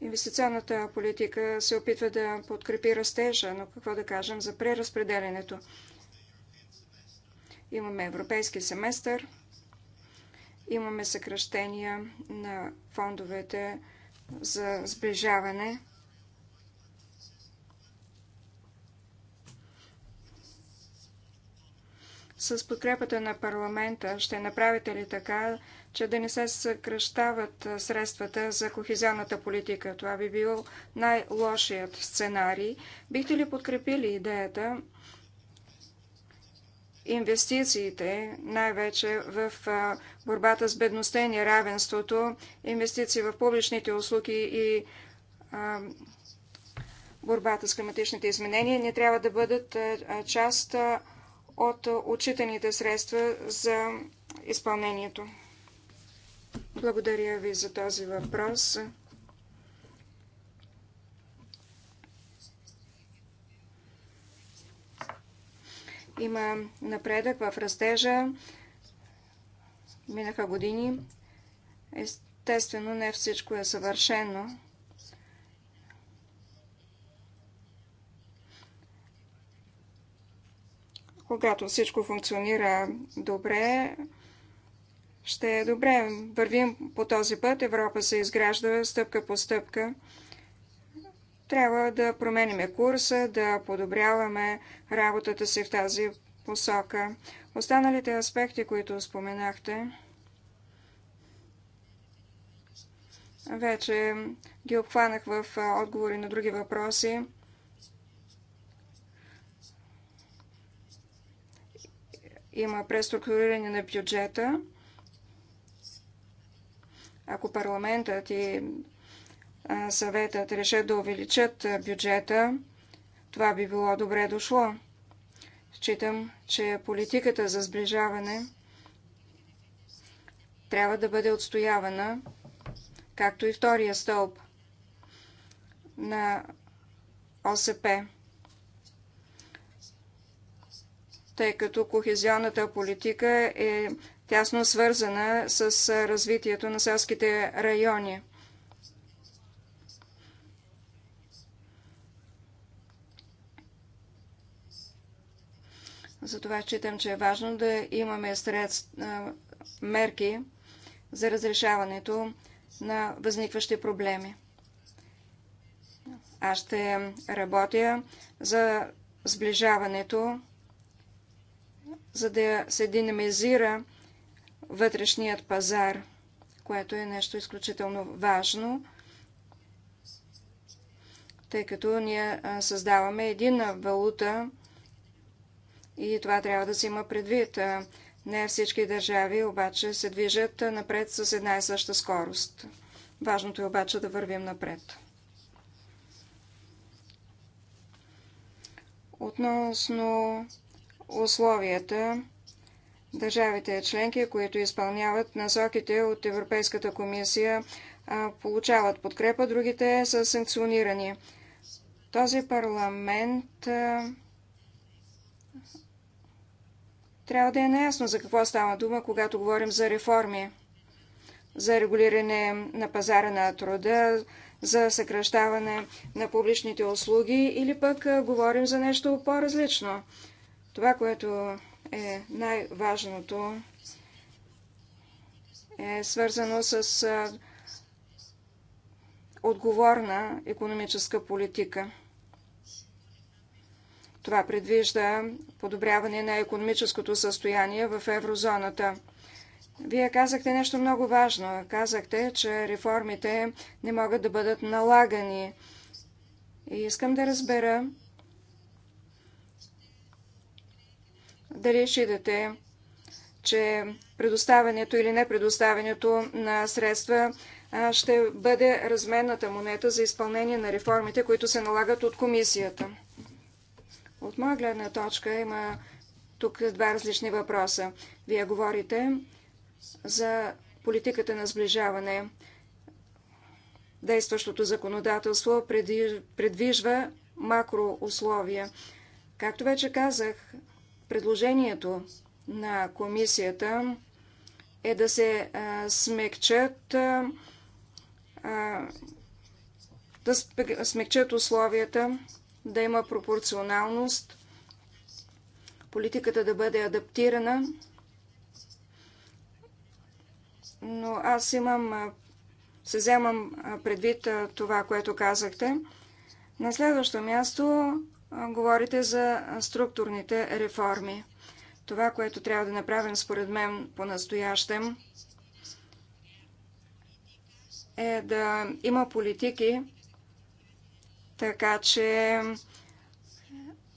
Инвестиционната политика се опитва да подкрепи растежа, но какво да кажем за преразпределенето? Имаме европейски семестър, имаме съкръщения на фондовете за сближаване. с подкрепата на парламента ще направите ли така, че да не се съкръщават средствата за кохезионната политика? Това би бил най-лошият сценарий. Бихте ли подкрепили идеята инвестициите, най-вече в борбата с бедността и неравенството, инвестиции в публичните услуги и борбата с климатичните изменения не трябва да бъдат част от отчитаните средства за изпълнението. Благодаря ви за този въпрос. Има напредък в растежа. Минаха години. Естествено, не всичко е съвършено. Когато всичко функционира добре, ще е добре. Вървим по този път. Европа се изгражда стъпка по стъпка. Трябва да променим курса, да подобряваме работата си в тази посока. Останалите аспекти, които споменахте, вече ги обхванах в отговори на други въпроси. има преструктуриране на бюджета. Ако парламентът и съветът решат да увеличат бюджета, това би било добре дошло. Считам, че политиката за сближаване трябва да бъде отстоявана, както и втория стълб на ОСП. тъй като кохезионната политика е тясно свързана с развитието на селските райони. Затова считам, че е важно да имаме средств, мерки за разрешаването на възникващи проблеми. Аз ще работя за сближаването за да се динамизира вътрешният пазар, което е нещо изключително важно, тъй като ние създаваме единна валута и това трябва да се има предвид. Не всички държави обаче се движат напред с една и съща скорост. Важното е обаче да вървим напред. Относно условията държавите членки, които изпълняват насоките от Европейската комисия, получават подкрепа, другите са санкционирани. Този парламент трябва да е наясно за какво става дума, когато говорим за реформи, за регулиране на пазара на труда, за съкръщаване на публичните услуги или пък говорим за нещо по-различно. Това, което е най-важното, е свързано с отговорна економическа политика. Това предвижда подобряване на економическото състояние в еврозоната. Вие казахте нещо много важно. Казахте, че реформите не могат да бъдат налагани. И искам да разбера дали считате, че предоставянето или непредоставянето на средства ще бъде разменната монета за изпълнение на реформите, които се налагат от комисията. От моя гледна точка има тук два различни въпроса. Вие говорите за политиката на сближаване. Действащото законодателство предвижва макроусловия. Както вече казах, Предложението на комисията е да се смекчат да смекчат условията, да има пропорционалност, политиката да бъде адаптирана. Но аз имам, се вземам предвид това, което казахте. На следващо място говорите за структурните реформи. Това, което трябва да направим според мен по-настоящем, е да има политики, така че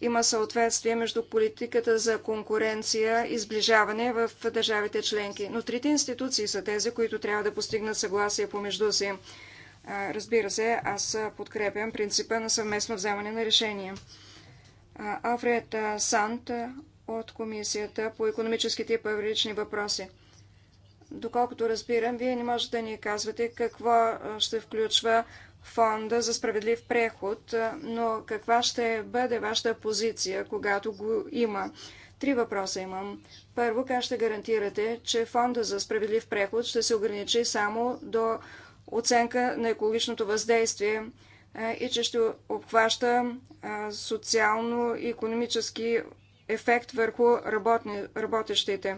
има съответствие между политиката за конкуренция и сближаване в държавите членки. Но трите институции са тези, които трябва да постигнат съгласие помежду си. Разбира се, аз подкрепям принципа на съвместно вземане на решения. Алфред Сант от Комисията по економическите и павлични въпроси. Доколкото разбирам, вие не можете да ни казвате какво ще включва фонда за справедлив преход, но каква ще бъде вашата позиция, когато го има? Три въпроса имам. Първо, как ще гарантирате, че фонда за справедлив преход ще се ограничи само до оценка на екологичното въздействие и че ще обхваща социално-економически ефект върху работни, работещите.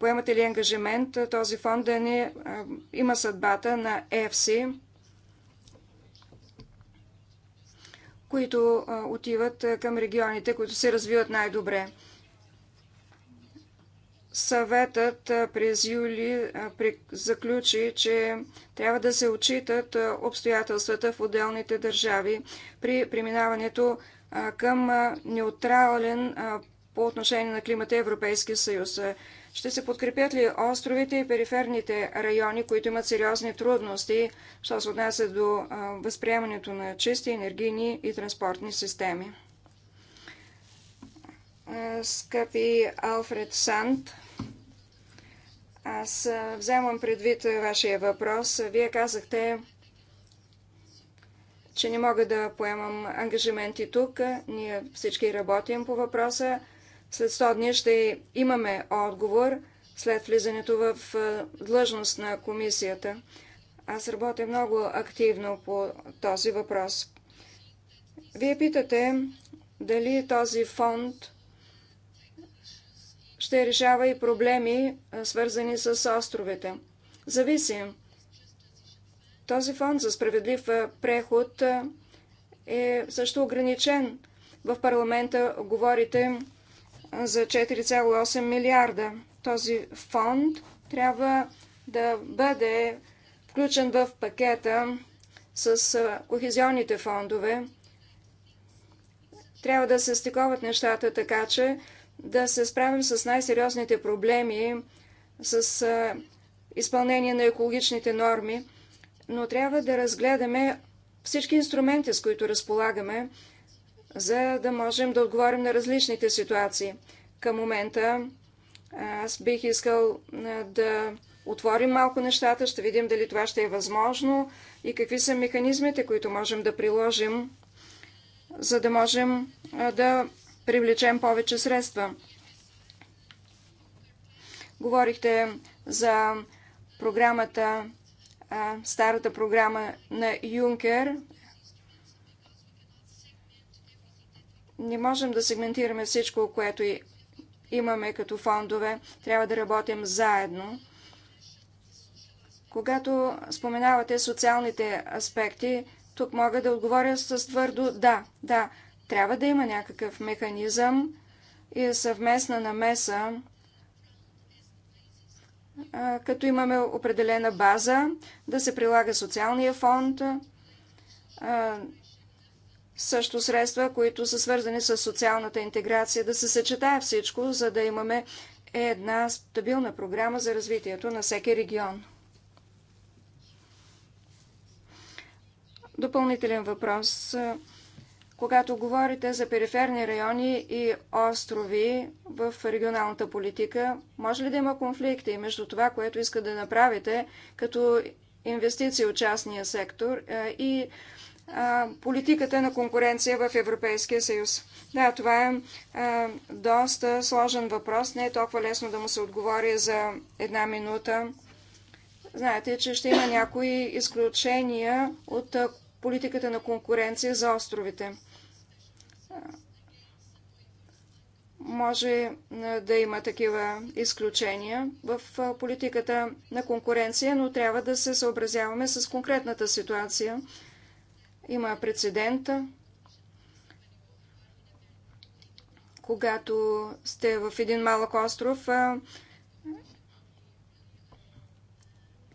Поемате ли ангажимент този фонд да не има съдбата на ЕФСИ, които отиват към регионите, които се развиват най-добре? Съветът през юли заключи, че трябва да се отчитат обстоятелствата в отделните държави при преминаването към неутрален по отношение на климата Европейския съюз. Ще се подкрепят ли островите и периферните райони, които имат сериозни трудности, що се отнася до възприемането на чисти енергийни и транспортни системи? Скъпи Алфред Санд, аз вземам предвид вашия въпрос. Вие казахте, че не мога да поемам ангажименти тук. Ние всички работим по въпроса. След 100 дни ще имаме отговор след влизането в длъжност на комисията. Аз работя много активно по този въпрос. Вие питате дали този фонд ще решава и проблеми, свързани с островете. Зависи. Този фонд за справедлив преход е също ограничен. В парламента говорите за 4,8 милиарда. Този фонд трябва да бъде включен в пакета с кохезионните фондове. Трябва да се стиковат нещата така, че да се справим с най-сериозните проблеми с изпълнение на екологичните норми, но трябва да разгледаме всички инструменти, с които разполагаме, за да можем да отговорим на различните ситуации. Към момента аз бих искал да отворим малко нещата, ще видим дали това ще е възможно и какви са механизмите, които можем да приложим, за да можем да привлечем повече средства. Говорихте за програмата, старата програма на Юнкер. Не можем да сегментираме всичко, което имаме като фондове. Трябва да работим заедно. Когато споменавате социалните аспекти, тук мога да отговоря с твърдо да. Да, трябва да има някакъв механизъм и съвместна намеса, като имаме определена база, да се прилага социалния фонд, също средства, които са свързани с социалната интеграция, да се съчетае всичко, за да имаме една стабилна програма за развитието на всеки регион. Допълнителен въпрос когато говорите за периферни райони и острови в регионалната политика, може ли да има конфликти между това, което иска да направите като инвестиции от частния сектор е, и политиката на конкуренция в Европейския съюз? Да, това е, е доста сложен въпрос. Не е толкова лесно да му се отговори за една минута. Знаете, че ще има някои изключения от политиката на конкуренция за островите може да има такива изключения в политиката на конкуренция, но трябва да се съобразяваме с конкретната ситуация. Има прецедента, когато сте в един малък остров,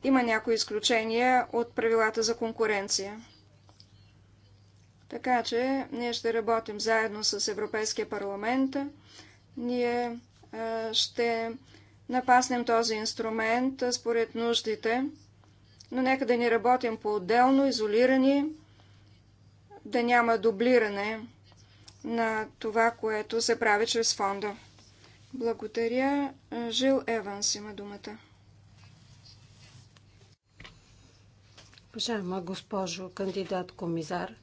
има някои изключения от правилата за конкуренция. Така че ние ще работим заедно с Европейския парламент. Ние ще напаснем този инструмент според нуждите, но нека да ни работим по-отделно, изолирани, да няма дублиране на това, което се прави чрез фонда. Благодаря. Жил Еванс има думата. Уважаема госпожо кандидат комизар.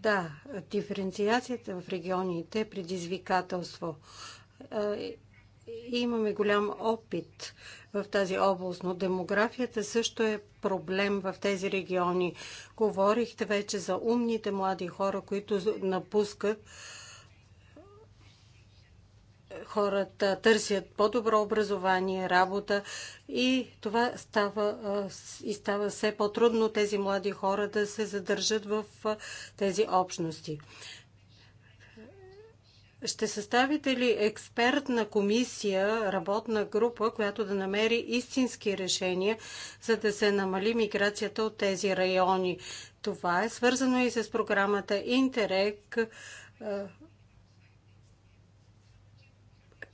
Да, диференциацията в регионите е предизвикателство. Имаме голям опит в тази област, но демографията също е проблем в тези региони. Говорихте вече за умните млади хора, които напускат хората търсят по-добро образование, работа и това става, и става все по-трудно тези млади хора да се задържат в тези общности. Ще съставите ли експертна комисия, работна група, която да намери истински решения, за да се намали миграцията от тези райони? Това е свързано и с програмата Интерек,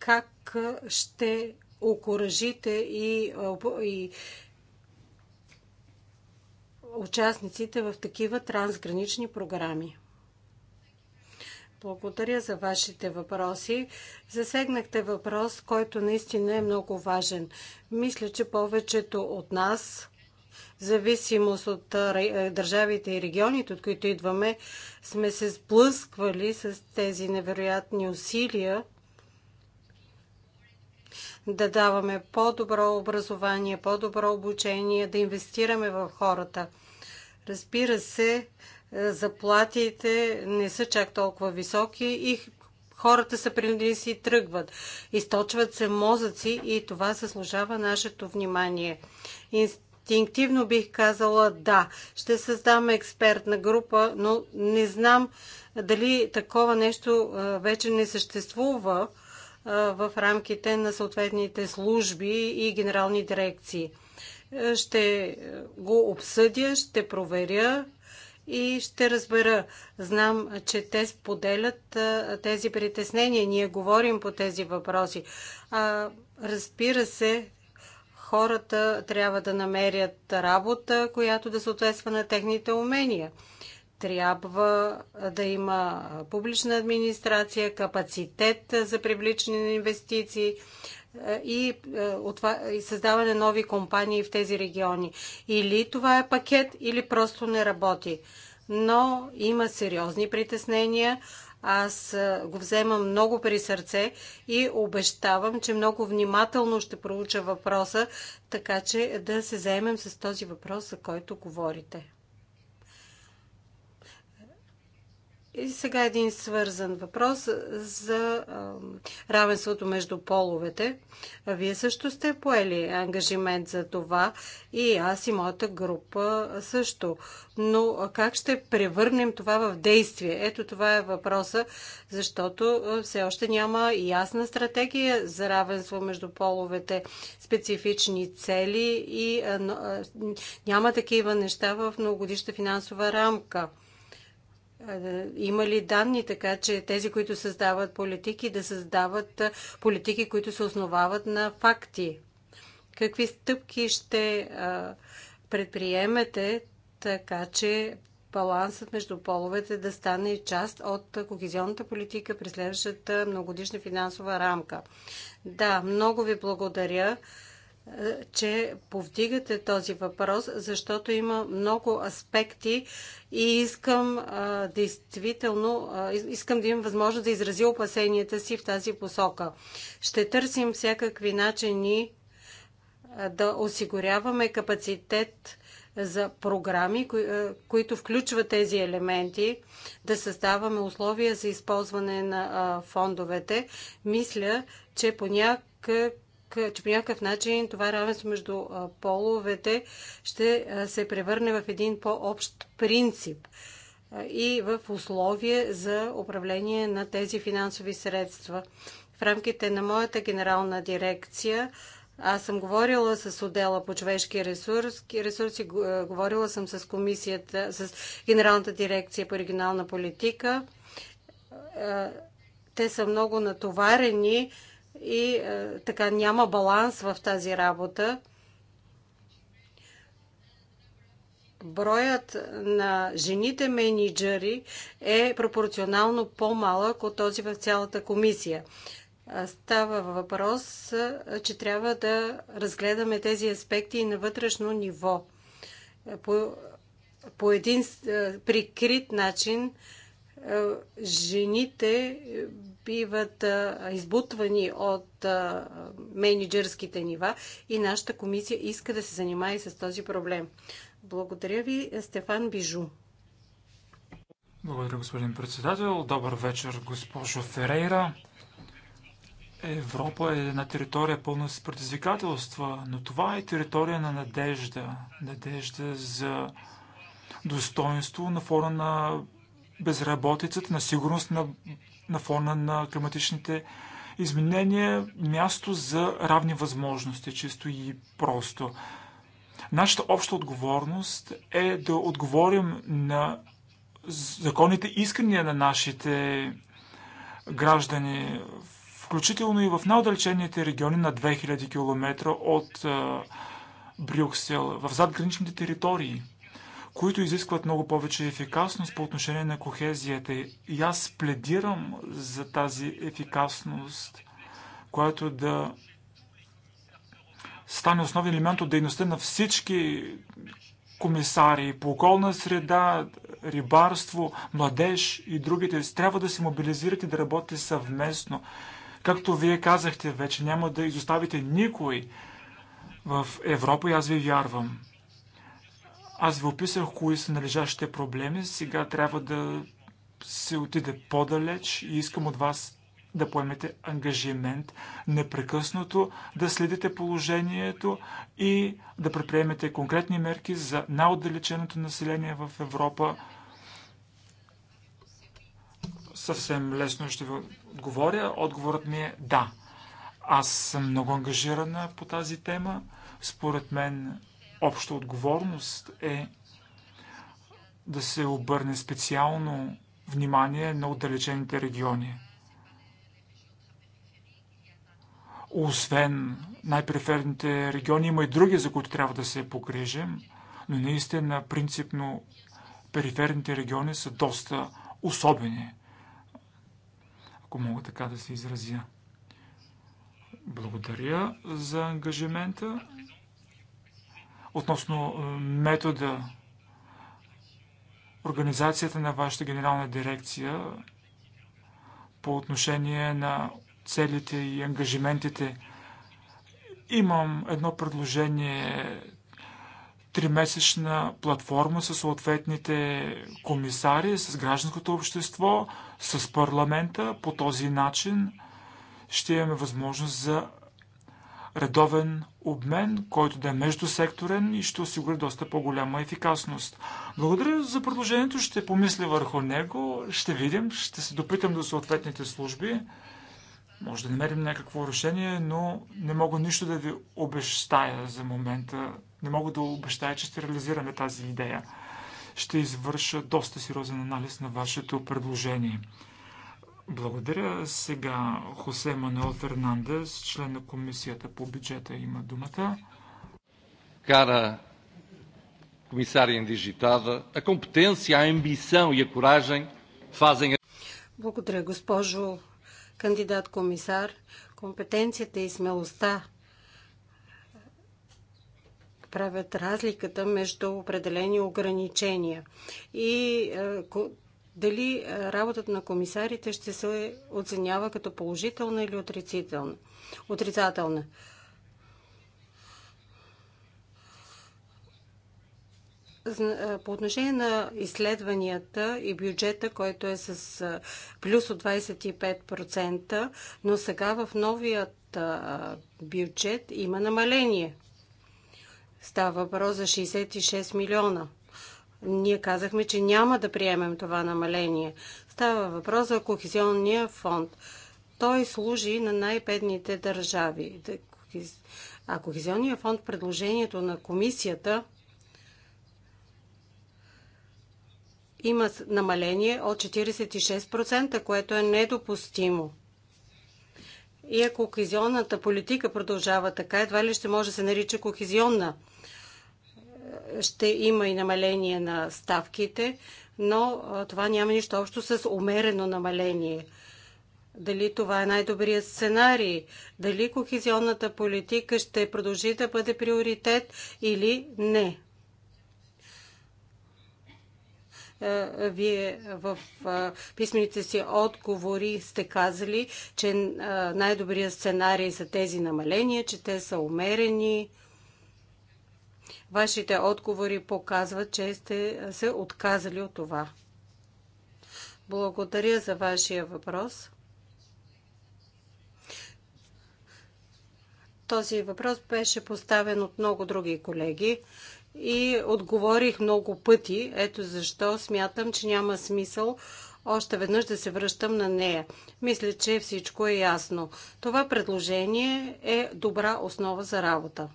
как ще окоръжите и, и участниците в такива трансгранични програми. Благодаря за вашите въпроси. Засегнахте въпрос, който наистина е много важен. Мисля, че повечето от нас, в зависимост от държавите и регионите, от които идваме, сме се сблъсквали с тези невероятни усилия да даваме по-добро образование, по-добро обучение, да инвестираме в хората. Разбира се, е, заплатите не са чак толкова високи и хората са принудени си тръгват. Източват се мозъци и това заслужава нашето внимание. Инстинктивно бих казала да. Ще създам експертна група, но не знам дали такова нещо е, вече не съществува в рамките на съответните служби и генерални дирекции. Ще го обсъдя, ще проверя и ще разбера. Знам, че те споделят тези притеснения. Ние говорим по тези въпроси. А, разбира се, хората трябва да намерят работа, която да съответства на техните умения трябва да има публична администрация, капацитет за привличане на инвестиции е, е, и, създаване на нови компании в тези региони. Или това е пакет, или просто не работи. Но има сериозни притеснения. Аз е, го вземам много при сърце и обещавам, че много внимателно ще проуча въпроса, така че да се заемем с този въпрос, за който говорите. И сега един свързан въпрос за равенството между половете. Вие също сте поели ангажимент за това и аз и моята група също. Но как ще превърнем това в действие? Ето това е въпроса, защото все още няма ясна стратегия за равенство между половете, специфични цели и няма такива неща в многогодишна финансова рамка. Има ли данни така, че тези, които създават политики, да създават политики, които се основават на факти? Какви стъпки ще предприемете така, че балансът между половете да стане част от кохезионната политика през следващата многодишна финансова рамка? Да, много ви благодаря че повдигате този въпрос, защото има много аспекти и искам а, действително, а, искам да имам възможност да изрази опасенията си в тази посока. Ще търсим всякакви начини а, да осигуряваме капацитет за програми, кои, а, които включват тези елементи, да създаваме условия за използване на а, фондовете. Мисля, че по някакъв е, че по някакъв начин това равенство между половете ще се превърне в един по-общ принцип и в условие за управление на тези финансови средства. В рамките на моята генерална дирекция аз съм говорила с отдела по човешки ресурси, ресурси говорила съм с комисията, с Генералната дирекция по регионална политика. Те са много натоварени и а, е, така няма баланс в тази работа. Броят на жените менеджери е пропорционално по-малък от този в цялата комисия. Става въпрос, е, че трябва да разгледаме тези аспекти на вътрешно ниво. Е, по, по един прикрит начин жените биват избутвани от менеджерските нива и нашата комисия иска да се занимае и с този проблем. Благодаря ви, Стефан Бижу. Благодаря, господин председател. Добър вечер, госпожо Ферейра. Европа е една територия пълна с предизвикателства, но това е територия на надежда. Надежда за достоинство на фона на безработицата, на сигурност на на фона на климатичните изменения място за равни възможности, чисто и просто. Нашата обща отговорност е да отговорим на законните искания на нашите граждани, включително и в най-отдалечените региони на 2000 км от Брюксел, в задграничните територии – които изискват много повече ефикасност по отношение на кохезията. И аз пледирам за тази ефикасност, която да стане основен елемент от дейността на всички комисари по околна среда, рибарство, младеж и другите. Трябва да се мобилизирате да работите съвместно. Както вие казахте вече, няма да изоставите никой в Европа и аз ви вярвам. Аз ви описах кои са належащите проблеми. Сега трябва да се отиде по-далеч и искам от вас да поемете ангажимент непрекъснато, да следите положението и да предприемете конкретни мерки за най-отдалеченото население в Европа. Съвсем лесно ще ви отговоря. Отговорът ми е да. Аз съм много ангажирана по тази тема. Според мен обща отговорност е да се обърне специално внимание на отдалечените региони. Освен най-преферните региони, има и други, за които трябва да се погрижим, но наистина принципно периферните региони са доста особени, ако мога така да се изразя. Благодаря за ангажимента относно е, метода, организацията на вашата генерална дирекция по отношение на целите и ангажиментите. Имам едно предложение тримесечна платформа с съответните комисари, с гражданското общество, с парламента. По този начин ще имаме възможност за редовен обмен, който да е междусекторен и ще осигури доста по-голяма ефикасност. Благодаря за предложението, ще помисля върху него, ще видим, ще се допитам до съответните служби. Може да намерим някакво решение, но не мога нищо да ви обещая за момента. Не мога да обещая, че ще реализираме тази идея. Ще извърша доста сериозен анализ на вашето предложение. Благодаря. Сега Хосе Манел Фернандес, член на комисията по бюджета, има думата. Кара комисар индигитада, а компетенция, а амбиção и а коражен фазен. Благодаря, госпожо кандидат комисар. Компетенцията и смелостта правят разликата между определени ограничения. И е, дали е, работата на комисарите ще се оценява като положителна или отрицателна. отрицателна. По отношение на изследванията и бюджета, който е с е, плюс от 25%, но сега в новият е, бюджет има намаление. Става въпрос за 66 милиона ние казахме, че няма да приемем това намаление. Става въпрос за кохезионния фонд. Той служи на най-бедните държави. А кохезионния фонд, предложението на комисията, има намаление от 46%, което е недопустимо. И ако кохезионната политика продължава така, едва ли ще може да се нарича кохезионна ще има и намаление на ставките, но това няма нищо общо с умерено намаление. Дали това е най-добрият сценарий? Дали кохезионната политика ще продължи да бъде приоритет или не? Е, вие в писмените си отговори сте казали, че най-добрият сценарий са тези намаления, че те са умерени. Вашите отговори показват, че сте се отказали от това. Благодаря за вашия въпрос. Този въпрос беше поставен от много други колеги и отговорих много пъти. Ето защо смятам, че няма смисъл още веднъж да се връщам на нея. Мисля, че всичко е ясно. Това предложение е добра основа за работа.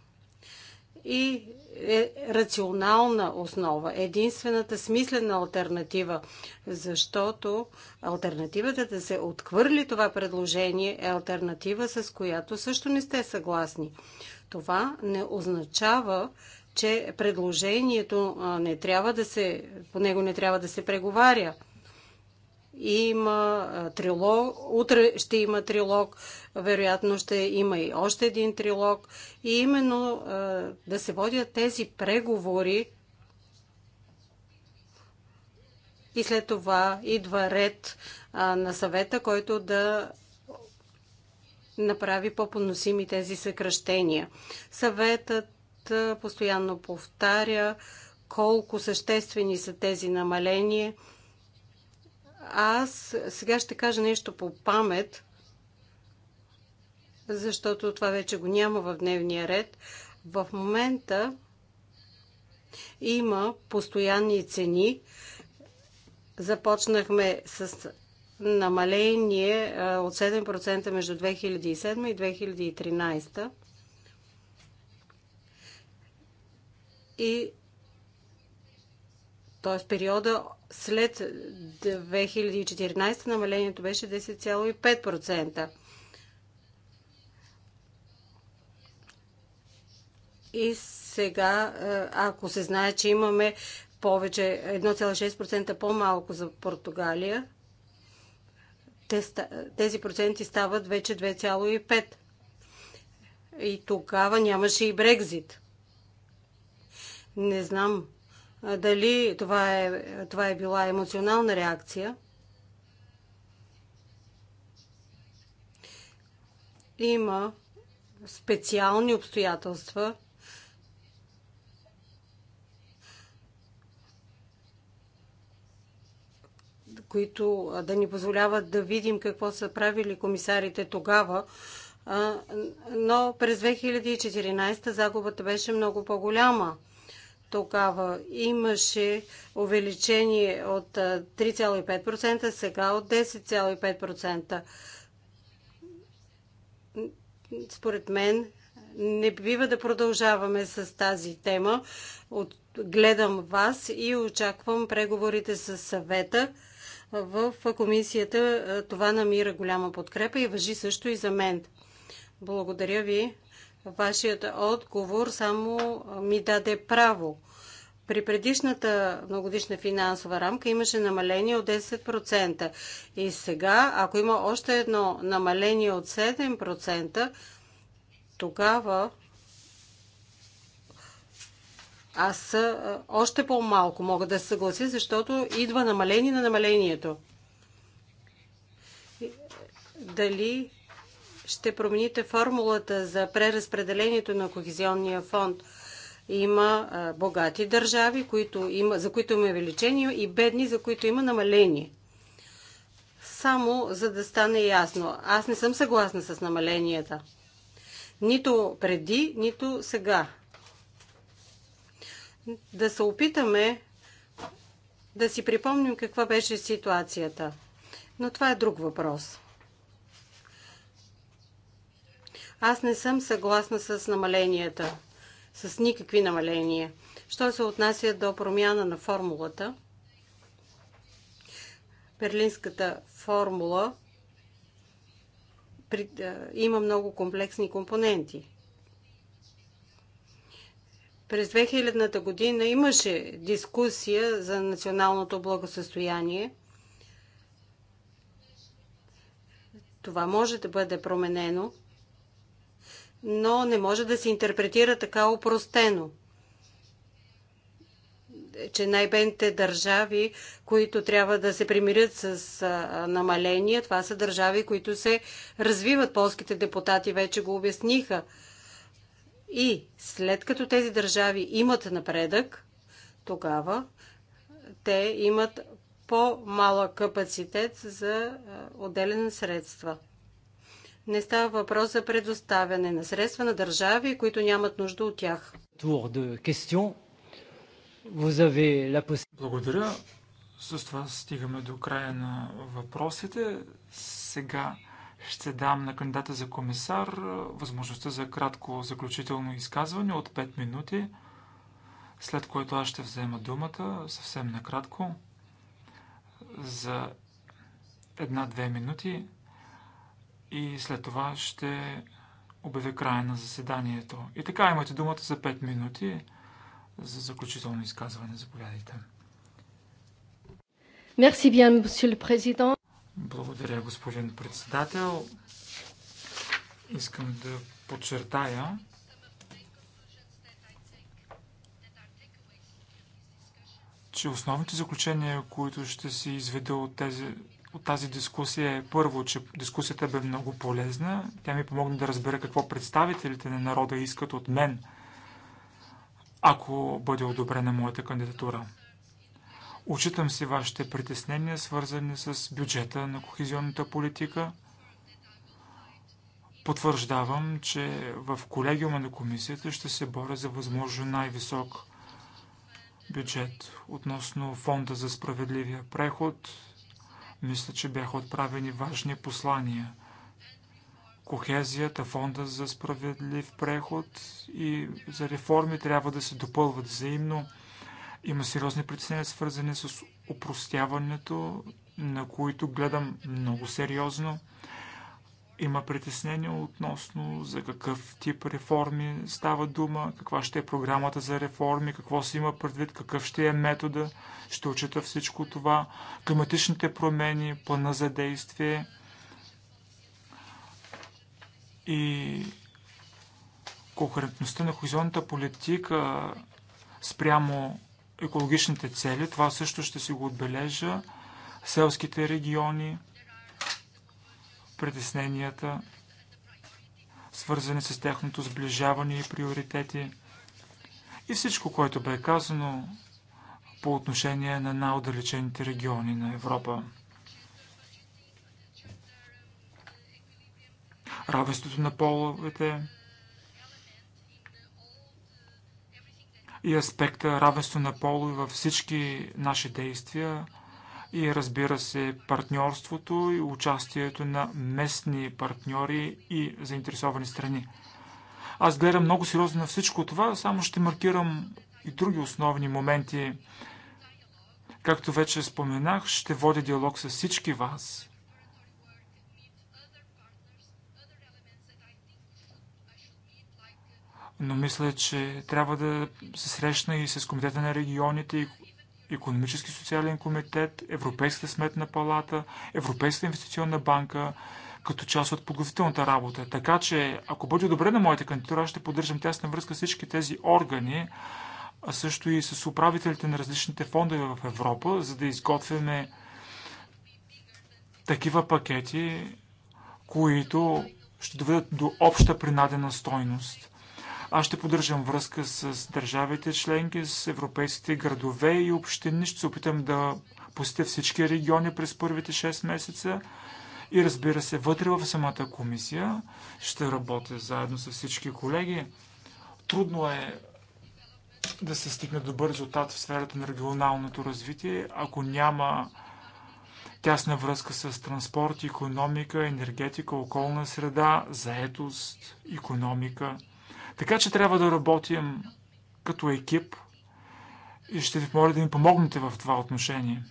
И е рационална основа, единствената смислена альтернатива, защото альтернативата да се отхвърли това предложение е альтернатива, с която също не сте съгласни. Това не означава, че предложението не трябва да се, по него не трябва да се преговаря има трилог, утре ще има трилог, вероятно ще има и още един трилог. И именно да се водят тези преговори и след това идва ред на съвета, който да направи по-поносими тези съкръщения. Съветът постоянно повтаря колко съществени са тези намаления – аз сега ще кажа нещо по памет, защото това вече го няма в дневния ред. В момента има постоянни цени. Започнахме с намаление от 7% между 2007 и 2013. И т.е. периода след 2014 намалението беше 10,5%. И сега, е, ако се знае, че имаме повече 1,6% по-малко за Португалия, тези проценти стават вече 2,5%. И тогава нямаше и Брекзит. Не знам дали това е, това е била емоционална реакция. Има специални обстоятелства, които да ни позволяват да видим какво са правили комисарите тогава. Но през 2014 загубата беше много по-голяма. Тогава имаше увеличение от 3,5%, сега от 10,5%. Според мен не бива да продължаваме с тази тема. От, гледам вас и очаквам преговорите с съвета. В комисията това намира голяма подкрепа и въжи също и за мен. Благодаря ви. Вашият отговор само ми даде право. При предишната многодишна финансова рамка имаше намаление от 10%. И сега, ако има още едно намаление от 7%, тогава аз още по-малко мога да се съглася, защото идва намаление на намалението. Дали ще промените формулата за преразпределението на кохезионния фонд. Има а, богати държави, които има, за които има увеличение и бедни, за които има намаление. Само за да стане ясно, аз не съм съгласна с намаленията. Нито преди, нито сега. Да се опитаме да си припомним каква беше ситуацията. Но това е друг въпрос. Аз не съм съгласна с намаленията, с никакви намаления. Що се отнася до промяна на формулата, Берлинската формула при, а, е, има много комплексни компоненти. През 2000-та година имаше дискусия за националното благосъстояние. Това може да бъде променено – но не може да се интерпретира така упростено че най-бедните държави, които трябва да се примирят с намаление. това са държави, които се развиват. Полските депутати вече го обясниха. И след като тези държави имат напредък, тогава те имат по-малък капацитет за отделен средства. Не става въпрос за предоставяне на средства на държави, които нямат нужда от тях. Благодаря. С това стигаме до края на въпросите. Сега ще дам на кандидата за комисар възможността за кратко заключително изказване от 5 минути, след което аз ще взема думата съвсем накратко за една-две минути и след това ще обявя края на заседанието. И така имате думата за 5 минути за заключително изказване. Заповядайте. Мерси bien, monsieur le président. Благодаря, господин председател. Искам да подчертая, че основните заключения, които ще се изведа от тези от тази дискусия е първо, че дискусията бе много полезна. Тя ми помогна да разбера какво представителите на народа искат от мен, ако бъде одобрена моята кандидатура. Очитам си вашите притеснения, свързани с бюджета на кохезионната политика. Потвърждавам, че в колегиума на комисията ще се боря за възможно най-висок бюджет относно фонда за справедливия преход – мисля, че бяха отправени важни послания. Кохезията, фонда за справедлив преход и за реформи трябва да се допълват взаимно. Има сериозни притеснения, свързани с упростяването, на които гледам много сериозно има притеснение относно за какъв тип реформи става дума, каква ще е програмата за реформи, какво се има предвид, какъв ще е метода, ще отчита всичко това, климатичните промени, плана за действие и конкурентността на хоризонта политика спрямо екологичните цели. Това също ще си го отбележа. Селските региони, притесненията, свързани с тяхното сближаване и приоритети и всичко, което бе казано по отношение на най-отдалечените региони на Европа. Равенството на половете и аспекта равенство на полове във всички наши действия – и разбира се партньорството и участието на местни партньори и заинтересовани страни. Аз гледам много сериозно на всичко това, само ще маркирам и други основни моменти. Както вече споменах, ще водя диалог с всички вас. Но мисля, че трябва да се срещна и с Комитета на регионите и економически социален комитет, Европейската сметна палата, Европейската инвестиционна банка, като част от подготвителната работа. Така че, ако бъде добре на моята кандидатура, ще поддържам тясна връзка с всички тези органи, а също и с управителите на различните фондове в Европа, за да изготвяме такива пакети, които ще доведат до обща принадена стойност. Аз ще поддържам връзка с държавите членки, с европейските градове и общини. Ще се опитам да посетя всички региони през първите 6 месеца. И разбира се, вътре в самата комисия ще работя заедно с всички колеги. Трудно е да се стигне добър резултат в сферата на регионалното развитие, ако няма тясна връзка с транспорт, економика, енергетика, околна среда, заетост, економика – така че трябва да работим като екип и ще ви помоля да ми помогнете в това отношение.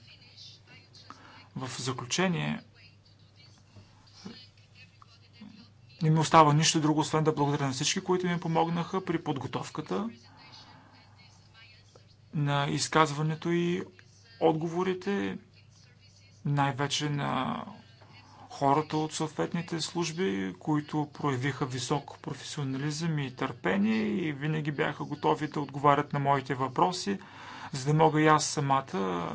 В заключение, не ми остава нищо друго, освен да благодаря на всички, които ми помогнаха при подготовката на изказването и отговорите, най-вече на хората от съответните служби, които проявиха висок професионализъм и търпение и винаги бяха готови да отговарят на моите въпроси, за да мога и аз самата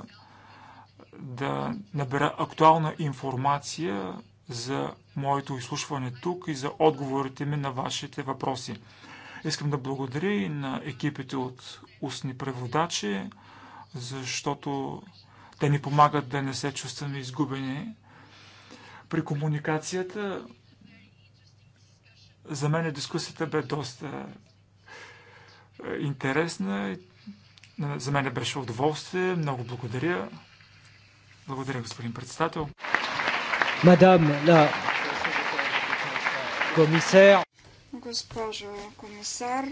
да набера актуална информация за моето изслушване тук и за отговорите ми на вашите въпроси. Искам да благодаря и на екипите от устни преводачи, защото те ни помагат да не се чувстваме изгубени при комуникацията за мен дискусията бе доста е, интересна. За мен беше удоволствие. Много благодаря. Благодаря, господин председател. Мадам, да. комисар. Госпожо комисар,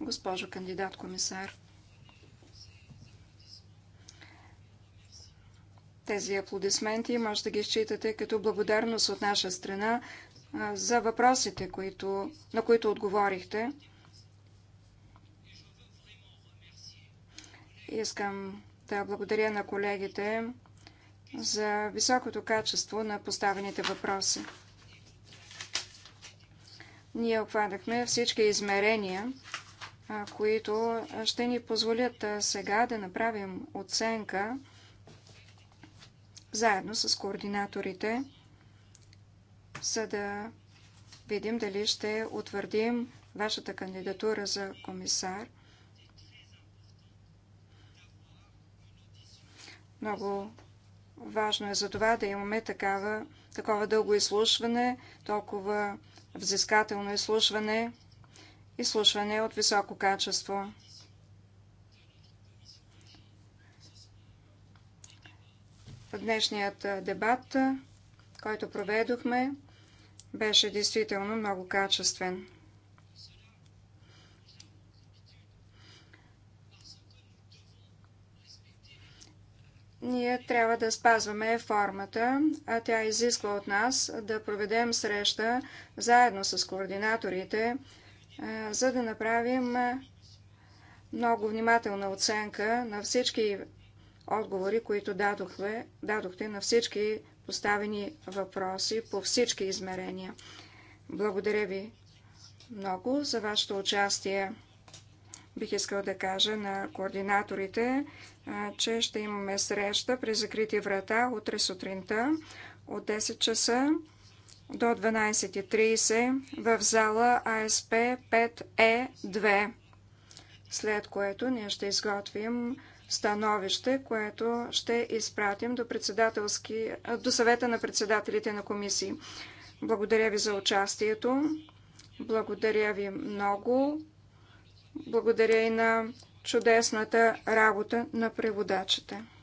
госпожо кандидат комисар. Тези аплодисменти може да ги считате като благодарност от наша страна за въпросите, които, на които отговорихте. Искам да благодаря на колегите за високото качество на поставените въпроси. Ние обхванахме всички измерения, които ще ни позволят сега да направим оценка заедно с координаторите, за да видим дали ще утвърдим вашата кандидатура за комисар. Много важно е за това да имаме такава, такова дълго изслушване, толкова взискателно изслушване, изслушване от високо качество. Днешният дебат, който проведохме, беше действително много качествен. ние трябва да спазваме формата, а тя изисква от нас да проведем среща заедно с координаторите, за да направим много внимателна оценка на всички отговори, които дадохме, дадохте на всички поставени въпроси по всички измерения. Благодаря ви много за вашето участие. Бих искал да кажа на координаторите, че ще имаме среща при закрити врата утре сутринта от 10 часа до 12.30 в зала АСП 5Е2, е след което ние ще изготвим становище, което ще изпратим до, председателски, до съвета на председателите на комисии. Благодаря ви за участието. Благодаря ви много. Благодаря и на чудесната работа на преводачите.